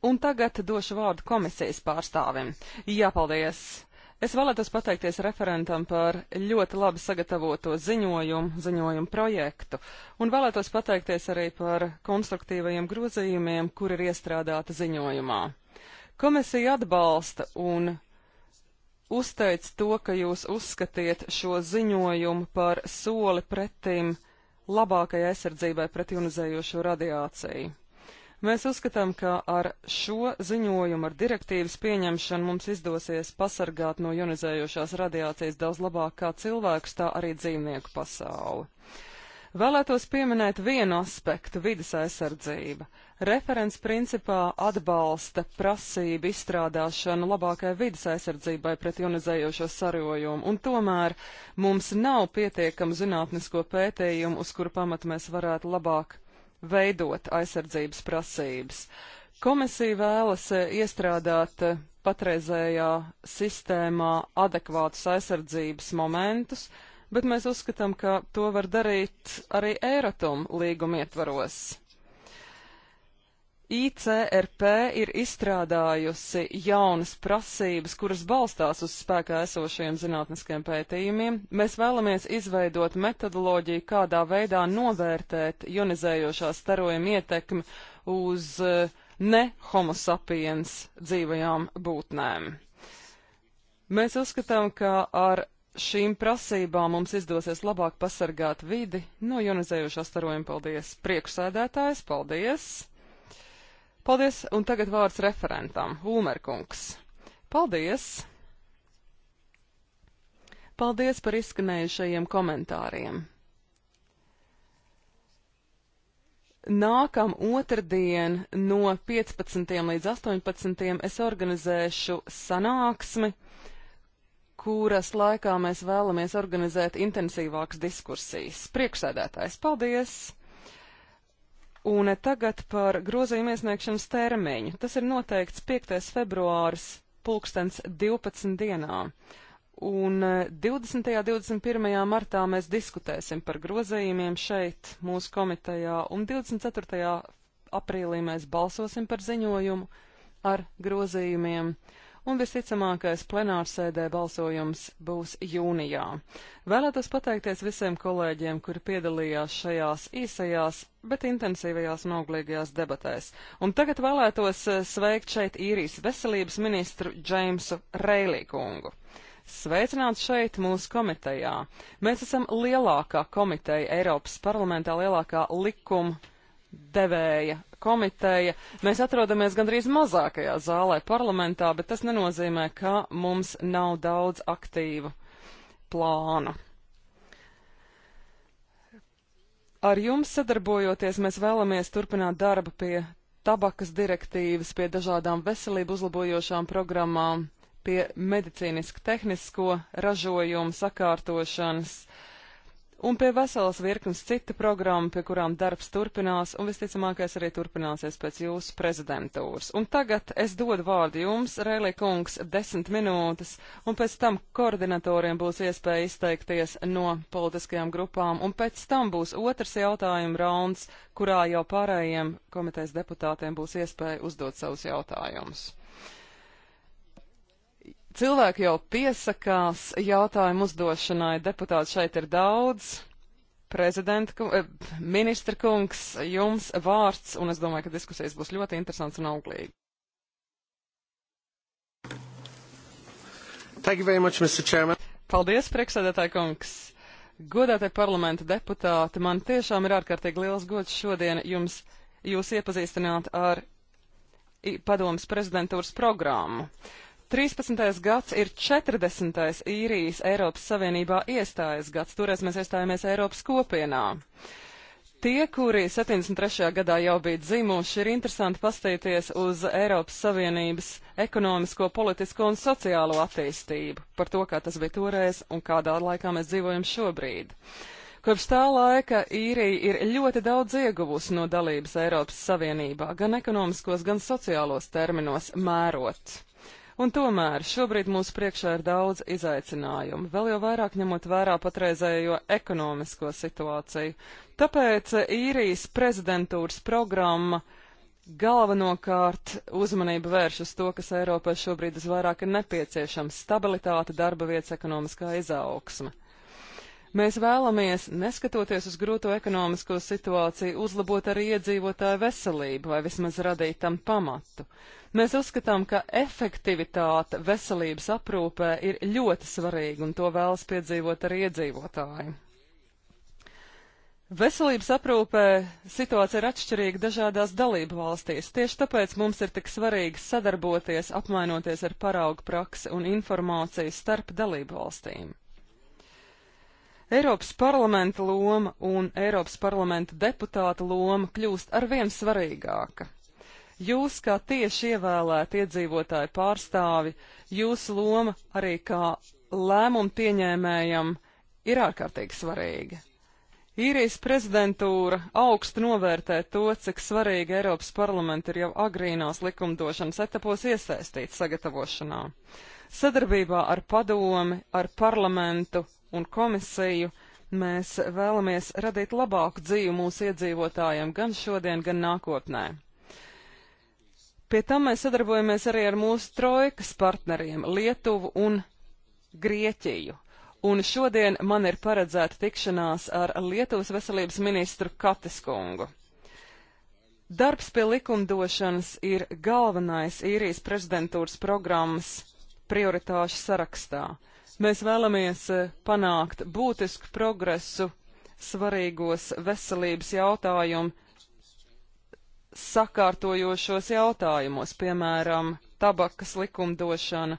Un tagad došu vārdu komisijas pārstāvim. Jā, paldies! Es vēlētos pateikties referentam par ļoti labi sagatavoto ziņojumu, ziņojumu projektu, un vēlētos pateikties arī par konstruktīvajiem grozījumiem, kur ir iestrādāta ziņojumā. Komisija atbalsta un uzteic to, ka jūs uzskatiet šo ziņojumu par soli pretim labākajai aizsardzībai pret ionizējošo radiāciju. Mēs uzskatām, ka ar šo ziņojumu, ar direktīvas pieņemšanu mums izdosies pasargāt no jonizējošās radiācijas daudz labāk kā cilvēkus, tā arī dzīvnieku pasauli. Vēlētos pieminēt vienu aspektu - vidas aizsardzība. Referents principā atbalsta prasību izstrādāšanu labākai vidas aizsardzībai pret ionizējošo sarojumu, un tomēr mums nav pietiekama zinātnisko pētījumu, uz kuru pamatu mēs varētu labāk veidot aizsardzības prasības. Komisija vēlas eh, iestrādāt eh, patreizējā sistēmā adekvātus aizsardzības momentus, bet mēs uzskatām, ka to var darīt arī Eiratom līguma ietvaros. ICRP ir izstrādājusi jaunas prasības, kuras balstās uz spēkā esošajiem zinātniskiem pētījumiem. Mēs vēlamies izveidot metodoloģiju, kādā veidā novērtēt ionizējošā starojuma ietekmi uz eh, ne homo sapiens dzīvajām būtnēm. Mēs uzskatām, ka ar šīm prasībām mums izdosies labāk pasargāt vidi no ionizējošā starojuma. Paldies! Priekšsēdētājs, paldies! Paldies, un tagad vārds referentam, Ulmerkungs. Paldies! Paldies par izskanējušajiem komentāriem. Nākam otrdien no 15. līdz 18. es organizēšu sanāksmi, kuras laikā mēs vēlamies organizēt intensīvākas diskusijas. Priekšsēdētājs, paldies! Un tagad par grozījumu iesniegšanas termiņu. Tas ir noteikts 5. februāris pulkstens 12 dienā. Un 20. un 21. martā mēs diskutēsim par grozījumiem šeit, mūsu komitejā, un 24. aprīlī mēs balsosim par ziņojumu ar grozījumiem. Uh, un visticamākais plenārsēdē balsojums būs jūnijā. Vēlētos pateikties visiem kolēģiem, kuri piedalījās šajās īsajās, bet intensīvajās un auglīgajās debatēs. Un tagad vēlētos eh, sveikt šeit īrijas veselības ministru Džeimsu Reilīkungu. Sveicināts šeit mūsu komitejā. Mēs esam lielākā komiteja Eiropas parlamentā, lielākā likuma devēja komiteja. Mēs atrodamies gandrīz mazākajā zālē parlamentā, bet tas nenozīmē, ka mums nav daudz aktīvu plānu. Ar jums sadarbojoties, mēs vēlamies turpināt darbu pie tabakas direktīvas, pie dažādām veselību uzlabojošām programmām, pie medicīniski tehnisko ražojumu sakārtošanas, uh, un pie veselas virknes cita programma, pie kurām darbs turpinās, un visticamākais arī turpināsies pēc jūsu prezidentūras. Un tagad es dodu vārdu jums, Rēlī kungs, desmit minūtes, un pēc tam koordinatoriem būs iespēja izteikties no politiskajām grupām, un pēc tam būs otrs jautājuma rauns, kurā jau pārējiem komitejas deputātiem būs iespēja uzdot savus jautājumus. Cilvēki jau piesakās jautājumu uzdošanai, deputāti šeit ir daudz. Prezidenta, eh, ministra kungs, jums vārds, un es domāju, ka diskusijas būs ļoti interesants un auglīgi. Much, Paldies, priekšsēdētāji kungs! Godātie parlamenta deputāti, man tiešām ir ārkārtīgi liels gods šodien jums, jūs iepazīstināt ar padomas prezidentūras programmu. 13. gads ir 40. īrijas Eiropas Savienībā iestājas gads, toreiz mēs iestājāmies Eiropas kopienā. Tie, kuri 73. gadā jau bija dzimuši, ir interesanti pastīties uz Eiropas Savienības ekonomisko, politisko un sociālo attīstību, par to, kā tas bija toreiz un kādā laikā mēs dzīvojam šobrīd. Kopš tā laika īrija ir ļoti daudz ieguvusi no dalības Eiropas Savienībā, gan ekonomiskos, gan sociālos terminos mērot. Un tomēr šobrīd mūsu priekšā ir daudz izaicinājumu, vēl jau vairāk ņemot vērā patreizējo ekonomisko situāciju. Tāpēc īrijas prezidentūras programma galvenokārt uzmanību vērš uz to, kas Eiropai šobrīd visvairāk ir nepieciešams - stabilitāte, darba vietas, ekonomiskā izaugsme. Mēs vēlamies, neskatoties uz grūto ekonomisko situāciju, uzlabot arī iedzīvotāju veselību vai vismaz radīt tam pamatu. Mēs uzskatām, ka efektivitāte veselības aprūpē ir ļoti svarīga, un to vēlas piedzīvot arī iedzīvotāji. Veselības aprūpē situācija ir atšķirīga dažādās dalību valstīs, tieši tāpēc mums ir tik svarīgi sadarboties, apmainoties ar paraugu praksi un informāciju starp dalību valstīm. Eiropas parlamenta loma un Eiropas parlamenta deputāta loma kļūst arvien svarīgāka. Jūs, kā tieši ievēlēti iedzīvotāji pārstāvi, jūsu loma arī kā lēmumu pieņēmējam ir ārkārtīgi svarīga. Īrijas prezidentūra augstu novērtē to, cik svarīgi Eiropas parlamentu ir jau agrīnās likumdošanas etapos iesaistīt sagatavošanā. Sadarbībā ar padomi, ar parlamentu un komisiju mēs vēlamies radīt labāku dzīvi mūsu iedzīvotājiem gan šodien, gan nākotnē. Pie tam mēs sadarbojamies arī ar mūsu trojkas partneriem Lietuvu un Grieķiju. Un šodien man ir paredzēta tikšanās ar Lietuvas veselības ministru Katiskungu. Darbs pie likumdošanas ir galvenais īrijas prezidentūras programmas prioritāšu sarakstā. Mēs vēlamies eh, panākt būtisku progresu svarīgos veselības jautājumu sakārtojošos jautājumos, piemēram, tabakas likumdošana,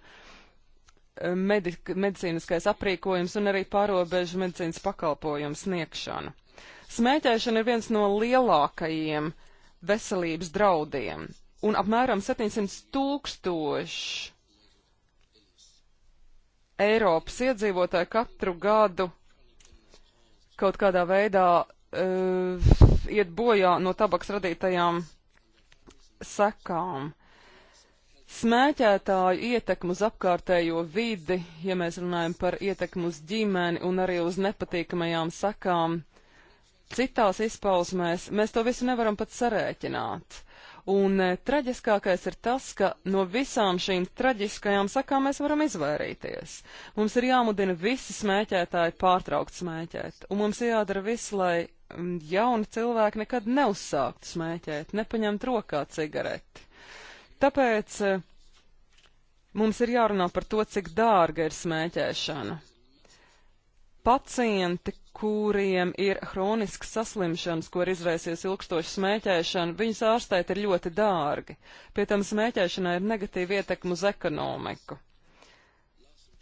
medic medicīniskais aprīkojums un arī pārobežu medicīnas pakalpojumu sniegšana. Smēķēšana ir viens no lielākajiem veselības draudiem, un apmēram 700 tūkstoši Eiropas iedzīvotāji katru gadu kaut kādā veidā uh, iet bojā no tabaks radītajām sekām. Smēķētāju ietekmu uz apkārtējo vidi, ja mēs runājam par ietekmu uz ģimeni un arī uz nepatīkamajām sakām, citās izpausmēs, mēs to visu nevaram pat sarēķināt. Un e, traģiskākais ir tas, ka no visām šīm traģiskajām sakām mēs varam izvairīties. Mums ir jāmudina visi smēķētāji pārtraukt smēķēt, un mums ir jādara viss, lai jauni cilvēki nekad neuzsākt smēķēt, nepaņemt rokā cigareti. Tāpēc eh, mums ir jārunā par to, cik dārga ir smēķēšana. Pacienti, kuriem ir hronisks saslimšanas, ko ir izraisījusi ilgstoša smēķēšana, viņus ārstēt ir ļoti dārgi. Pie tam smēķēšanai ir negatīva ietekma uz ekonomiku.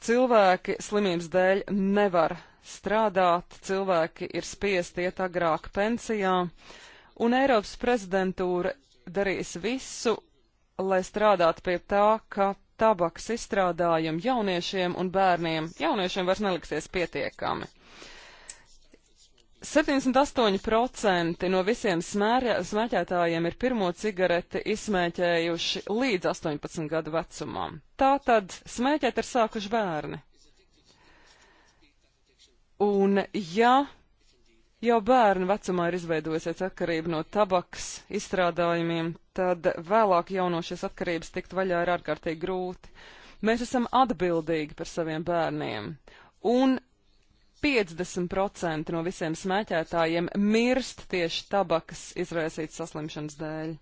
Cilvēki slimības dēļ nevar strādāt, cilvēki ir spiest iet agrāk pensijā, un Eiropas prezidentūra darīs visu, lai strādātu pie tā, ka tabaks izstrādājumu jauniešiem un bērniem jauniešiem vairs neliksies pietiekami. 78% no visiem smērē, smēķētājiem ir pirmo cigareti izsmēķējuši līdz 18 gadu vecumam. Tātad smēķēt ir sākuši bērni. Un ja jau bērnu vecumā ir izveidojusies atkarība no tabaks izstrādājumiem, tad vēlāk jau no šīs atkarības tikt vaļā ir ārkārtīgi grūti. Mēs esam atbildīgi par saviem bērniem. Un 50% no visiem smēķētājiem mirst tieši tabakas izraisītas saslimšanas dēļ.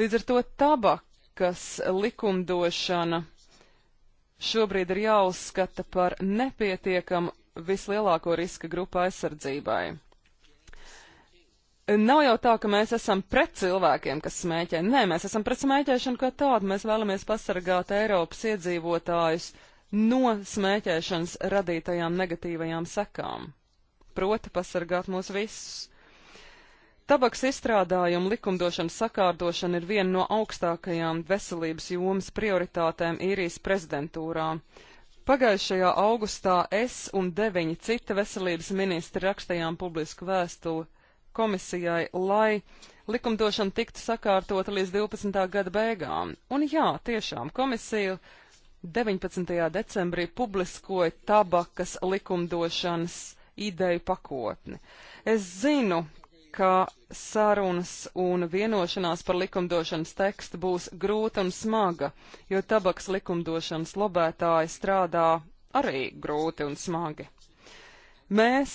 Līdz ar to tabakas likumdošana šobrīd ir jāuzskata par nepietiekamu vislielāko riska grupu aizsardzībai. Nav jau tā, ka mēs esam pret cilvēkiem, kas smēķē. Nē, mēs esam pret smēķēšanu kā tādu. Mēs vēlamies pasargāt Eiropas iedzīvotājus no smēķēšanas radītajām negatīvajām sekām. Proti pasargāt mūs visus. Tabaks izstrādājuma likumdošanas sakārdošana ir viena no augstākajām veselības jomas prioritātēm īrijas prezidentūrā. Uh, Pagājušajā augustā es un deviņi cita veselības ministri rakstījām publisku vēstuli komisijai, lai likumdošana tiktu sakārtota līdz 12. gada beigām. Un jā, tiešām komisija 19. decembrī publiskoja tabakas likumdošanas ideju pakotni. Es zinu, ka sarunas un vienošanās par likumdošanas tekstu būs grūta un smaga, jo tabaks likumdošanas lobētāji strādā arī grūti un smagi. Mēs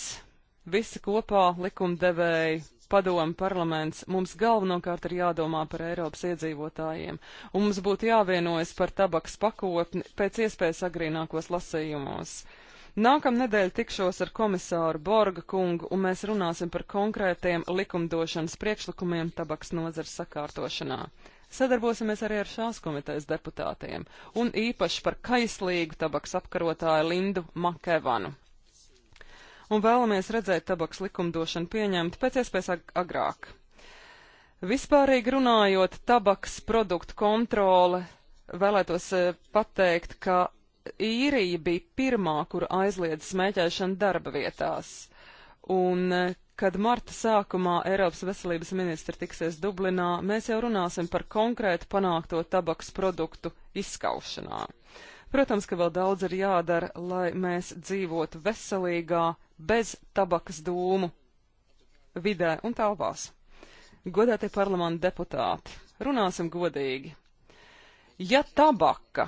visi kopā likumdevēji, padomu parlaments, mums galvenokārt ir jādomā par Eiropas iedzīvotājiem, un mums būtu jāvienojas par tabaks pakotni pēc iespējas agrīnākos lasījumos. Nākamnedēļ tikšos ar komisāru Borga kungu, un mēs runāsim par konkrētiem likumdošanas priekšlikumiem tabaks nozars sakārtošanā. Sadarbosimies arī ar šās komitejas deputātiem, un īpaši par kaislīgu tabaks apkarotāju Lindu Makevanu. Un vēlamies redzēt tabaks likumdošanu pieņemt pēc iespējas ag agrāk. Vispārīgi runājot, tabaks produktu kontrole vēlētos eh, pateikt, ka īrija bija pirmā, kura aizliedza smēķēšanu darba vietās. Un, eh, kad marta sākumā Eiropas veselības ministra tiksies Dublinā, mēs jau runāsim par konkrētu panākto tabaks produktu izskaušanā. Protams, ka vēl daudz ir jādara, lai mēs dzīvotu veselīgā, bez tabakas dūmu vidē un telpās. Godētie parlamenta deputāti, runāsim godīgi. Ja tabaka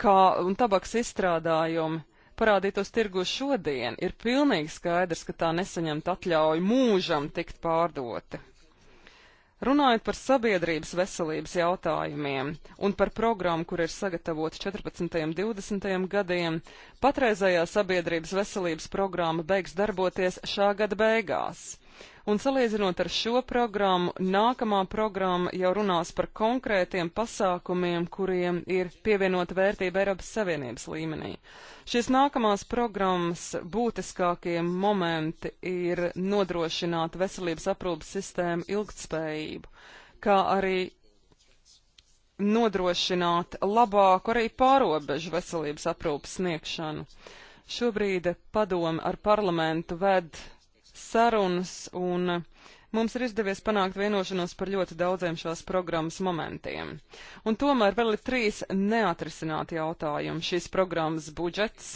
kā un tabaks izstrādājumi parādītos tirgu šodien, ir pilnīgi skaidrs, ka tā nesaņemt atļauju mūžam tikt pārdoti. Runājot par sabiedrības veselības jautājumiem un par programmu, kur ir sagatavota 14. un 20. gadiem, patreizējā sabiedrības veselības programma beigs darboties šā gada beigās. Un salīdzinot ar šo programmu, nākamā programma jau runās par konkrētiem pasākumiem, kuriem ir pievienota vērtība Eiropas Savienības līmenī. Šīs nākamās programmas būtiskākie momenti ir nodrošināt veselības aprūpas sistēmu ilgtspējību, kā arī nodrošināt labāku arī pārobežu veselības aprūpas sniegšanu. Šobrīd padome ar parlamentu ved sarunas, un mums ir izdevies panākt vienošanos par ļoti daudziem šās programmas momentiem. Un tomēr vēl ir trīs neatrisināti jautājumi - šīs programmas budžets,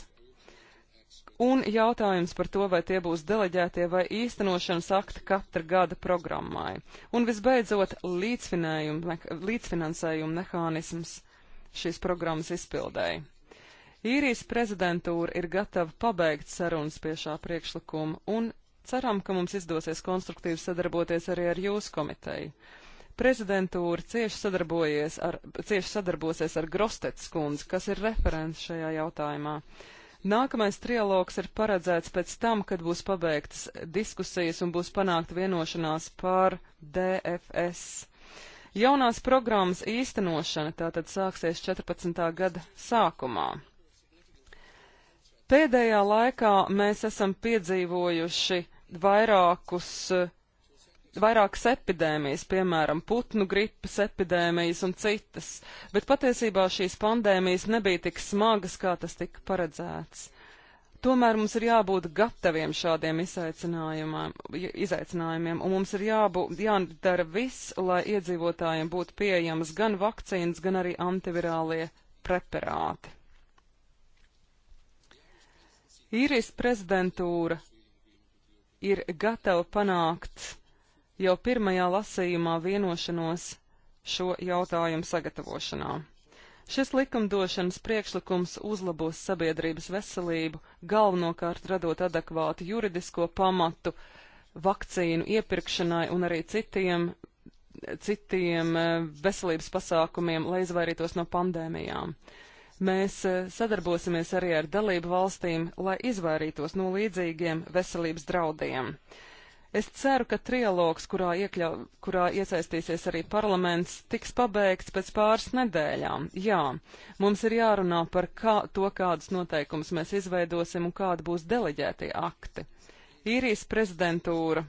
un jautājums par to, vai tie būs deleģētie vai īstenošanas akti katra gada programmai. Un visbeidzot, līdzfinansējuma mehānisms šīs programmas izpildēji. Īrijas prezidentūra ir gatava pabeigt sarunas pie šā priekšlikuma, un Ceram, ka mums izdosies konstruktīvi sadarboties arī ar jūsu komiteju. Prezidentūra cieši, sadarbojies ar, cieši sadarbosies ar Grostets kundzi, kas ir referents šajā jautājumā. Nākamais trialogs ir paredzēts pēc tam, kad būs pabeigtas diskusijas un būs panākta vienošanās par DFS. Jaunās programmas īstenošana tātad sāksies 14. gada sākumā. Pēdējā laikā mēs esam piedzīvojuši vairākus, vairākas epidēmijas, piemēram, putnu gripas epidēmijas un citas, bet patiesībā šīs pandēmijas nebija tik smagas, kā tas tika paredzēts. Tomēr mums ir jābūt gataviem šādiem izaicinājumiem, un mums ir jābūt, jādara viss, lai iedzīvotājiem būtu pieejamas gan vakcīnas, gan arī antivirālie preparāti. Īrijas prezidentūra ir gatava panākt jau pirmajā lasījumā vienošanos šo jautājumu sagatavošanā. Šis likumdošanas priekšlikums uzlabos sabiedrības veselību, galvenokārt radot adekvātu juridisko pamatu vakcīnu iepirkšanai un arī citiem, citiem eh, veselības pasākumiem, lai izvairītos no pandēmijām. Mēs e, sadarbosimies arī ar dalību valstīm, lai izvairītos no līdzīgiem veselības draudiem. Es ceru, ka trialogs, kurā, iekļau, kurā iesaistīsies arī parlaments, tiks pabeigts pēc pāris nedēļām. Jā, mums ir jārunā par kā, to, kādas noteikumus mēs izveidosim un kādi būs deleģētie akti. Īrijas prezidentūra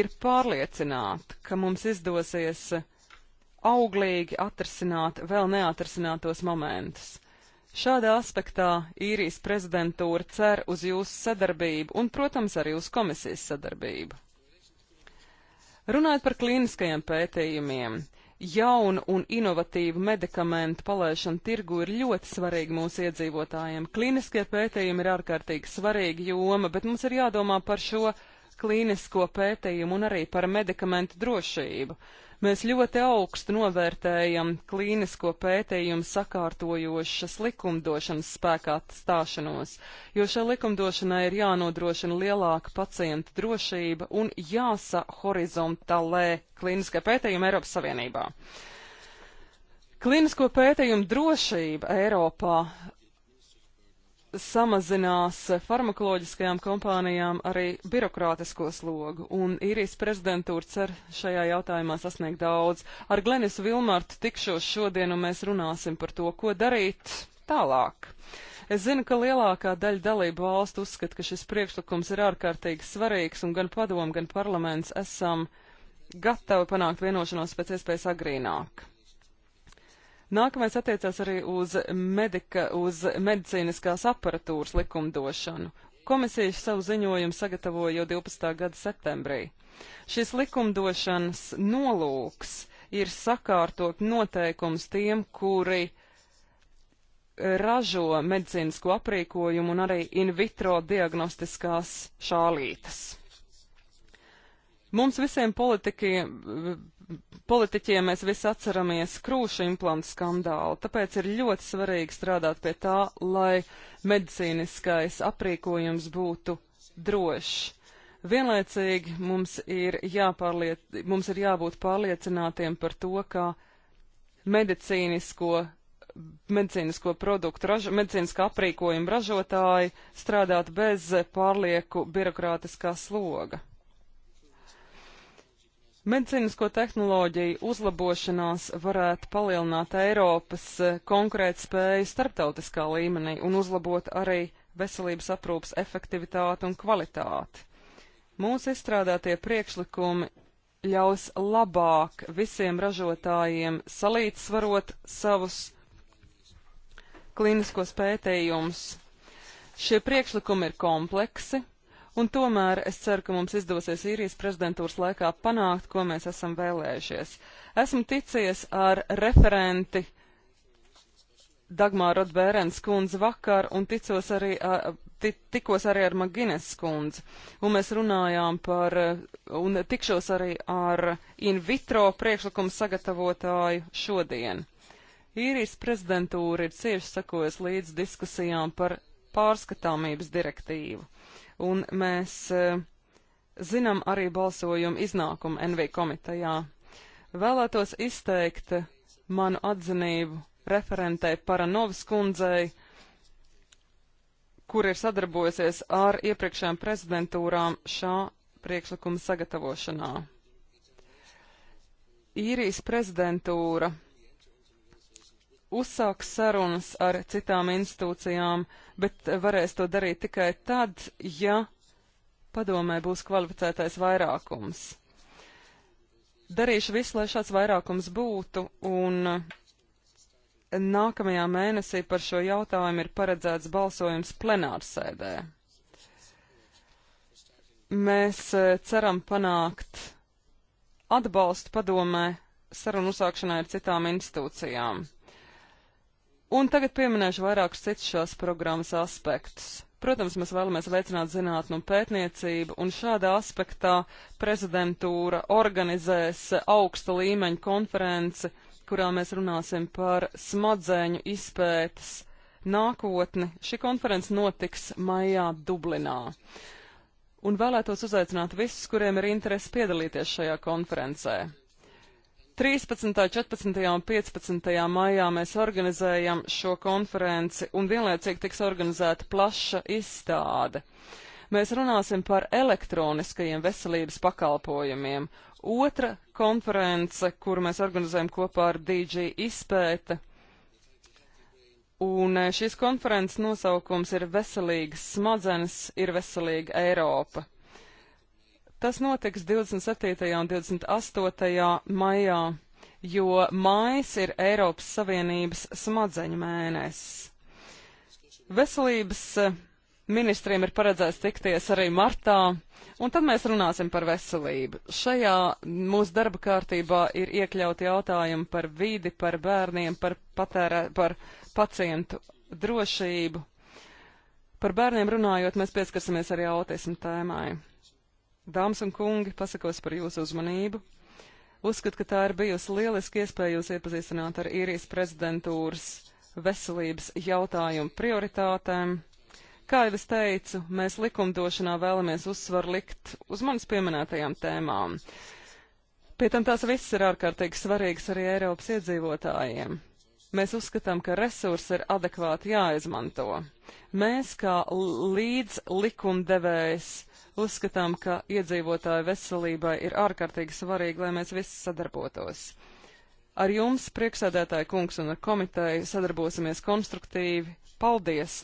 ir pārliecināta, ka mums izdosies uh, auglīgi atrisināt vēl neatrisinātos momentus. Šādā aspektā īrijas prezidentūra cer uz jūsu sadarbību un, protams, arī uz komisijas sadarbību. Runājot par klīniskajiem pētījumiem, jaunu un inovatīvu medikamentu palaišana tirgu ir ļoti svarīga mūsu iedzīvotājiem. Klīniskie pētījumi ir ārkārtīgi svarīga joma, bet mums ir jādomā par šo klīnisko pētījumu un arī par medikamentu drošību. Uh, Mēs ļoti augstu novērtējam klīnisko pētījumu sakārtojošas likumdošanas spēkā stāšanos, jo šai likumdošanai ir jānodrošina lielāka pacienta drošība un jāsahorizontalē klīniskie pētījumi Eiropas Savienībā. Klīnisko pētījumu drošība Eiropā samazinās farmakoloģiskajām kompānijām arī birokrātisko slogu, un īrijas prezidentūra cer šajā jautājumā sasniegt daudz. Ar Glenisu Vilmārtu tikšos šodien, un mēs runāsim par to, ko darīt tālāk. Es zinu, ka lielākā daļa dalību valstu uzskata, ka šis priekšlikums ir ārkārtīgi svarīgs, un gan padomu, gan parlaments esam gatavi panākt vienošanos pēc iespējas agrīnāk. Nākamais attiecās arī uz, medika, uz medicīniskās aparatūras likumdošanu. Komisija savu ziņojumu sagatavoja jau 12. gada septembrī. Šis likumdošanas nolūks ir sakārtot noteikums tiem, kuri ražo medicīnisko aprīkojumu un arī in vitro diagnostiskās šālītes. Mums visiem politikiem, politiķiem mēs visi atceramies krūšu implantu skandālu, tāpēc ir ļoti svarīgi strādāt pie tā, lai medicīniskais aprīkojums būtu drošs. Vienlaicīgi mums ir, jāpārliet, mums ir jābūt pārliecinātiem par to, ka medicīnisko, medicīnisko produktu, raž, medicīnisko aprīkojumu ražotāji strādāt bez pārlieku birokrātiskā sloga. Medicīnisko tehnoloģiju uzlabošanās varētu palielināt Eiropas eh, konkurētspēju starptautiskā līmenī un uzlabot arī veselības aprūpas efektivitāti un kvalitāti. Mūsu izstrādātie priekšlikumi ļaus labāk visiem ražotājiem salīdzsvarot savus klīniskos pētījumus. Šie priekšlikumi ir kompleksi, Un tomēr es ceru, ka mums izdosies īrijas prezidentūras laikā panākt, ko mēs esam vēlējušies. Esmu ticies ar referenti Dagmāru Rotbērens kundzi vakar un ticos arī, a, ti, tikos arī ar Magines skundzi. Un mēs runājām par, un tikšos arī ar in vitro priekšlikumu sagatavotāju šodien. Īrijas prezidentūra ir cieši sakojas līdz diskusijām par pārskatāmības direktīvu un mēs eh, zinām arī balsojumu iznākumu NV komitejā. Vēlētos izteikt manu atzinību referentei Paranovas kundzei, kur ir sadarbojusies ar iepriekšējām prezidentūrām šā priekšlikuma sagatavošanā. Īrijas prezidentūra uzsāks sarunas ar citām institūcijām, bet varēs to darīt tikai tad, ja padomē būs kvalificētais vairākums. Darīšu visu, lai šāds vairākums būtu, un nākamajā mēnesī par šo jautājumu ir paredzēts balsojums plenārsēdē. Mēs e, ceram panākt atbalstu padomē sarunu uzsākšanai ar citām institūcijām. Un tagad pieminēšu vairākus citus šās programmas aspektus. Protams, mēs vēlamies veicināt zinātnu un pētniecību, un šādā aspektā prezidentūra organizēs augsta līmeņa konferenci, kurā mēs runāsim par smadzeņu izpētes nākotni. Šī konference notiks maijā Dublinā. Un vēlētos uzaicināt visus, kuriem ir interesi piedalīties šajā konferencē. 13., 14. un 15. maijā mēs organizējam šo konferenci un vienlaicīgi tiks organizēta plaša izstāde. Mēs runāsim par elektroniskajiem veselības pakalpojumiem. Otra konference, kuru mēs organizējam kopā ar DG izpēte, un eh, šīs konferences nosaukums ir Veselīgas smadzenes, ir veselīga Eiropa. Tas notiks 27. un 28. maijā, jo mājas ir Eiropas Savienības smadzeņu mēnesis. Veselības eh, ministriem ir paredzēts tikties arī martā, un tad mēs runāsim par veselību. Šajā mūsu darba kārtībā ir iekļauti jautājumi par vidi, par bērniem, par, patērē, par pacientu drošību. Par bērniem runājot, mēs pieskarsimies arī autismu tēmai. Dāmas un kungi, pasakos par jūsu uzmanību. Uzskatu, ka tā ir bijusi lieliski iespēja jūs iepazīstināt ar īrijas prezidentūras veselības jautājumu prioritātēm. Kā jau es teicu, mēs likumdošanā vēlamies uzsvaru likt uz manis pieminētajām tēmām. Pie tam tās viss ir ārkārtīgi svarīgas arī Eiropas iedzīvotājiem. Mēs uzskatām, ka resursi ir adekvāti jāizmanto. Mēs, kā līdz likumdevējs, Uzskatām, ka iedzīvotāju veselībai ir ārkārtīgi svarīgi, lai mēs visi sadarbotos. Ar jums, priekšsēdētāji kungs un ar komiteju, sadarbosimies konstruktīvi. Paldies!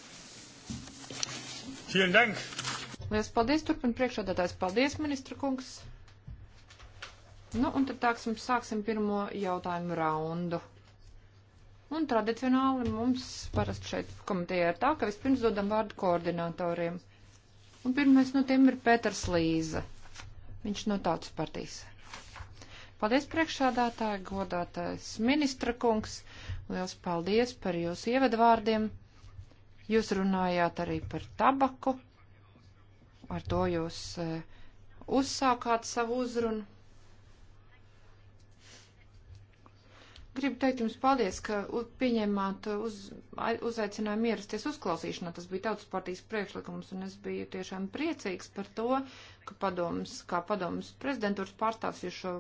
Lielas paldies, turpin priekšsēdētājs. Paldies, ministra kungs! Nu, un tad tāksim, sāksim pirmo jautājumu raundu. Un tradicionāli mums parasti šeit komitejā ir tā, ka vispirms dodam vārdu koordinatoriem. Un pirmais no tiem ir Pēters Līze. Viņš no tautas partijas. Paldies priekšādātāji, godātais ministra kungs. Liels paldies par jūsu ievadvārdiem. Jūs runājāt arī par tabaku. Ar to jūs uh, uzsākāt savu uzrunu. Gribu teikt jums paldies, ka pieņēmāt uh, uz, uzaicinājumu ierasties uzklausīšanā. Tas bija tautas partijas priekšlikums, un es biju tiešām priecīgs par to, ka padoms, kā padoms prezidentūras pārstāvs jūs šo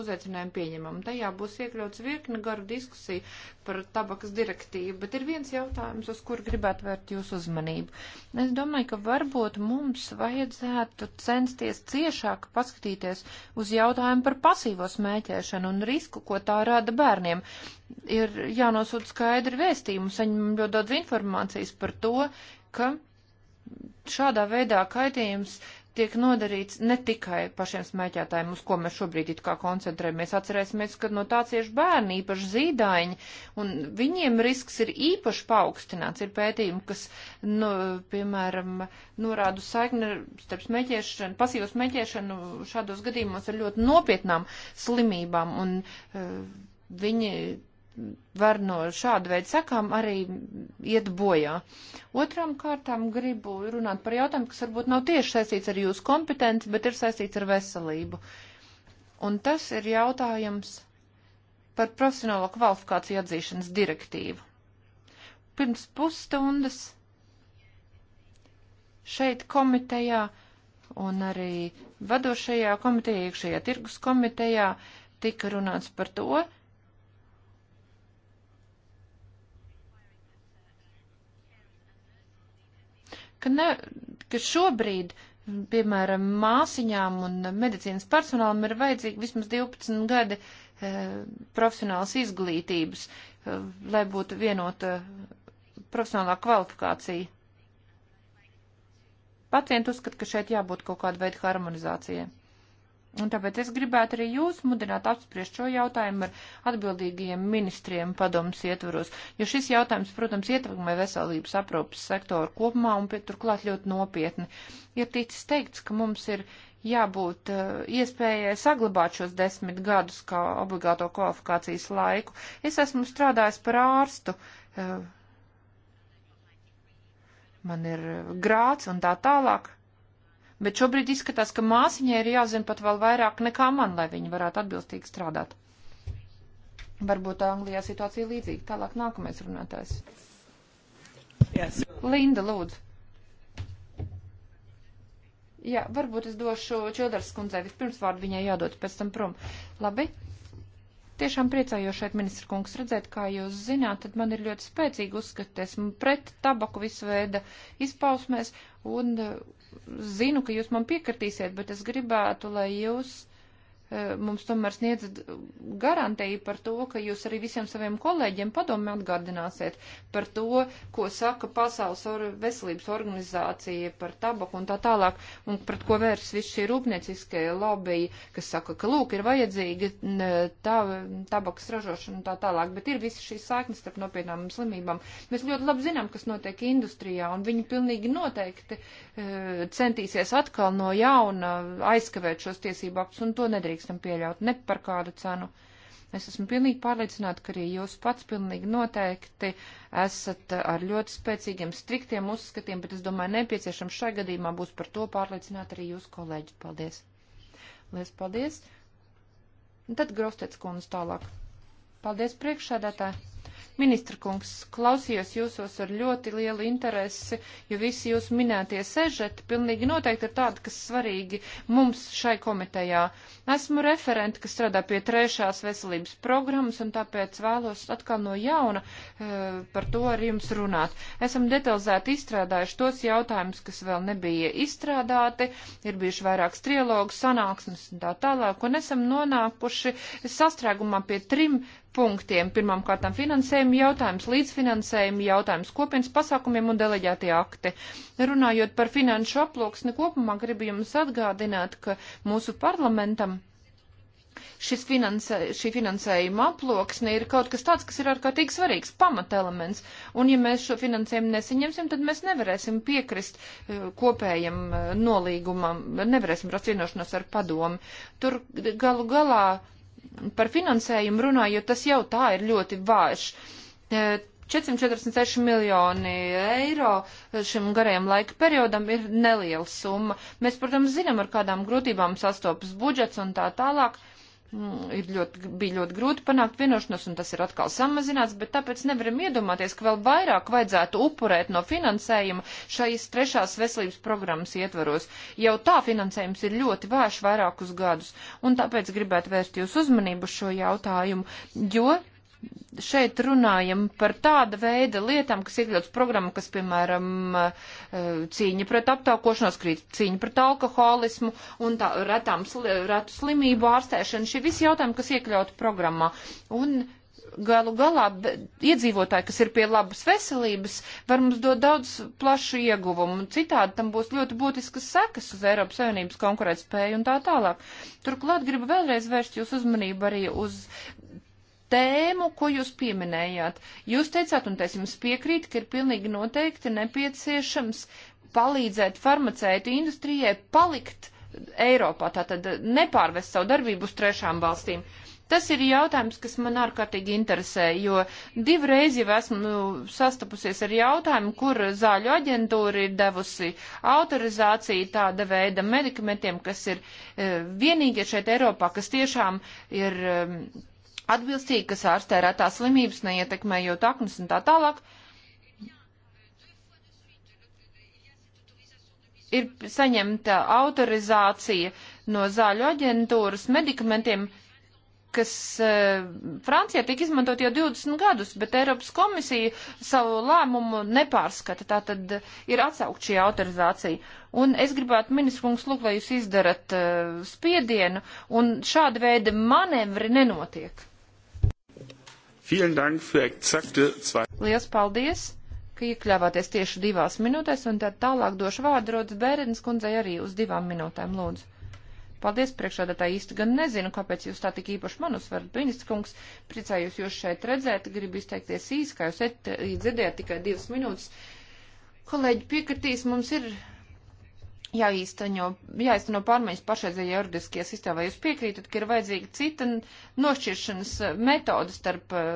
uzaicinājumu pieņemam. Tajā būs iekļauts virkni garu diskusiju par tabakas direktīvu, bet ir viens jautājums, uz kur gribētu vērt jūsu uzmanību. Es domāju, ka varbūt mums vajadzētu censties ciešāk paskatīties uz jautājumu par pasīvo smēķēšanu un risku, ko tā rada bērniem. Ir jānosūta skaidri vēstījumu, saņemam ļoti daudz informācijas par to, ka šādā veidā kaitējums tiek nodarīts ne tikai pašiem smēķētājiem, uz ko mēs šobrīd it kā koncentrējamies. Atcerēsimies, ka no tā cieši bērni, īpaši zīdaiņi, un viņiem risks ir īpaši paaugstināts. Ir pētījumi, kas, nu, piemēram, norāda saikni starp smēķēšanu, pasīvu smēķēšanu šādos gadījumos ar ļoti nopietnām slimībām, un uh, viņi var no šāda veida sakām arī iet bojā. Otram kārtām gribu runāt par jautājumu, kas varbūt nav tieši saistīts ar jūsu kompetenci, bet ir saistīts ar veselību. Un tas ir jautājums par profesionālo kvalifikāciju atzīšanas direktīvu. Pirms pusstundas šeit komitejā un arī vadošajā komitejā, iekšējā tirgus komitejā tika runāts par to, ka, ne, ka šobrīd, piemēram, māsiņām un medicīnas personālam ir vajadzīgi vismaz 12 gadi e, eh, profesionāls izglītības, e, lai būtu vienota profesionālā kvalifikācija. Pacienti uzskata, ka šeit jābūt kaut kāda veida harmonizācijai. Un tāpēc es gribētu arī jūs mudināt apspriest šo jautājumu ar atbildīgajiem ministriem padomus ietvaros, jo šis jautājums, protams, ietekmē veselības aprūpas sektoru kopumā un pie turklāt ļoti nopietni. Ir ticis teikts, ka mums ir jābūt uh, iespējai saglabāt šos desmit gadus kā obligāto kvalifikācijas laiku. Es esmu strādājis par ārstu. Uh, man ir eh, grāts un tā tālāk. Bet šobrīd izskatās, ka māsiņai ir jāzina pat vēl vairāk nekā man, lai viņa varētu atbilstīgi strādāt. Varbūt Anglijā situācija līdzīga. Tālāk nākamais runātājs. Yes. Linda, lūdzu. Jā, varbūt es došu Čildars kundzei vispirms vārdu viņai jādod, pēc tam prom. Labi? Tiešām priecājos šeit, ministra kungs, redzēt, kā jūs zināt, tad man ir ļoti spēcīgi uzskatīt, esmu pret tabaku visu veidu izpausmēs un zinu, ka jūs man piekritīsiet, bet es gribētu, lai jūs Eh, mums tomēr sniedz garantiju par to, ka jūs arī visiem saviem kolēģiem padomi atgādināsiet par to, ko saka Pasaules or veselības organizācija par tabaku un tā tālāk, un pret ko vērs viss šie rūpnieciskie lobby, kas saka, ka lūk, ir vajadzīga tā, tabakas ražošana un tā tālāk, bet ir visi šīs saiknes starp nopietnām slimībām. Mēs ļoti labi zinām, kas notiek industrijā, un viņi pilnīgi noteikti uh, centīsies atkal no jauna aizkavēt šos tiesību aktus, un to nedrīkst nedrīkstam pieļaut ne par kādu cenu. Es esmu pilnīgi pārliecināta, ka arī jūs pats pilnīgi noteikti esat ar ļoti spēcīgiem, striktiem uzskatiem, bet es domāju, nepieciešams šai gadījumā būs par to pārliecināta arī jūs kolēģi. Paldies! Lies paldies! Un tad Grostec kundze tālāk. Paldies priekšsēdētāji! Ministra kungs, klausījos jūsos ar ļoti lielu interesi, jo visi jūs minētie sežeti pilnīgi noteikti ir tādi, kas svarīgi mums šai komitejā. Esmu referenti, kas strādā pie trešās veselības programmas, un tāpēc vēlos atkal no jauna e, par to ar jums runāt. Esam detalizēti izstrādājuši tos jautājumus, kas vēl nebija izstrādāti, ir bijuši vairākas trilogu sanāksmes un tā tālāk, un esam nonākuši sastrēgumā pie trim punktiem. Pirmkārt, finansējuma jautājums, līdzfinansējuma jautājums, kopienas pasākumiem un deleģētie akti. Runājot par finanšu aploksni kopumā, gribu jums atgādināt, ka mūsu parlamentam šis finansē, šī finansējuma aploksne ir kaut kas tāds, kas ir ārkārtīgi svarīgs pamatelements. Un ja mēs šo finansējumu nesaņemsim, tad mēs nevarēsim piekrist eh, kopējam eh, nolīgumam, nevarēsim rast vienošanos ar padomu. Tur galu galā par finansējumu runāju, jo tas jau tā ir ļoti vājš. 446 e, miljoni eiro šim garajam laika periodam ir neliela summa. Mēs, protams, zinām, ar kādām grūtībām sastopas budžets un tā tālāk. Uh, Mm, ir ļoti, bija ļoti grūti panākt vienošanos, un tas ir atkal samazināts, bet tāpēc nevaram iedomāties, ka vēl vairāk vajadzētu upurēt no finansējuma šais trešās veselības programmas ietvaros. Jau tā finansējums ir ļoti vērš vairākus gadus, un tāpēc gribētu vērst jūs uzmanību šo jautājumu, jo šeit runājam par tāda veida lietām, kas iekļauts programmu, kas, piemēram, eh, cīņa pret aptaukošanos, cīņa pret alkoholismu un tā retām, retu slimību ārstēšanu. Šie visi jautājumi, kas iekļauti programmā. Un galu galā iedzīvotāji, kas ir pie labas veselības, var mums dot daudz plašu ieguvumu. Citādi tam būs ļoti būtiskas sekas uz Eiropas Savienības konkurētspēju un tā tālāk. Turklāt gribu vēlreiz vērst jūs uzmanību arī uz tēmu, ko jūs pieminējāt. Jūs teicāt, un es jums piekrītu, ka ir pilnīgi noteikti nepieciešams palīdzēt farmaceitu industrijai palikt Eiropā, tātad nepārvest savu darbību uz trešām valstīm. Tas ir jautājums, kas man ārkārtīgi interesē, jo divreiz jau esmu sastapusies ar jautājumu, kur zāļu aģentūra ir devusi autorizāciju tāda veida medikamentiem, kas ir eh, vienīgie šeit Eiropā, kas tiešām ir ehm, atbilstīgi, kas ārstē retās slimības, neietekmējot aknas un tā tālāk. Ir saņemta autorizācija no zāļu aģentūras medikamentiem, kas uh, Francijā tika izmantot jau 20 gadus, bet Eiropas komisija savu lēmumu nepārskata. Tā tad ir atsaukt šī autorizācija. Un es gribētu, ministrs, lūk, lai jūs izdarat uh, spiedienu, un šāda veida manevri nenotiek. Lielas paldies, ka iekļāvāties tieši divās minūtēs, un tad tālāk došu vārdu rodas Bērens kundzei arī uz divām minūtēm, lūdzu. Paldies priekšādātāji īsti gan nezinu, kāpēc jūs tā tik īpaši man uzvarat, ministrs kungs. Priecājos jūs šeit redzēt, gribu izteikties īsi, kā jūs eh, dzirdējāt tikai divas minūtes. Kolēģi piekritīs, mums ir jāīsteno, jāīsteno pārmaiņas pašreizējā juridiskajā sistēmā. Vai jūs piekrītat, ka ir vajadzīga cita nošķiršanas metoda starp eh,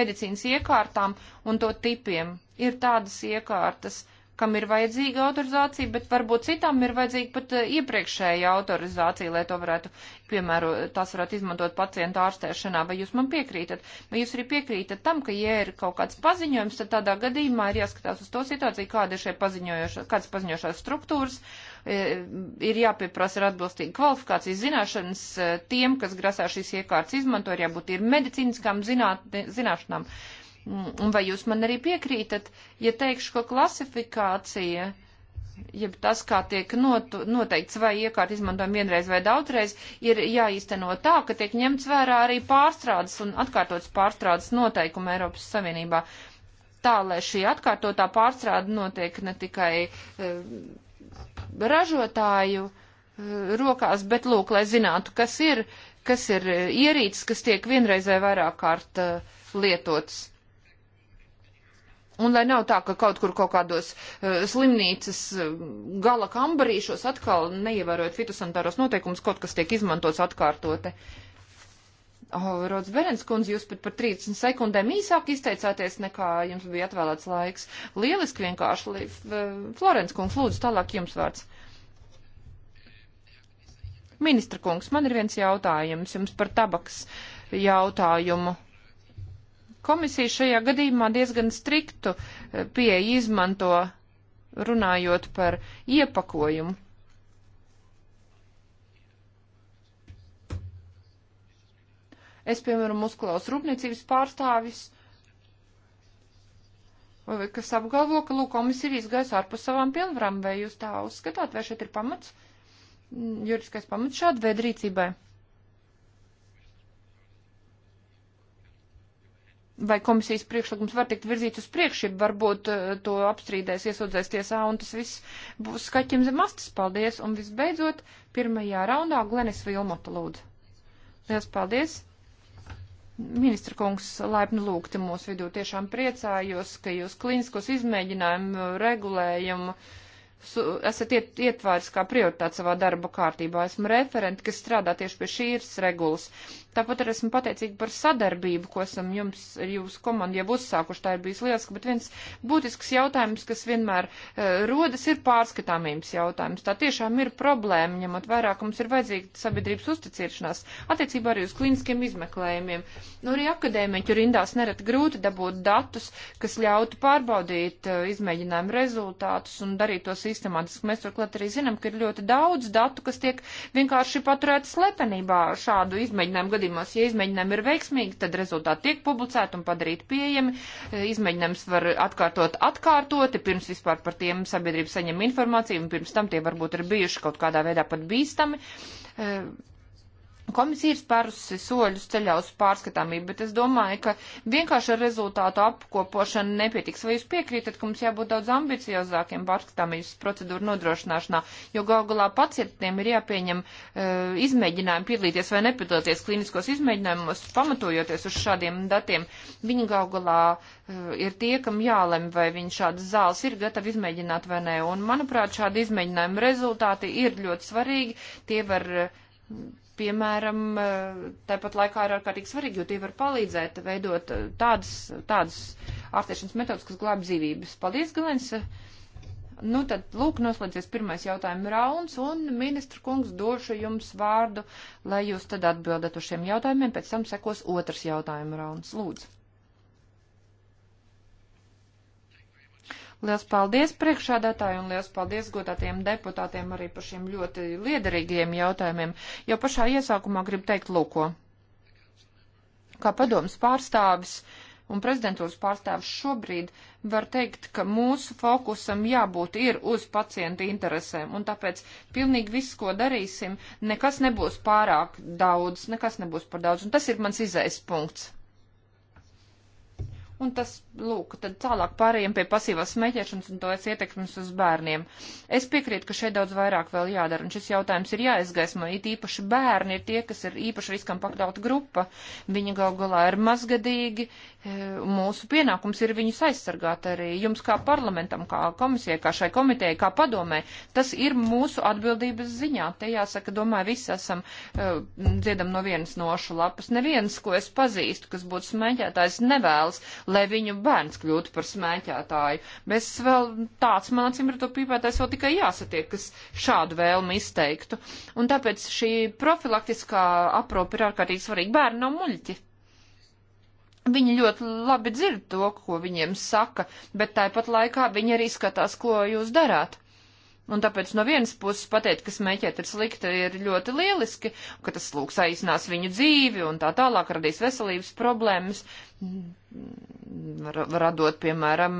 medicīnas iekārtām un to tipiem? Ir tādas iekārtas, uh, kam ir vajadzīga autorizācija, bet varbūt citām ir vajadzīga pat eh, iepriekšēja autorizācija, lai to varētu, piemēram, tās varētu izmantot pacientu ārstēšanā. Vai jūs man piekrītat? Vai jūs arī piekrītat tam, ka, ja ir kaut kāds paziņojums, tad tādā gadījumā ir jāskatās uz to situāciju, kāda ir šie paziņojošās, kādas paziņojošās struktūras, eh, ir jāpieprasa ar atbilstīgu kvalifikāciju zināšanas eh, tiem, kas grasā šīs iekārtas izmanto, ir jābūt ir medicīniskām zināt, zināšanām. Mm, un vai jūs man arī piekrītat, ja teikšu, ka klasifikācija, jeb tas, kā tiek notu, noteikts, vai iekārt izmantojam vienreiz vai daudzreiz, ir jāīsteno tā, ka tiek ņemts vērā arī pārstrādes un atkārtotas pārstrādes noteikumi Eiropas Savienībā. Tā, lai šī atkārtotā pārstrāde notiek ne tikai e, ražotāju e, rokās, bet lūk, lai zinātu, kas ir, kas ir ierīces, kas tiek vienreiz vai vairāk kārt e, lietots Un lai nav tā, ka kaut kur kaut kādos uh, slimnīcas uh, gala kambarīšos atkal neievērojot fitosanitāros noteikumus, kaut kas tiek izmantots atkārtote. Oh, Rods Berens kundze, jūs pat par 30 sekundēm īsāk izteicāties, nekā jums bija atvēlēts laiks. Lieliski vienkārši. Florence kungs, lūdzu, tālāk jums vārds. Ministra kungs, man ir viens jautājums jums par tabaks jautājumu Komisija šajā gadījumā diezgan striktu eh, pieeju izmanto runājot par iepakojumu. Es, piemēram, uzklausu rūpniecības pārstāvis, kas apgalvo, ka, lūk, komisija ir izgājusi ārpus savām pilnvarām. Vai jūs tā uzskatāt, vai šeit ir pamats, mm, juridiskais pamats šāda veidrīcībai? rīcībai? vai komisijas priekšlikums var tikt virzīts uz priekšu, varbūt eh, to apstrīdēs, iesūdzēs tiesā, un tas viss būs skaķim zem astes. Paldies! Un visbeidzot, pirmajā raundā Glenis Vilmota lūdzu. Liels paldies! Ministra kungs, laipni lūgti mūsu vidū. Tiešām priecājos, ka jūs klīniskos izmēģinājumu regulējumu esat iet, ietvērs kā prioritāte savā darba kārtībā. Esmu referenti, kas strādā tieši pie šīs regulas. Tāpat arī esmu pateicīga par sadarbību, ko esam jums, jūsu komandu jau uzsākuši. Tā ir bijis lieliski, bet viens būtisks jautājums, kas vienmēr uh, rodas, ir pārskatāmības jautājums. Tā tiešām ir problēma, ņemot vairāk mums ir vajadzīga sabiedrības uzticēšanās attiecībā arī uz klīniskiem izmeklējumiem. Nu, arī akadēmiķu rindās nereti grūti dabūt datus, kas ļautu pārbaudīt uh, izmēģinājumu rezultātus un darīt tos sistemātiski. Mēs turklāt arī zinām, ka ir ļoti daudz datu, kas tiek vienkārši paturēti slepenībā šādu izmēģinājumu gadījumos. Ja izmēģinājumi ir veiksmīgi, tad rezultāti tiek publicēti un padarīti pieejami. E, izmēģinājums var atkārtot atkārtoti, pirms vispār par tiem sabiedrība saņem informāciju, un pirms tam tie varbūt ir bijuši kaut kādā veidā pat bīstami. Uh, Komisija ir spērusi soļus ceļā uz pārskatāmību, bet es domāju, ka vienkārši ar rezultātu apkopošanu nepietiks. Vai jūs piekrītat, ka mums jābūt daudz ambiciozākiem pārskatāmības procedūru nodrošināšanā, jo gal galā pacientiem ir jāpieņem uh, izmēģinājumi piedalīties vai nepiedalīties klīniskos izmēģinājumos, pamatojoties uz šādiem datiem. Viņi gal galā uh, ir tie, kam jālem, vai viņi šādas zāles ir gatavi izmēģināt vai nē. Un, manuprāt, šādi izmēģinājumi rezultāti ir ļoti svarīgi. Tie var uh, piemēram, eh, tāpat laikā ir ārkārtīgi svarīgi, jo tie var palīdzēt veidot eh, tādas, tādas ārstēšanas metodas, kas glāb dzīvības. Paldies, Galens! Nu tad, lūk, noslēdzies pirmais jautājuma rauns, un ministra kungs došu jums vārdu, lai jūs tad atbildat uz šiem jautājumiem, pēc tam sekos otrs jautājuma rauns. Lūdzu! Liels paldies priekšādātāji un liels paldies godātiem deputātiem arī par šiem ļoti liederīgiem jautājumiem. Jau pašā iesākumā gribu teikt lūko. Kā padomas pārstāvis un prezidentūras pārstāvis šobrīd var teikt, ka mūsu fokusam jābūt ir uz pacienta interesēm, un tāpēc pilnīgi viss, ko darīsim, nekas nebūs pārāk daudz, nekas nebūs par daudz, un tas ir mans izējas punkts. Un tas, lūk, tad tālāk pārējiem pie pasīvās smēķēšanas un to es ietekmes uz bērniem. Es piekrītu, ka šeit daudz vairāk vēl jādara, un šis jautājums ir jāizgaismo. It īpaši bērni ir tie, kas ir īpaši riskam pakļauta grupa. Viņi gal galā ir mazgadīgi. E, mūsu pienākums ir viņus aizsargāt arī jums kā parlamentam, kā komisijai, kā šai komitejai, kā padomē. Tas ir mūsu atbildības ziņā. Te jāsaka, domāju, visi esam e, dziedam no vienas nošu lapas. Neviens, ko es pazīstu, kas būtu smēķētājs, nevēlas lai viņu bērns kļūtu par smēķētāju. Bez vēl tāds, man acīm ar to pīpētājs vēl tikai jāsatiek, kas šādu vēlmu izteiktu. Un tāpēc šī profilaktiskā apropa ir ārkārtīgi svarīga. Bērni nav muļķi viņi ļoti labi dzird to, ko viņiem saka, bet tāpat laikā viņi arī skatās, ko jūs darāt. Un tāpēc no vienas puses pateikt, ka smēķēt ir slikti, ir ļoti lieliski, ka tas lūk saīsinās viņu dzīvi un tā tālāk radīs veselības problēmas radot, piemēram,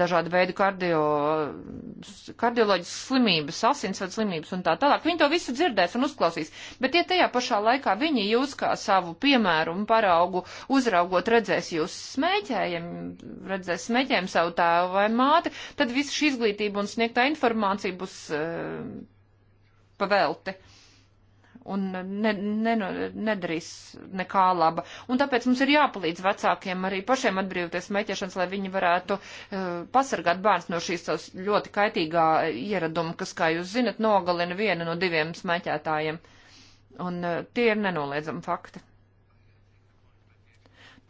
dažādu veidu kardio, kardioloģiskas slimības, asinsvadu slimības un tā tālāk. Viņi to visu dzirdēs un uzklausīs, bet ja tajā pašā laikā viņi jūs kā savu piemēru un paraugu uzraugot redzēs jūs smēķējiem, redzēs smēķējiem savu tēvu vai māti, tad visa šī izglītība un sniegtā informācija būs uh, pavelti un ne, ne, nedarīs nekā laba. Un tāpēc mums ir jāpalīdz vecākiem arī pašiem atbrīvoties smēķēšanas, lai viņi varētu uh, pasargāt bērns no šīs savas ļoti kaitīgā ieraduma, kas, kā jūs zinat, nogalina vienu no diviem smēķētājiem. Un uh, tie ir nenoliedzami fakti.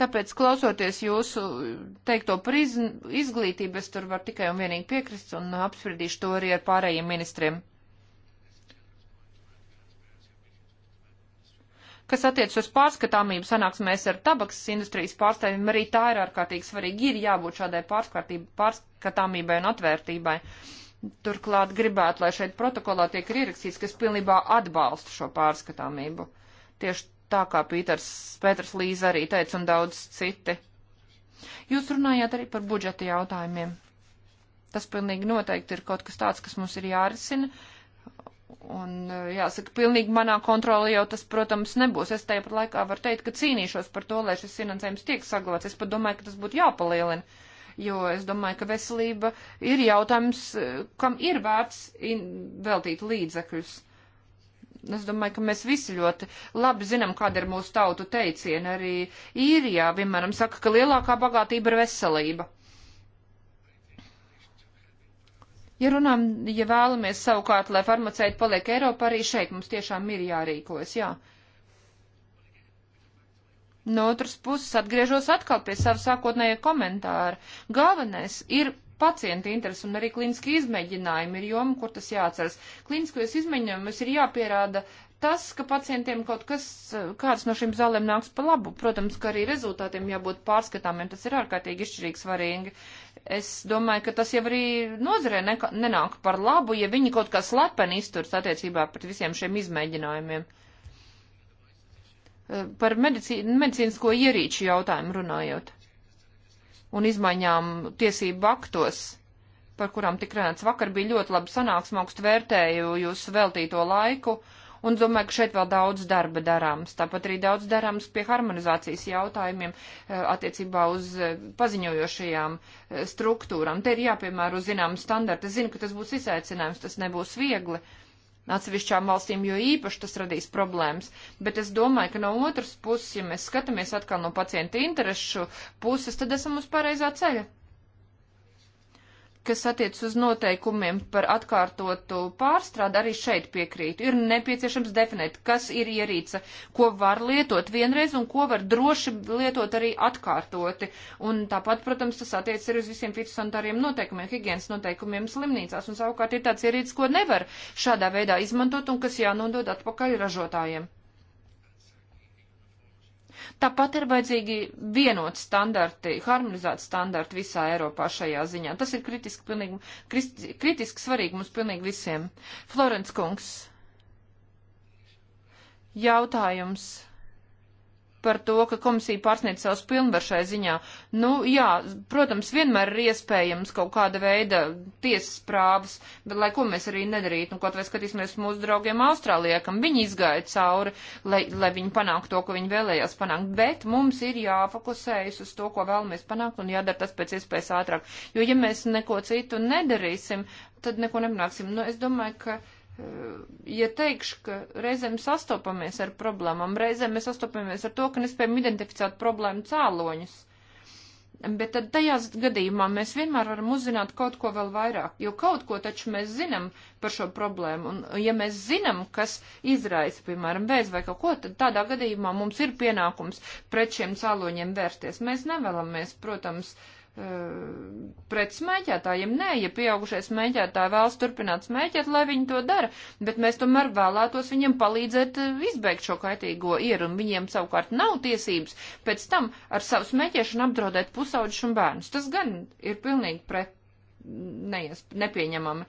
Tāpēc, klausoties jūsu teikto par izglītību, es tur varu tikai un vienīgi piekrist un apspriedīšu to arī ar pārējiem ministriem. Kas attiec uz pārskatāmību sanāksmēs ar tabaks industrijas pārstāvjiem, arī tā ir ārkārtīgi svarīgi. Ir jābūt šādai pārskatāmībai un atvērtībai. Turklāt gribētu, lai šeit protokolā tiek ierakstīts, ka es pilnībā atbalstu šo pārskatāmību. Tieši tā kā Pīters, Pēters Līza arī teica un daudz citi. Jūs runājāt arī par budžeta jautājumiem. Tas pilnīgi noteikti ir kaut kas tāds, kas mums ir jārisina. Uh, Un, eh, jāsaka, pilnīgi manā kontrolē jau tas, protams, nebūs. Es tajā pat laikā varu teikt, ka cīnīšos par to, lai šis finansējums tiek saglabāts. Es pat domāju, ka tas būtu jāpalielina. Jo es domāju, ka veselība ir jautājums, eh, kam ir vērts veltīt līdzekļus. Es domāju, ka mēs visi ļoti labi zinām, kāda ir mūsu tautu teiciena. Arī īrijā, piemēram, saka, ka lielākā bagātība ir veselība. Ja runām, ja vēlamies savukārt, lai farmaceiti paliek Eiropā, arī šeit mums tiešām ir jārīkojas, jā. No otras puses atgriežos atkal pie sava sākotnējā komentāra. Galvenais ir pacienta interesi un arī klīniski izmēģinājumi ir joma, kur tas jāatceras. Klīniskajos izmēģinājumos ir jāpierāda tas, ka pacientiem kaut kas, kāds no šīm zālēm nāks pa labu, protams, ka arī rezultātiem jābūt pārskatāmiem, tas ir ārkārtīgi izšķirīgi svarīgi. Es domāju, ka tas jau arī nozarē nenāk par labu, ja viņi kaut kā slepeni izturst attiecībā pret visiem šiem izmēģinājumiem. Eh, par medici, medicīnisko ierīču jautājumu runājot un izmaiņām tiesību aktos par kurām tik runāts vakar, bija ļoti laba sanāksme, augstu vērtēju jūsu veltīto laiku un domāju, ka šeit vēl daudz darba darāms. Tāpat arī daudz darāms pie harmonizācijas jautājumiem eh, attiecībā uz eh, paziņojošajām eh, struktūram. Te ir jāpiemēro zinām standarti. Es zinu, ka tas būs izaicinājums, tas nebūs viegli atsevišķām valstīm, jo īpaši tas radīs problēmas. Bet es domāju, ka no otras puses, ja mēs skatāmies atkal no pacienta interesu puses, tad esam uz pareizā ceļa kas attiec uz noteikumiem par atkārtotu pārstrādi, arī šeit piekrītu. Ir nepieciešams definēt, kas ir ierīce, ko var lietot vienreiz un ko var droši lietot arī atkārtoti. Un tāpat, protams, tas attiec arī uz visiem fitosanitāriem noteikumiem, higienas noteikumiem slimnīcās. Un savukārt ir tāds ierīce, ko nevar šādā veidā izmantot un kas jānodod atpakaļ ražotājiem. Tāpat ir vajadzīgi vienot standarti, harmonizēt standarti visā Eiropā šajā ziņā. Tas ir kritiski, pilnīgi, kristi, kritiski svarīgi mums pilnīgi visiem. Florence kungs. Jautājums par to, ka komisija pārsniedz savus pilnvaru šai ziņā. Nu, jā, protams, vienmēr ir iespējams kaut kāda veida tiesas prāvas, bet lai ko mēs arī nedarītu, nu, kaut vai skatīsimies mūsu draugiem Austrālijā, kam viņi izgāja cauri, lai, lai viņi panāktu to, ko viņi vēlējās panākt, bet mums ir jāfokusējas uz to, ko vēlamies panākt un jādara tas pēc iespējas ātrāk. Jo, ja mēs neko citu nedarīsim, tad neko nepanāksim. Nu, es domāju, ka Eh, ja teikšu, ka reizēm sastopamies ar problēmām, reizēm mēs sastopamies ar to, ka nespējam identificēt problēmu cēloņus. Bet tad tajā gadījumā mēs vienmēr varam uzzināt kaut ko vēl vairāk, jo kaut ko taču mēs zinām par šo problēmu. Un ja mēs zinām, kas izraisa, piemēram, vēzi vai kaut ko, tad tādā gadījumā mums ir pienākums pret šiem cēloņiem vērsties. Mēs nevēlamies, protams, uh, Eh, pret smēķētājiem. Nē, ja pieaugušais smēķētāji vēlas turpināt smēķēt, lai viņi to dara, bet mēs tomēr vēlētos viņiem palīdzēt eh, izbeigt šo kaitīgo ieru, un viņiem savukārt nav tiesības pēc tam ar savu smēķēšanu apdraudēt pusauģus un bērnus. Tas gan ir pilnīgi pret neies, nepieņemami.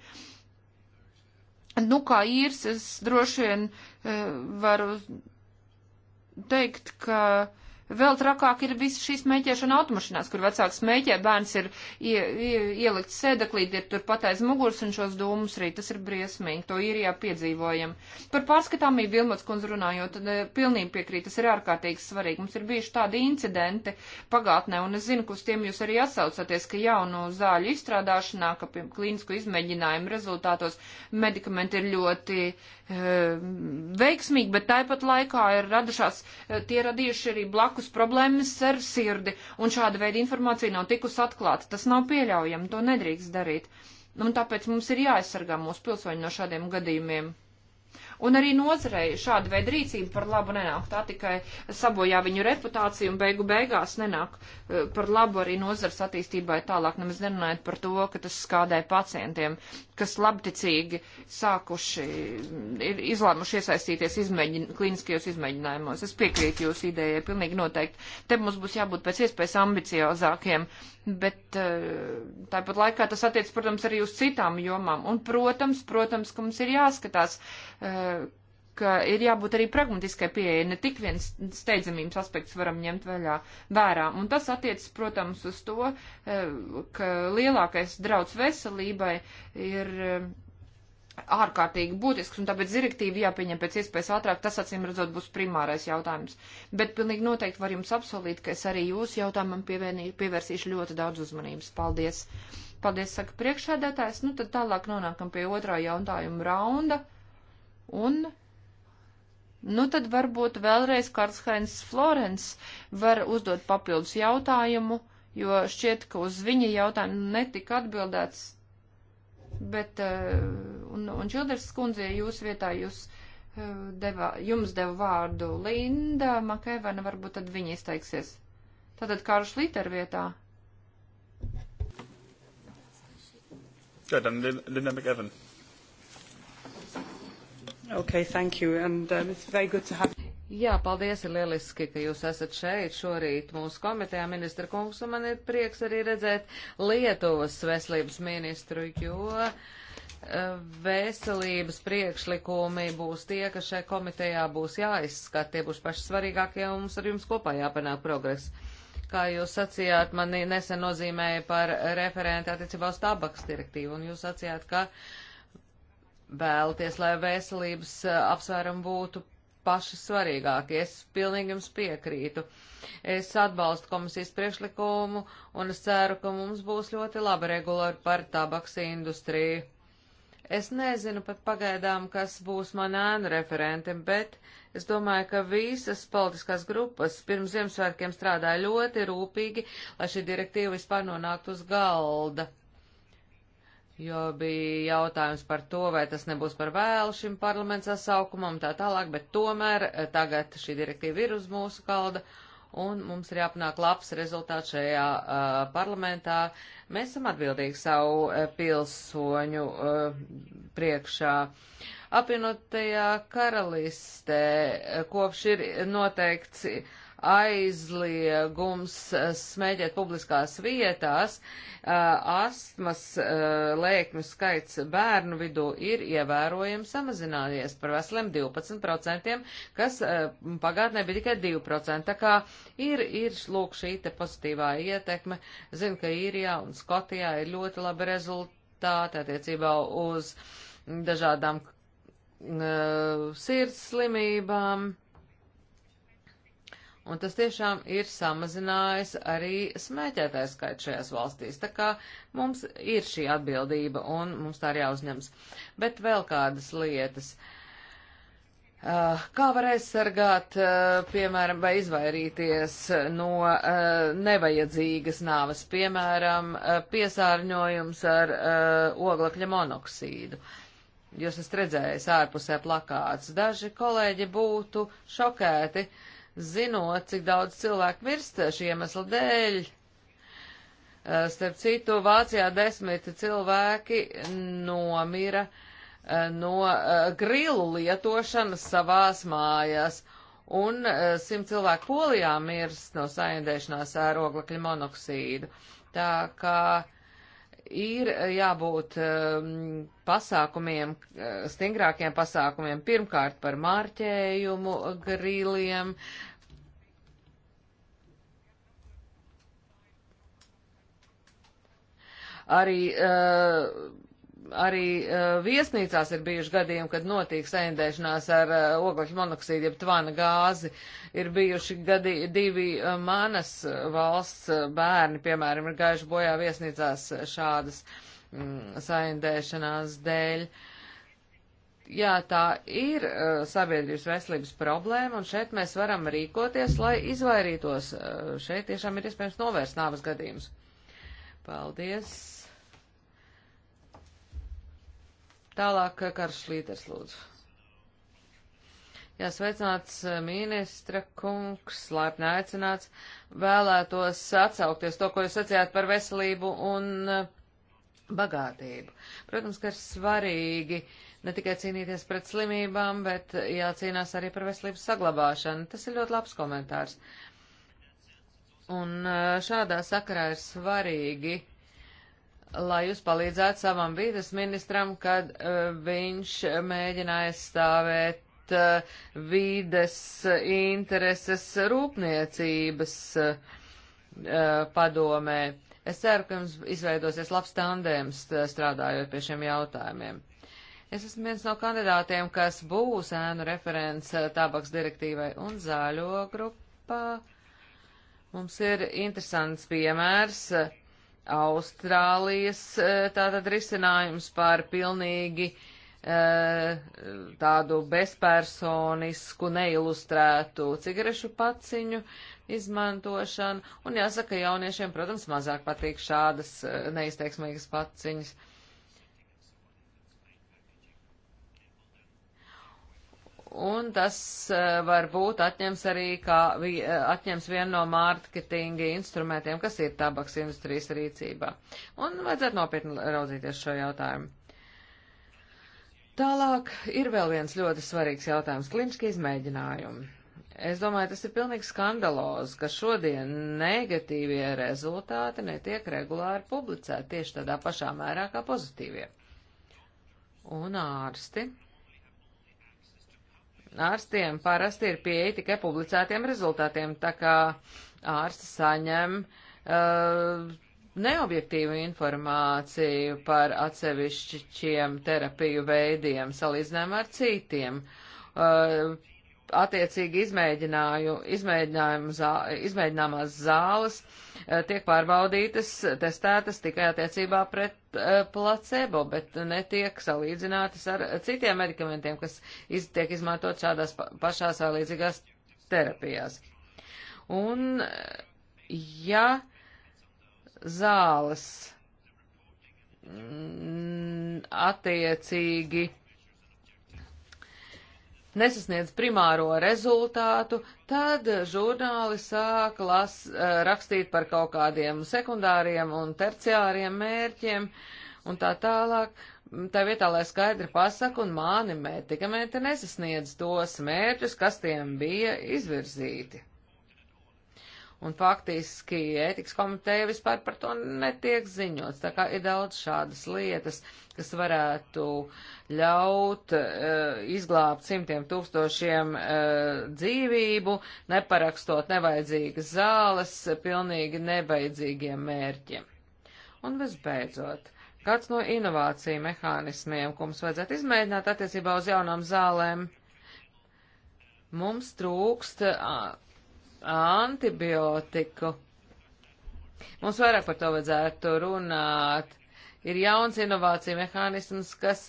Nu, kā īrs, es droši vien eh, varu teikt, ka uh, Vēl trakāk ir visa šī smēķēšana automašīnās, kur vecāks smēķē, bērns ir ie, ie, ielikt sēdeklī, ir tur pat aiz muguras un šos dūmus rīt. Tas ir briesmīgi, to ir jāpiedzīvojam. Par pārskatāmību Vilmots kundz runājot, e, pilnīgi piekrīt, tas ir ārkārtīgi svarīgi. Mums ir bijuši tādi incidenti pagātnē, un es zinu, ka uz tiem jūs arī atsaucaties, ka jaunu zāļu izstrādāšanā, ka klīnisku izmēģinājumu rezultātos medikamenti ir ļoti Eh, veiksmīgi, bet tāpat laikā ir radušās, eh, tie radījuši arī blakus problēmas ar sirdi, un šāda veida informācija nav tikus atklāta. Tas nav pieļaujami, to nedrīkst darīt. Un tāpēc mums ir jāaizsargā mūsu pilsoņi no šādiem gadījumiem. Un arī nozarei šāda veida rīcība par labu nenāk. Tā tikai sabojā viņu reputāciju un beigu beigās nenāk eh, par labu arī nozars attīstībai tālāk. Nemaz nerunājot par to, ka tas skādē pacientiem, kas labticīgi sākuši, ir izlēmuši iesaistīties izmēģin, klīniskajos izmēģinājumos. Es piekrītu jūsu idejai pilnīgi noteikti. Te mums būs jābūt pēc iespējas ambiciozākiem bet eh, tāpat laikā tas attiec, protams, arī uz citām jomām. Un, protams, protams, ka mums ir jāskatās, eh, ka ir jābūt arī pragmatiskai pieeja, ne tik viens steidzamības aspekts varam ņemt vaļā, vērā. Un tas attiecas, protams, uz to, eh, ka lielākais drauds veselībai ir ārkārtīgi būtisks, un tāpēc direktīva jāpieņem pēc iespējas ātrāk, tas acīm redzot būs primārais jautājums. Bet pilnīgi noteikti var jums apsolīt, ka es arī jūsu jautājumam pievienī, pievērsīšu ļoti daudz uzmanības. Paldies! Paldies, saka priekšsēdētājs. Nu, tad tālāk nonākam pie otrā jautājuma raunda. Un, nu, tad varbūt vēlreiz Karls Heinz Florens var uzdot papildus jautājumu, jo šķiet, ka uz viņa jautājumu netika atbildēts bet, eh, un, un Čilders skundzie jūs vietā jūs eh, deva, jums deva vārdu Linda Makēvena, varbūt tad viņa izteiksies. Tātad Kārš Līter vietā. Jā, tad Linda Makēvena. Okay, thank you, and um, it's very good to have. Jā, paldies, ir lieliski, ka jūs esat šeit šorīt mūsu komitejā, ministra kungs, un man ir prieks arī redzēt Lietuvas veselības ministru, jo eh, veselības priekšlikumi būs tie, kas šai komitejā būs jāizskat, tie būs paši svarīgākie, un mums ar jums kopā jāpanāk progress. Kā jūs sacījāt, man nesen nozīmēja par referentu attiecībā uz tabaks direktīvu, un jūs sacījāt, ka vēlaties, lai veselības eh, apsvērumu būtu paši svarīgākie. Es pilnīgi jums piekrītu. Es atbalstu komisijas priekšlikumu un es ceru, ka mums būs ļoti laba regulāra par tabaks industriju. Es nezinu pat pagaidām, kas būs mana ēnu referente, bet es domāju, ka visas politiskās grupas pirms Ziemassvētkiem strādāja ļoti rūpīgi, lai šī direktīva vispār nonāktu uz galda jo bija jautājums par to, vai tas nebūs par vēlu šim parlaments sasaukumam tā tālāk, bet tomēr eh, tagad šī direktīva ir uz mūsu kalda. Un mums ir jāpanāk labs rezultāts šajā uh, parlamentā. Mēs esam atbildīgi savu uh, pilsoņu uh, priekšā. Apvienotajā karalistē uh, kopš ir noteikts uh, aizliegums eh, smēķēt publiskās vietās, eh, astmas eh, lēkņu skaits bērnu vidū ir ievērojami samazinājies par veseliem 12%, kas pagātnē bija tikai 2%. Tā kā ir, ir lūk šī te pozitīvā ietekme. Zinu, ka īrijā un Skotijā ir ļoti labi rezultāti attiecībā uz dažādām uh, sirds slimībām un tas tiešām ir samazinājis arī smēķētāju skaitu šajās valstīs. Tā kā mums ir šī atbildība un mums tā ir jāuzņems. Bet vēl kādas lietas. Uh, kā var aizsargāt, uh, piemēram, vai izvairīties no uh, nevajadzīgas nāves, piemēram, piesārņojums ar oglekļa monoksīdu? Jūs esat redzējis ārpusē plakāts. Daži kolēģi būtu šokēti, uh, zinot, cik daudz cilvēku mirst šī iemesla dēļ. Eh, starp citu, Vācijā desmit cilvēki nomira eh, no eh, grilu lietošanas savās mājās, un simt cilvēku polijā mirst no saindēšanās ar oglekļa monoksīdu. Tā kā ir eh, jābūt ehm, pasākumiem, eh, stingrākiem pasākumiem, pirmkārt par mārķējumu grīliem. Arī uh, arī uh, viesnīcās ir bijuši gadījumi, kad notiek saindēšanās ar uh, oglekļa monoksīdu, jeb tvana gāzi. Ir bijuši gadi, divi uh, manas valsts uh, bērni, piemēram, ir gājuši bojā viesnīcās šādas mm, saindēšanās dēļ. Jā, tā ir uh, sabiedrības veselības problēma, un šeit mēs varam rīkoties, lai izvairītos. Uh, šeit tiešām ir iespējams novērst nāvas gadījumus. Paldies! Tālāk eh, Karš Līters lūdzu. Jā, sveicināts eh, ministra kungs, laipni aicināts. Vēlētos atsaukties to, ko jūs sacījāt par veselību un eh, bagātību. Protams, ka ir svarīgi ne tikai cīnīties pret slimībām, bet jācīnās arī par veselības saglabāšanu. Tas ir ļoti labs komentārs. Un šādā sakarā ir svarīgi lai jūs palīdzētu savam vīdes ministram, kad uh, viņš mēģināja aizstāvēt uh, eh, vīdes eh, intereses rūpniecības uh, padomē. Es ceru, ka jums izveidosies labs tandēms strādājot pie šiem jautājumiem. Es esmu viens no kandidātiem, kas būs ēnu referents tabaks direktīvai un zāļo grupā. Mums ir interesants piemērs Austrālijas e, tātad risinājums par pilnīgi e, tādu bezpersonisku, neilustrētu cigarešu paciņu izmantošanu, un jāsaka, jauniešiem, protams, mazāk patīk šādas e, neizteiksmīgas paciņas. Uh, un tas eh, varbūt atņems arī kā, eh, atņems vienu no mārketinga instrumentiem, kas ir tabaks industrijas rīcībā. Un vajadzētu nopietni raudzīties šo jautājumu. Tālāk ir vēl viens ļoti svarīgs jautājums - klimski izmēģinājumi. Es domāju, tas ir pilnīgi skandalozi, ka šodien negatīvie rezultāti netiek regulāri publicēti tieši tādā pašā mērā kā pozitīvie. Un ārsti ārstiem parasti ir pieeja tikai publicētiem rezultātiem, tā kā ārsti saņem uh, neobjektīvu informāciju par atsevišķiem terapiju veidiem salīdzinājumā ar citiem. Uh, attiecīgi izmēģinājumu, zā, izmēģināmās zāles uh, tiek pārbaudītas, testētas tikai attiecībā pret Eh, placebo, bet netiek salīdzinātas ar citiem medikamentiem, kas iz, tiek izmantot šādās pašās vai līdzīgās terapijās. Un ja zāles mm, attiecīgi nesasniedz primāro rezultātu, tad žurnāli sāk las, eh, rakstīt par kaut kādiem sekundāriem un terciāriem mērķiem un tā tālāk. Mm, tā vietā, lai skaidri pasaku un māni medikamenti nesasniedz tos mērķus, kas tiem bija izvirzīti. Un faktiski ētikas komiteja vispār par to netiek ziņots. Tā kā ir daudz šādas lietas, kas varētu ļaut uh, izglābt simtiem tūkstošiem uh, dzīvību, neparakstot nevajadzīgas zāles pilnīgi nevajadzīgiem mērķiem. Un visbeidzot, kāds no inovāciju mehānismiem, ko mums vajadzētu izmēģināt attiecībā uz jaunām zālēm, mums trūkst. Uh, antibiotiku. Mums vairāk par to vajadzētu runāt. Ir jauns inovācija mehānisms, kas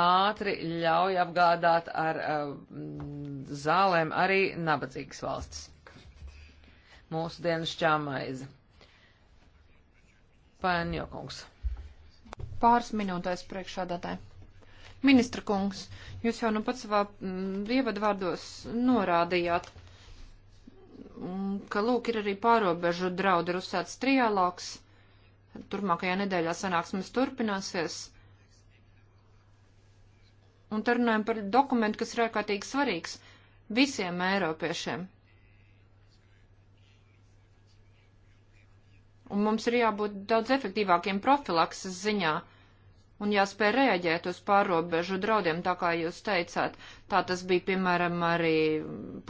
ātri ļauj apgādāt ar uh, zālēm arī nabadzīgas valstis. Mūsu dienas čāmaize. Pēnjokungs. Pāris minūtēs priekšādātāji. Ministra kungs, jūs jau nu pats savā mm, ievadvārdos norādījāt, ka, lūk, ir arī pārobežu draudi, ir uzsāts trialogs, turpmākajā nedēļā sanāksmes turpināsies. Un te runājam par dokumentu, kas ir ārkārtīgi svarīgs visiem eiropiešiem. Un mums ir jābūt daudz efektīvākiem profilakses ziņā un jāspēj reaģēt uz pārobežu draudiem, tā kā jūs teicāt. Tā tas bija, piemēram, arī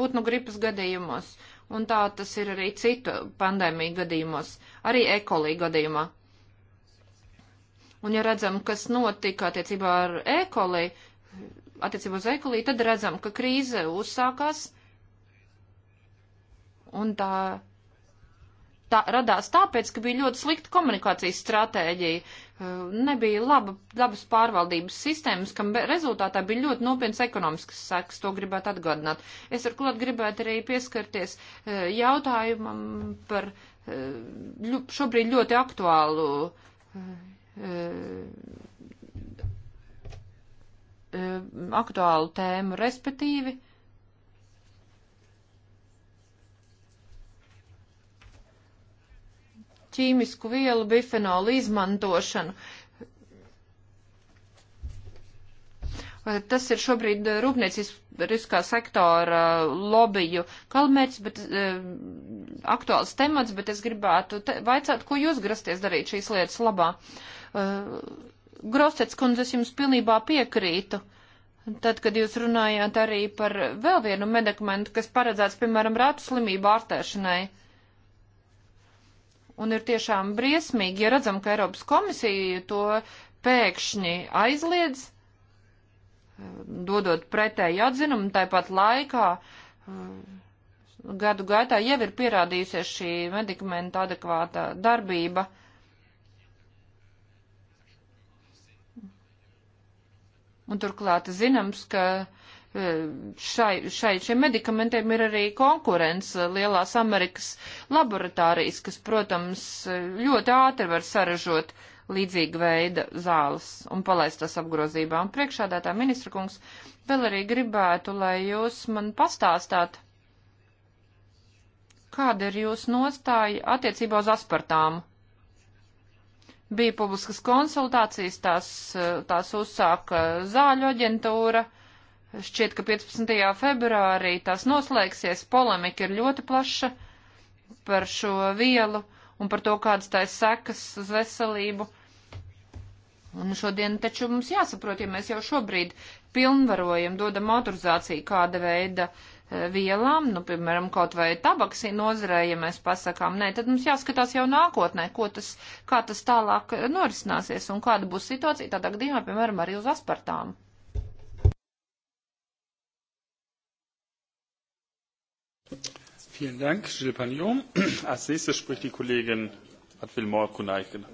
putnu gripas gadījumos. Uh, un tā tas ir arī citu pandēmiju gadījumos, arī ekolī gadījumā. Un ja redzam, kas notika attiecībā ar ekolī, attiecībā uz ekolī, tad redzam, ka krīze uzsākās un tā tā, radās tāpēc, ka bija ļoti slikta komunikācijas stratēģija, uh, nebija laba, labas pārvaldības sistēmas, kam rezultātā bija ļoti nopietnas ekonomiskas sekas, to gribētu atgādināt. Es ar klāt gribētu arī pieskarties uh, jautājumam par uh, šobrīd ļoti aktuālu aktuālu tēmu, respektīvi uh, ķīmisku vielu bifenolu izmantošanu. Tas ir šobrīd eh, rūpnieciskā sektora eh, lobiju kalmērķis, bet e, aktuāls temats, bet es gribētu te, vaicāt, ko jūs grasties darīt šīs lietas labā. E, Grostets kundze, es jums pilnībā piekrītu. Tad, kad jūs runājāt arī par vēl vienu medikamentu, kas paredzēts, piemēram, rātu slimību ārtēšanai. Uh, Un ir tiešām briesmīgi, ja redzam, ka Eiropas komisija to pēkšņi aizliedz, dodot pretēju atzinumu, tāpat laikā gadu gaitā jau ir pierādījusies šī medikamenta adekvāta darbība. Un turklāt zināms, ka uh, šai, šai, šiem medikamentiem ir arī konkurence lielās Amerikas laboratorijas, kas, protams, ļoti ātri var saražot līdzīga veida zāles un palaist tas apgrozībā. Un priekšādātā ministra kungs vēl arī gribētu, lai jūs man pastāstāt, kāda ir jūsu nostāja attiecībā uz aspartām. Bija publiskas konsultācijas, tās, tās uzsāka zāļu aģentūra. Uh, Šķiet, ka 15. februārī tās noslēgsies. Polemika ir ļoti plaša par šo vielu un par to, kādas tā ir sekas uz veselību. Un šodien taču mums jāsaprot, ja mēs jau šobrīd pilnvarojam, dodam autorizāciju kāda veida e, vielām, nu, piemēram, kaut vai tabaksī nozarē, ja mēs pasakām, nē, tad mums jāskatās jau nākotnē, ko tas, kā tas tālāk e, norisināsies un kāda būs situācija tādā gadījumā, piemēram, arī uz aspartām. Vielen Dank, Gilles Pagnon. Als nächstes spricht die Kollegin Advil Morkunaikin.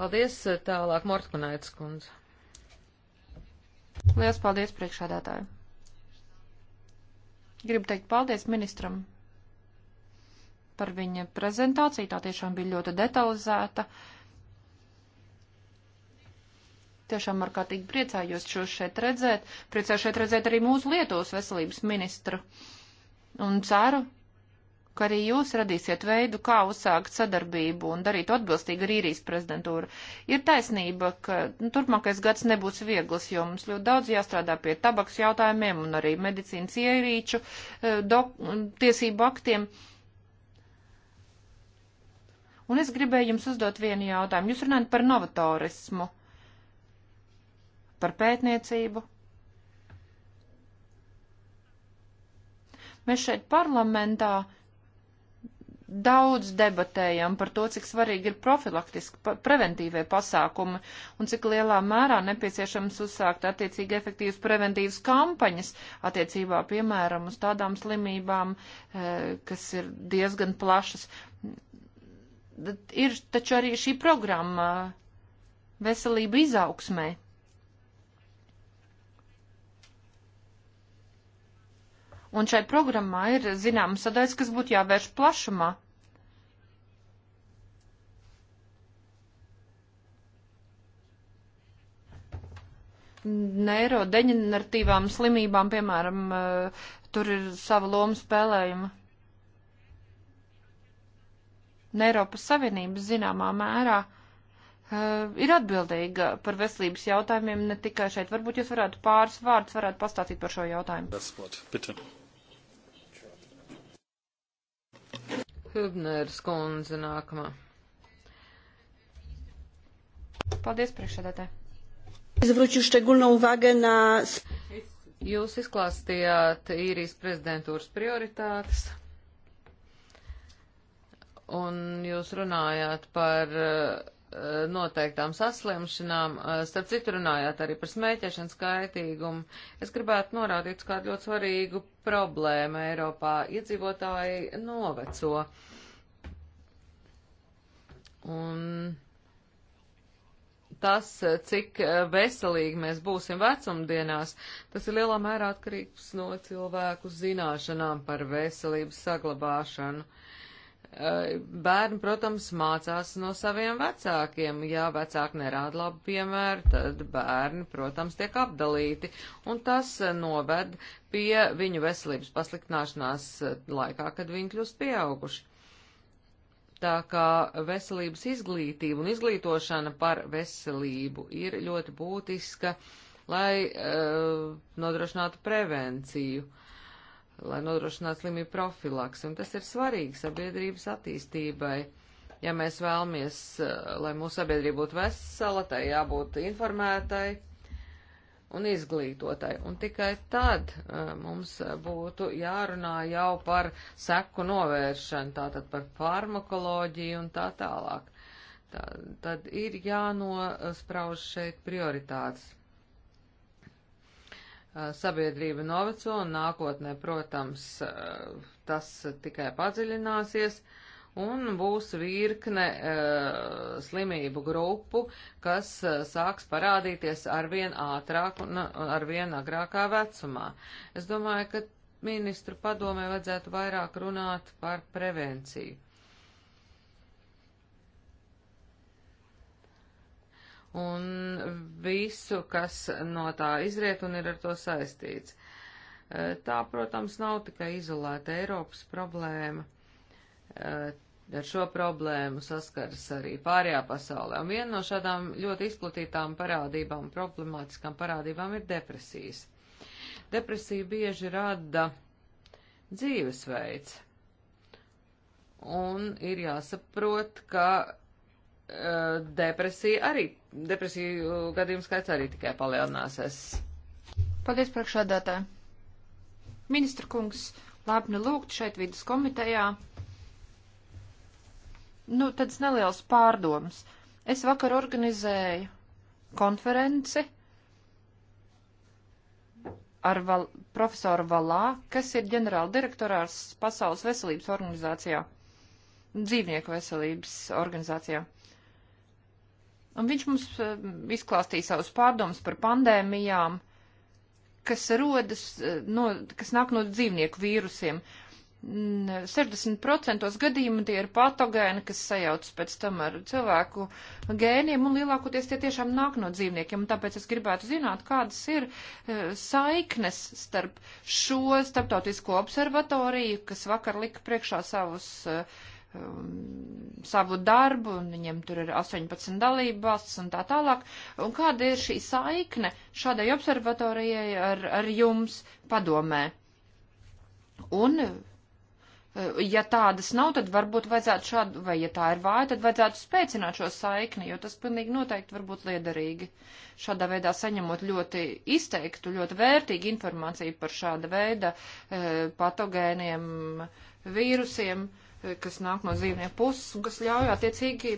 Paldies, eh, tālāk Morkunaits kundze. Lielas paldies priekšādātāju. Gribu teikt paldies ministram par viņa prezentāciju. Tā tiešām bija ļoti detalizēta. Tiešām ar kā tik priecājos šo šeit redzēt. Priecāju šeit redzēt arī mūsu Lietuvas veselības ministru. Uh, un ceru, ka arī jūs radīsiet veidu, kā uzsākt sadarbību un darīt atbilstīgi ar īrijas prezidentūru. Ir taisnība, ka nu, turpmākais gads nebūs viegls, jo mums ļoti daudz jāstrādā pie tabaks jautājumiem un arī medicīnas ierīču eh, dok, tiesību aktiem. Un es gribēju jums uzdot vienu jautājumu. Jūs runājat par novatorismu, par pētniecību, Mēs šeit parlamentā daudz debatējam par to, cik svarīgi ir profilaktiski preventīvie pasākumi un cik lielā mērā nepieciešams uzsākt attiecīgi efektīvas preventīvas kampaņas attiecībā, piemēram, uz tādām slimībām, eh, kas ir diezgan plašas. Ir taču arī šī programma eh, veselība izaugsmē. Un šai programmā ir zināmas sadaļas, kas būtu jāvērš plašumā. Neirodeģeneratīvām slimībām, piemēram, eh, tur ir sava loma spēlējuma. Eiropas Savienības zināmā mērā uh, ir atbildīga par veselības jautājumiem ne tikai šeit. Varbūt jūs varētu pāris vārdus varētu pastāstīt par šo jautājumu. Tas, Hübneris kundze nākamā. Paldies, priekšsēdētāji. Zwrócił szczególną uwagę na. Jūs izklāstījāt īrijas prezidentūras prioritātes, un jūs runājāt par uh, Eh, noteiktām saslimšanām. Eh, starp citu runājāt arī par smēķēšanas kaitīgumu. Es gribētu norādīt kādu ļoti svarīgu problēmu Eiropā. Iedzīvotāji noveco. Un tas, eh, cik veselīgi mēs būsim vecumdienās, tas ir lielā mērā atkarīgs no cilvēku zināšanām par veselības saglabāšanu. Uh, Eh, bērni, protams, mācās no saviem vecākiem. Ja vecāki nerāda labu piemēru, tad bērni, protams, tiek apdalīti, un tas eh, noved pie viņu veselības pasliktināšanās eh, laikā, kad viņi kļūst pieauguši. Tā kā veselības izglītība un izglītošana par veselību ir ļoti būtiska, lai uh, nodrošinātu prevenciju. Uh, lai nodrošinātu slimību profilaks, un tas ir svarīgi sabiedrības attīstībai. Ja mēs vēlamies, eh, lai mūsu sabiedrība būtu vesela, tai jābūt informētai un izglītotai, un tikai tad eh, mums būtu jārunā jau par seku novēršanu, tātad par farmakoloģiju un tā tālāk. Tā, tad ir jānosprauž šeit prioritātes. Eh, sabiedrība noveco un nākotnē, protams, eh, tas tikai padziļināsies un būs virkne eh, slimību grupu, kas sāks parādīties arvien ātrāk un arvien agrākā vecumā. Es domāju, ka ministru padomē vajadzētu vairāk runāt par prevenciju un visu, kas no tā izriet un ir ar to saistīts. Eh, tā, protams, nav tikai izolēta Eiropas problēma. Eh, ar šo problēmu saskaras arī pārējā pasaulē. Un viena no šādām ļoti izplatītām parādībām, problemātiskām parādībām ir depresijas. Depresija bieži rada dzīvesveids. Un ir jāsaprot, ka Eh, depresija arī, depresiju gadījumu skaits arī tikai palielināsies. Paldies, priekšādātāji. Ministra kungs, labi lūgt šeit vidas komitejā. Nu, tāds neliels pārdoms. Es vakar organizēju konferenci ar val, profesoru Valā, kas ir ģenerāldirektorārs Pasaules veselības organizācijā, dzīvnieku veselības organizācijā un viņš mums eh, izklāstīja savus pārdomus par pandēmijām, kas rodas, eh, no, kas nāk no dzīvnieku vīrusiem. 60% gadījumu tie ir patogēni, kas sajaucas pēc tam ar cilvēku gēniem, un lielākoties tie tiešām nāk no dzīvniekiem, un tāpēc es gribētu zināt, kādas ir eh, saiknes starp šo starptautisko observatoriju, kas vakar lika priekšā savus uh, um, savu darbu, un viņiem tur ir 18 dalību valsts un tā tālāk. Un kāda ir šī saikne šādai observatorijai ar, ar jums padomē? Un, uh, ja tādas nav, tad varbūt vajadzētu šādu, vai ja tā ir vāja, tad vajadzētu spēcināt šo saikni, jo tas pilnīgi noteikti var būt liederīgi. Šādā veidā saņemot ļoti izteiktu, ļoti vērtīgu informāciju par šāda veida e, patogēniem, vīrusiem. E, Eh, kas nāk no dzīvnieku puses un kas ļauj attiecīgi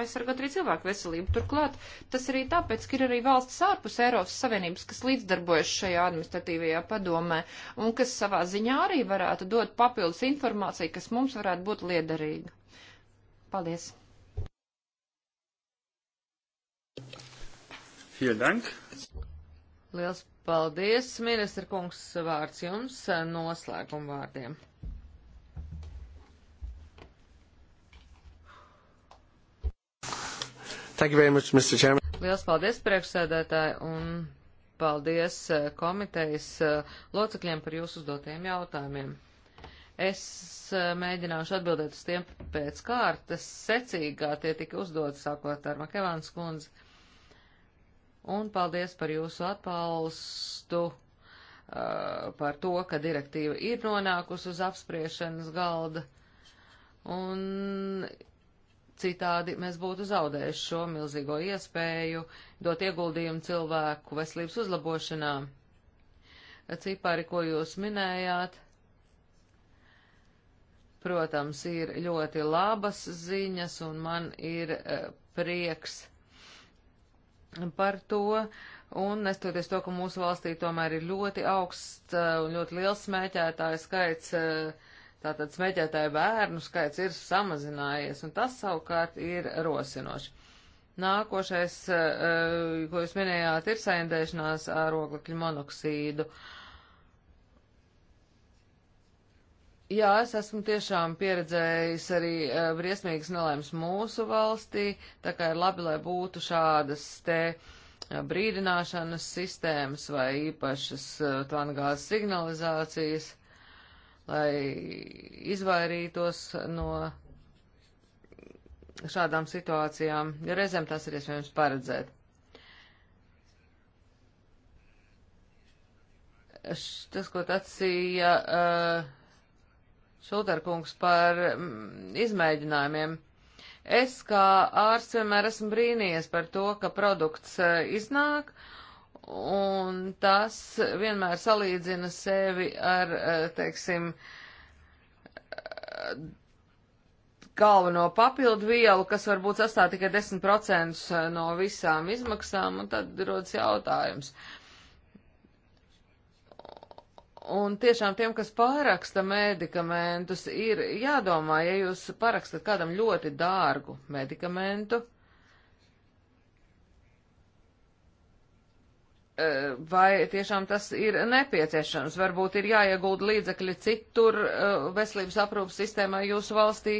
aizsargāt arī cilvēku veselību. Turklāt tas arī tāpēc, ka ir arī valsts ārpus Eiropas Savienības, kas līdzdarbojas šajā administratīvajā padomē un kas savā ziņā arī varētu dot papildus informāciju, kas mums varētu būt liederīga. Paldies! Vielen Dank. Liels paldies, ministra kungs, vārds jums noslēguma vārdiem. Much, Liels paldies, priekšsēdētāji, un paldies eh, komitejas eh, locekļiem par jūsu uzdotajiem jautājumiem. Es eh, mēģināšu atbildēt uz tiem pēc kārtas secīgā tie tika uzdoti sākot ar Makevāns kundzi. Un paldies par jūsu atbalstu, uh, par to, ka direktīva ir nonākusi uz apspriešanas galda. Un Citādi mēs būtu zaudējuši šo milzīgo iespēju dot ieguldījumu cilvēku veselības uzlabošanā. Cipari, ko jūs minējāt, protams, ir ļoti labas ziņas, un man ir uh, prieks par to. Un nestoties to, ka mūsu valstī tomēr ir ļoti augsts e, un uh, ļoti liels smēķētāju skaits uh, Tātad smēķētāju bērnu skaits ir samazinājies, un tas savukārt ir rosinoši. Nākošais, eh, eh, ko jūs minējāt, ir saindēšanās ar oglekļu monoksīdu. Jā, es esmu tiešām pieredzējis arī eh, briesmīgas nelēmas mūsu valstī, tā kā ir labi, lai būtu šādas te brīdināšanas sistēmas vai īpašas tvangās signalizācijas lai izvairītos no šādām situācijām, jo reizēm tas ir iespējams paredzēt. Tas, ko atsīja uh, Šulterkungs par mm, izmēģinājumiem. Es kā ārsts vienmēr esmu brīnījies par to, ka produkts uh, iznāk, un tas vienmēr salīdzina sevi ar, eh, teiksim, eh, galveno papildu vielu, kas varbūt sastāv tikai 10% eh, no visām izmaksām, un tad rodas jautājums. Un tiešām tiem, kas pāraksta medikamentus, ir jādomā, ja jūs pārakstat kādam ļoti dārgu medikamentu, Eh, vai tiešām tas ir nepieciešams. Varbūt ir jāiegūda līdzekļi citur eh, veselības aprūpas sistēmā jūsu valstī,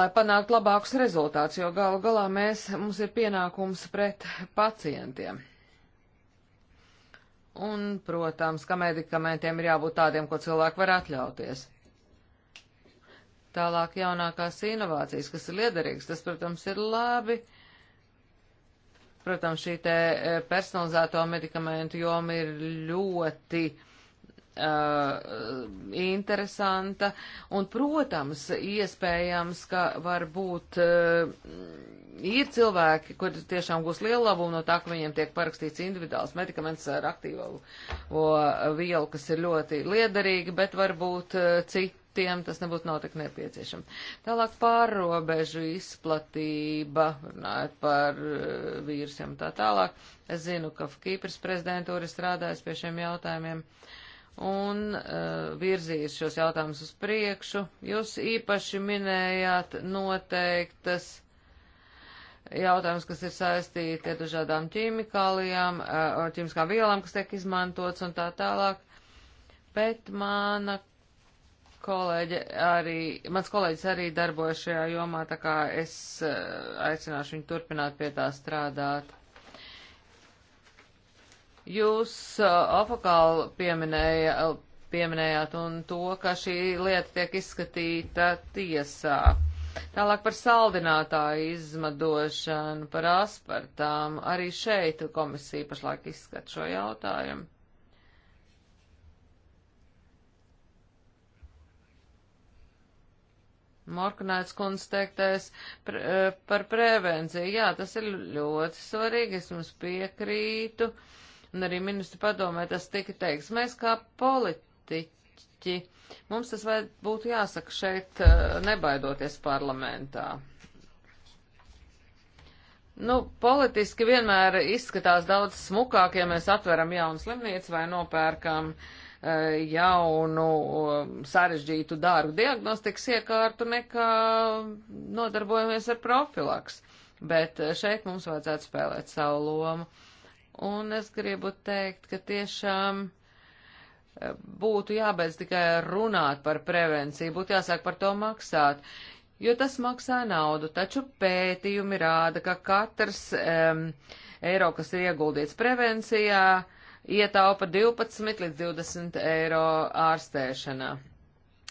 lai panāktu labākus rezultātus, jo galu galā mēs, mums ir pienākums pret pacientiem. Un, protams, ka medikamentiem ir jābūt tādiem, ko cilvēki var atļauties. Tālāk jaunākās inovācijas, kas ir liederīgas, tas, protams, ir labi. Uh, Protams, šī te e, personalizēto medikamentu joma ir ļoti uh, interesanta, un, protams, iespējams, ka varbūt uh, ir cilvēki, kur tiešām gūs lielu labumu no tā, ka viņiem tiek parakstīts individuāls medikaments ar aktīvo vielu, kas ir ļoti liederīgi, bet varbūt uh, citi tiem tas nebūtu nav tik nepieciešams. Tālāk pārrobežu izplatība, runājot par eh, vīrusiem tā tālāk. Es zinu, ka Kīpras prezidentūra strādājas pie šiem jautājumiem un uh, virzīs šos jautājumus uz priekšu. Jūs īpaši minējāt noteiktas jautājums, kas ir saistīti ar dažādām ķīmikālijām, eh, ķīmiskām vielām, kas tiek izmantots un tā tālāk. Bet mana kolēģi arī, mans kolēģis arī darbojas šajā jomā, tā kā es eh, aicināšu viņu turpināt pie tā strādāt. Jūs eh, ofakāli pieminēja, pieminējāt un to, ka šī lieta tiek izskatīta tiesā. Tālāk par saldinātāju izmadošanu, par aspartām. Arī šeit komisija pašlaik izskat šo jautājumu. Morkunēts kundze teiktais par, e, par prevenciju. Jā, tas ir ļoti svarīgi, es jums piekrītu, un arī ministru padomē tas tika teiks. Mēs kā politiķi, mums tas vajad, būtu jāsaka šeit, e, nebaidoties parlamentā. Nu, politiski vienmēr izskatās daudz smukāk, ja mēs atveram jaunu slimnīcu vai nopērkam uh, jaunu um, sarežģītu dārgu diagnostikas iekārtu nekā nodarbojamies ar profilaks. Bet uh, šeit mums vajadzētu spēlēt savu lomu. Un es gribu teikt, ka tiešām uh, būtu jābeidz tikai runāt par prevenciju, būtu jāsāk par to maksāt, jo tas maksā naudu, taču pētījumi rāda, ka katrs um, eiro, kas ir ieguldīts prevencijā, uh, ietaupa 12 līdz 20 eiro ārstēšanā.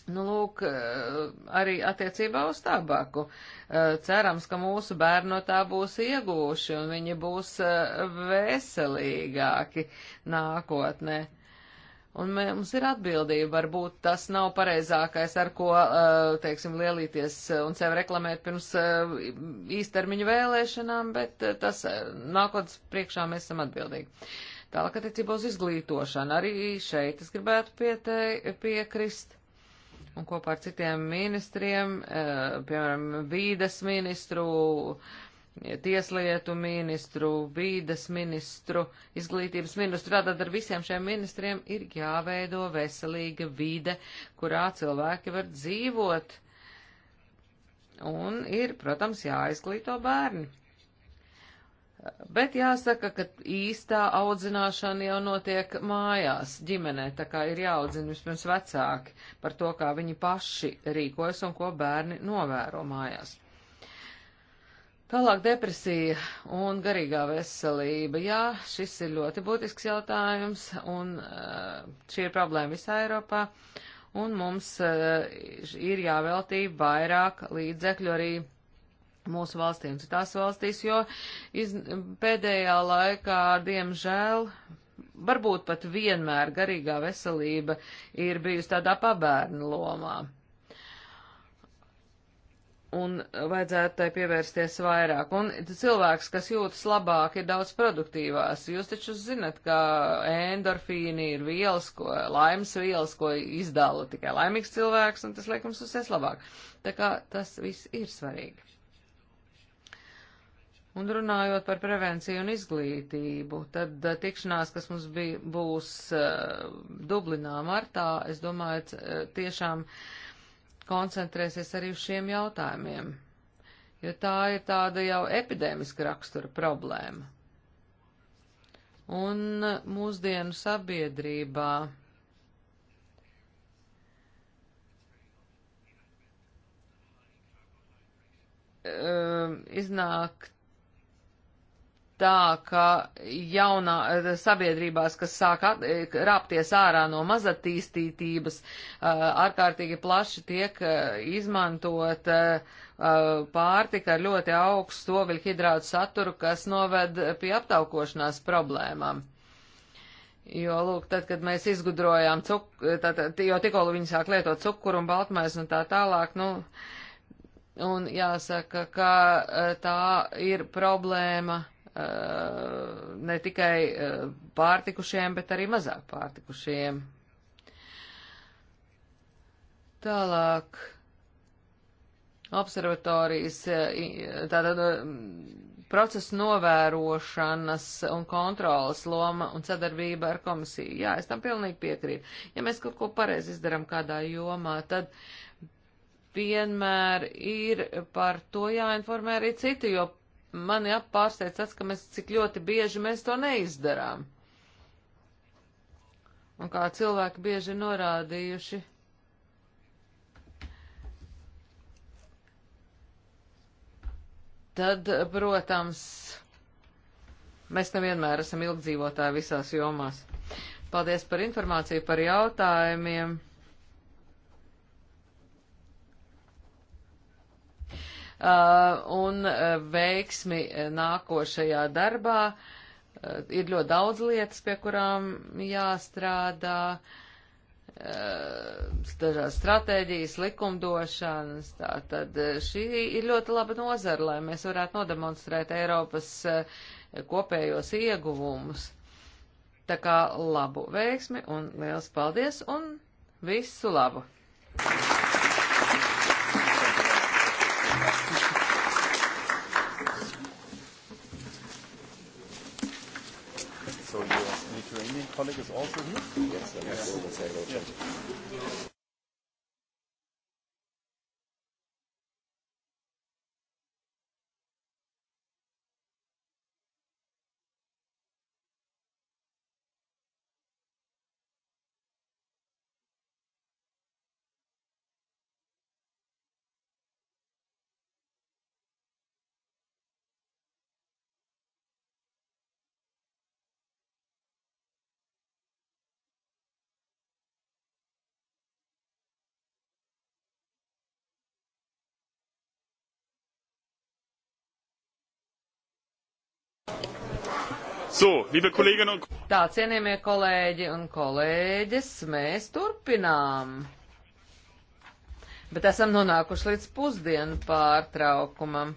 Nu, lūk, eh, arī attiecībā uz tabaku. Eh, cerams, ka mūsu bērni no tā būs iegūši un viņi būs eh, veselīgāki nākotnē. Un mums ir atbildība, varbūt tas nav pareizākais, ar ko, teiksim, lielīties un sevi reklamēt pirms īstermiņu vēlēšanām, bet tas nākotnes priekšā mēs esam atbildīgi. Tālāk attiecībā uz izglītošanu arī šeit es gribētu piete, piekrist. Un kopā ar citiem ministriem, eh, piemēram, vīdes ministru, tieslietu ministru, vīdes ministru, izglītības ministru, tātad ar visiem šiem ministriem ir jāveido veselīga vide, kurā cilvēki var dzīvot. Un ir, protams, jāizglīto bērni. Bet jāsaka, ka īstā audzināšana jau notiek mājās, ģimenē, tā kā ir jāaudzina vispirms vecāki par to, kā viņi paši rīkojas un ko bērni novēro mājās. Tālāk depresija un garīgā veselība. Jā, šis ir ļoti būtisks jautājums, un eh, šī ir problēma visā Eiropā, un mums eh, ir jāveltī vairāk līdzekļu arī mūsu valstī un citās valstīs, jo iz, pēdējā laikā, diemžēl, varbūt pat vienmēr garīgā veselība ir bijusi tādā pabērnu lomā. Un vajadzētu tai pievērsties vairāk. Un cilvēks, kas jūtas labāk, ir daudz produktīvās. Jūs taču zinat, ka endorfīni ir vielas, ko, laimes vielas, ko izdala tikai laimīgs cilvēks, un tas liekams uzsies labāk. Tā kā tas viss ir svarīgi. Un runājot par prevenciju un izglītību, tad eh, tikšanās, kas mums bija, būs eh, Dublinā martā, es domāju, eh, tiešām koncentrēsies arī uz šiem jautājumiem, jo tā ir tāda jau epidēmiska rakstura problēma. Un mūsdienu sabiedrībā iznāk tā, ka jaunā eh, sabiedrībās, kas sāk at, eh, rāpties ārā no mazatīstītības, eh, ārkārtīgi plaši tiek izmantot pārtika ar ļoti augstu oviļhidrātu saturu, kas noved pie aptaukošanās problēmām. Jo, lūk, tad, kad mēs izgudrojām cukuru, jo tikko viņi sāk lietot cukuru un baltmaizi un tā tālāk, nu, un jāsaka, ka tā ir problēma Uh, ne tikai uh, pārtikušiem, bet arī mazāk pārtikušiem. Tālāk. Observatorijas, uh, tātad procesu novērošanas un kontrolas loma un sadarbība ar komisiju. Jā, es tam pilnīgi piekrītu. Ja mēs kaut ko pareizi izdarām kādā jomā, tad vienmēr ir par to jāinformē arī citi, jo mani appārsteidz tas, ka mēs cik ļoti bieži mēs to neizdarām. Un kā cilvēki bieži norādījuši. Tad, protams, mēs nevienmēr esam ilgdzīvotāji visās jomās. Paldies par informāciju, par jautājumiem. Uh, un uh, veiksmi nākošajā darbā. Uh, ir ļoti daudz lietas, pie kurām jāstrādā, dažādas stratēģijas, likumdošanas. Tātad šī ir ļoti laba nozara, lai mēs varētu nodemonstrēt Eiropas kopējos ieguvumus. Tā kā labu veiksmi un liels paldies un visu labu! Thank you. colleague is also here. Yes, and yeah. I will say hello. Yeah. So, liebe Kolleginnen un Tā, cienījamie kolēģi un kolēģis, mēs turpinām. Bet esam nonākuši līdz pusdienu pārtraukumam.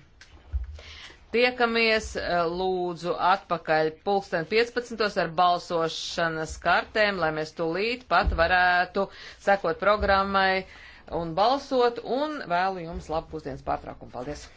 Tiekamies eh, lūdzu atpakaļ pulksten 15. ar balsošanas kartēm, lai mēs tūlīt pat varētu sekot programmai un balsot, un vēlu jums labu pusdienas pārtraukumu. Paldies!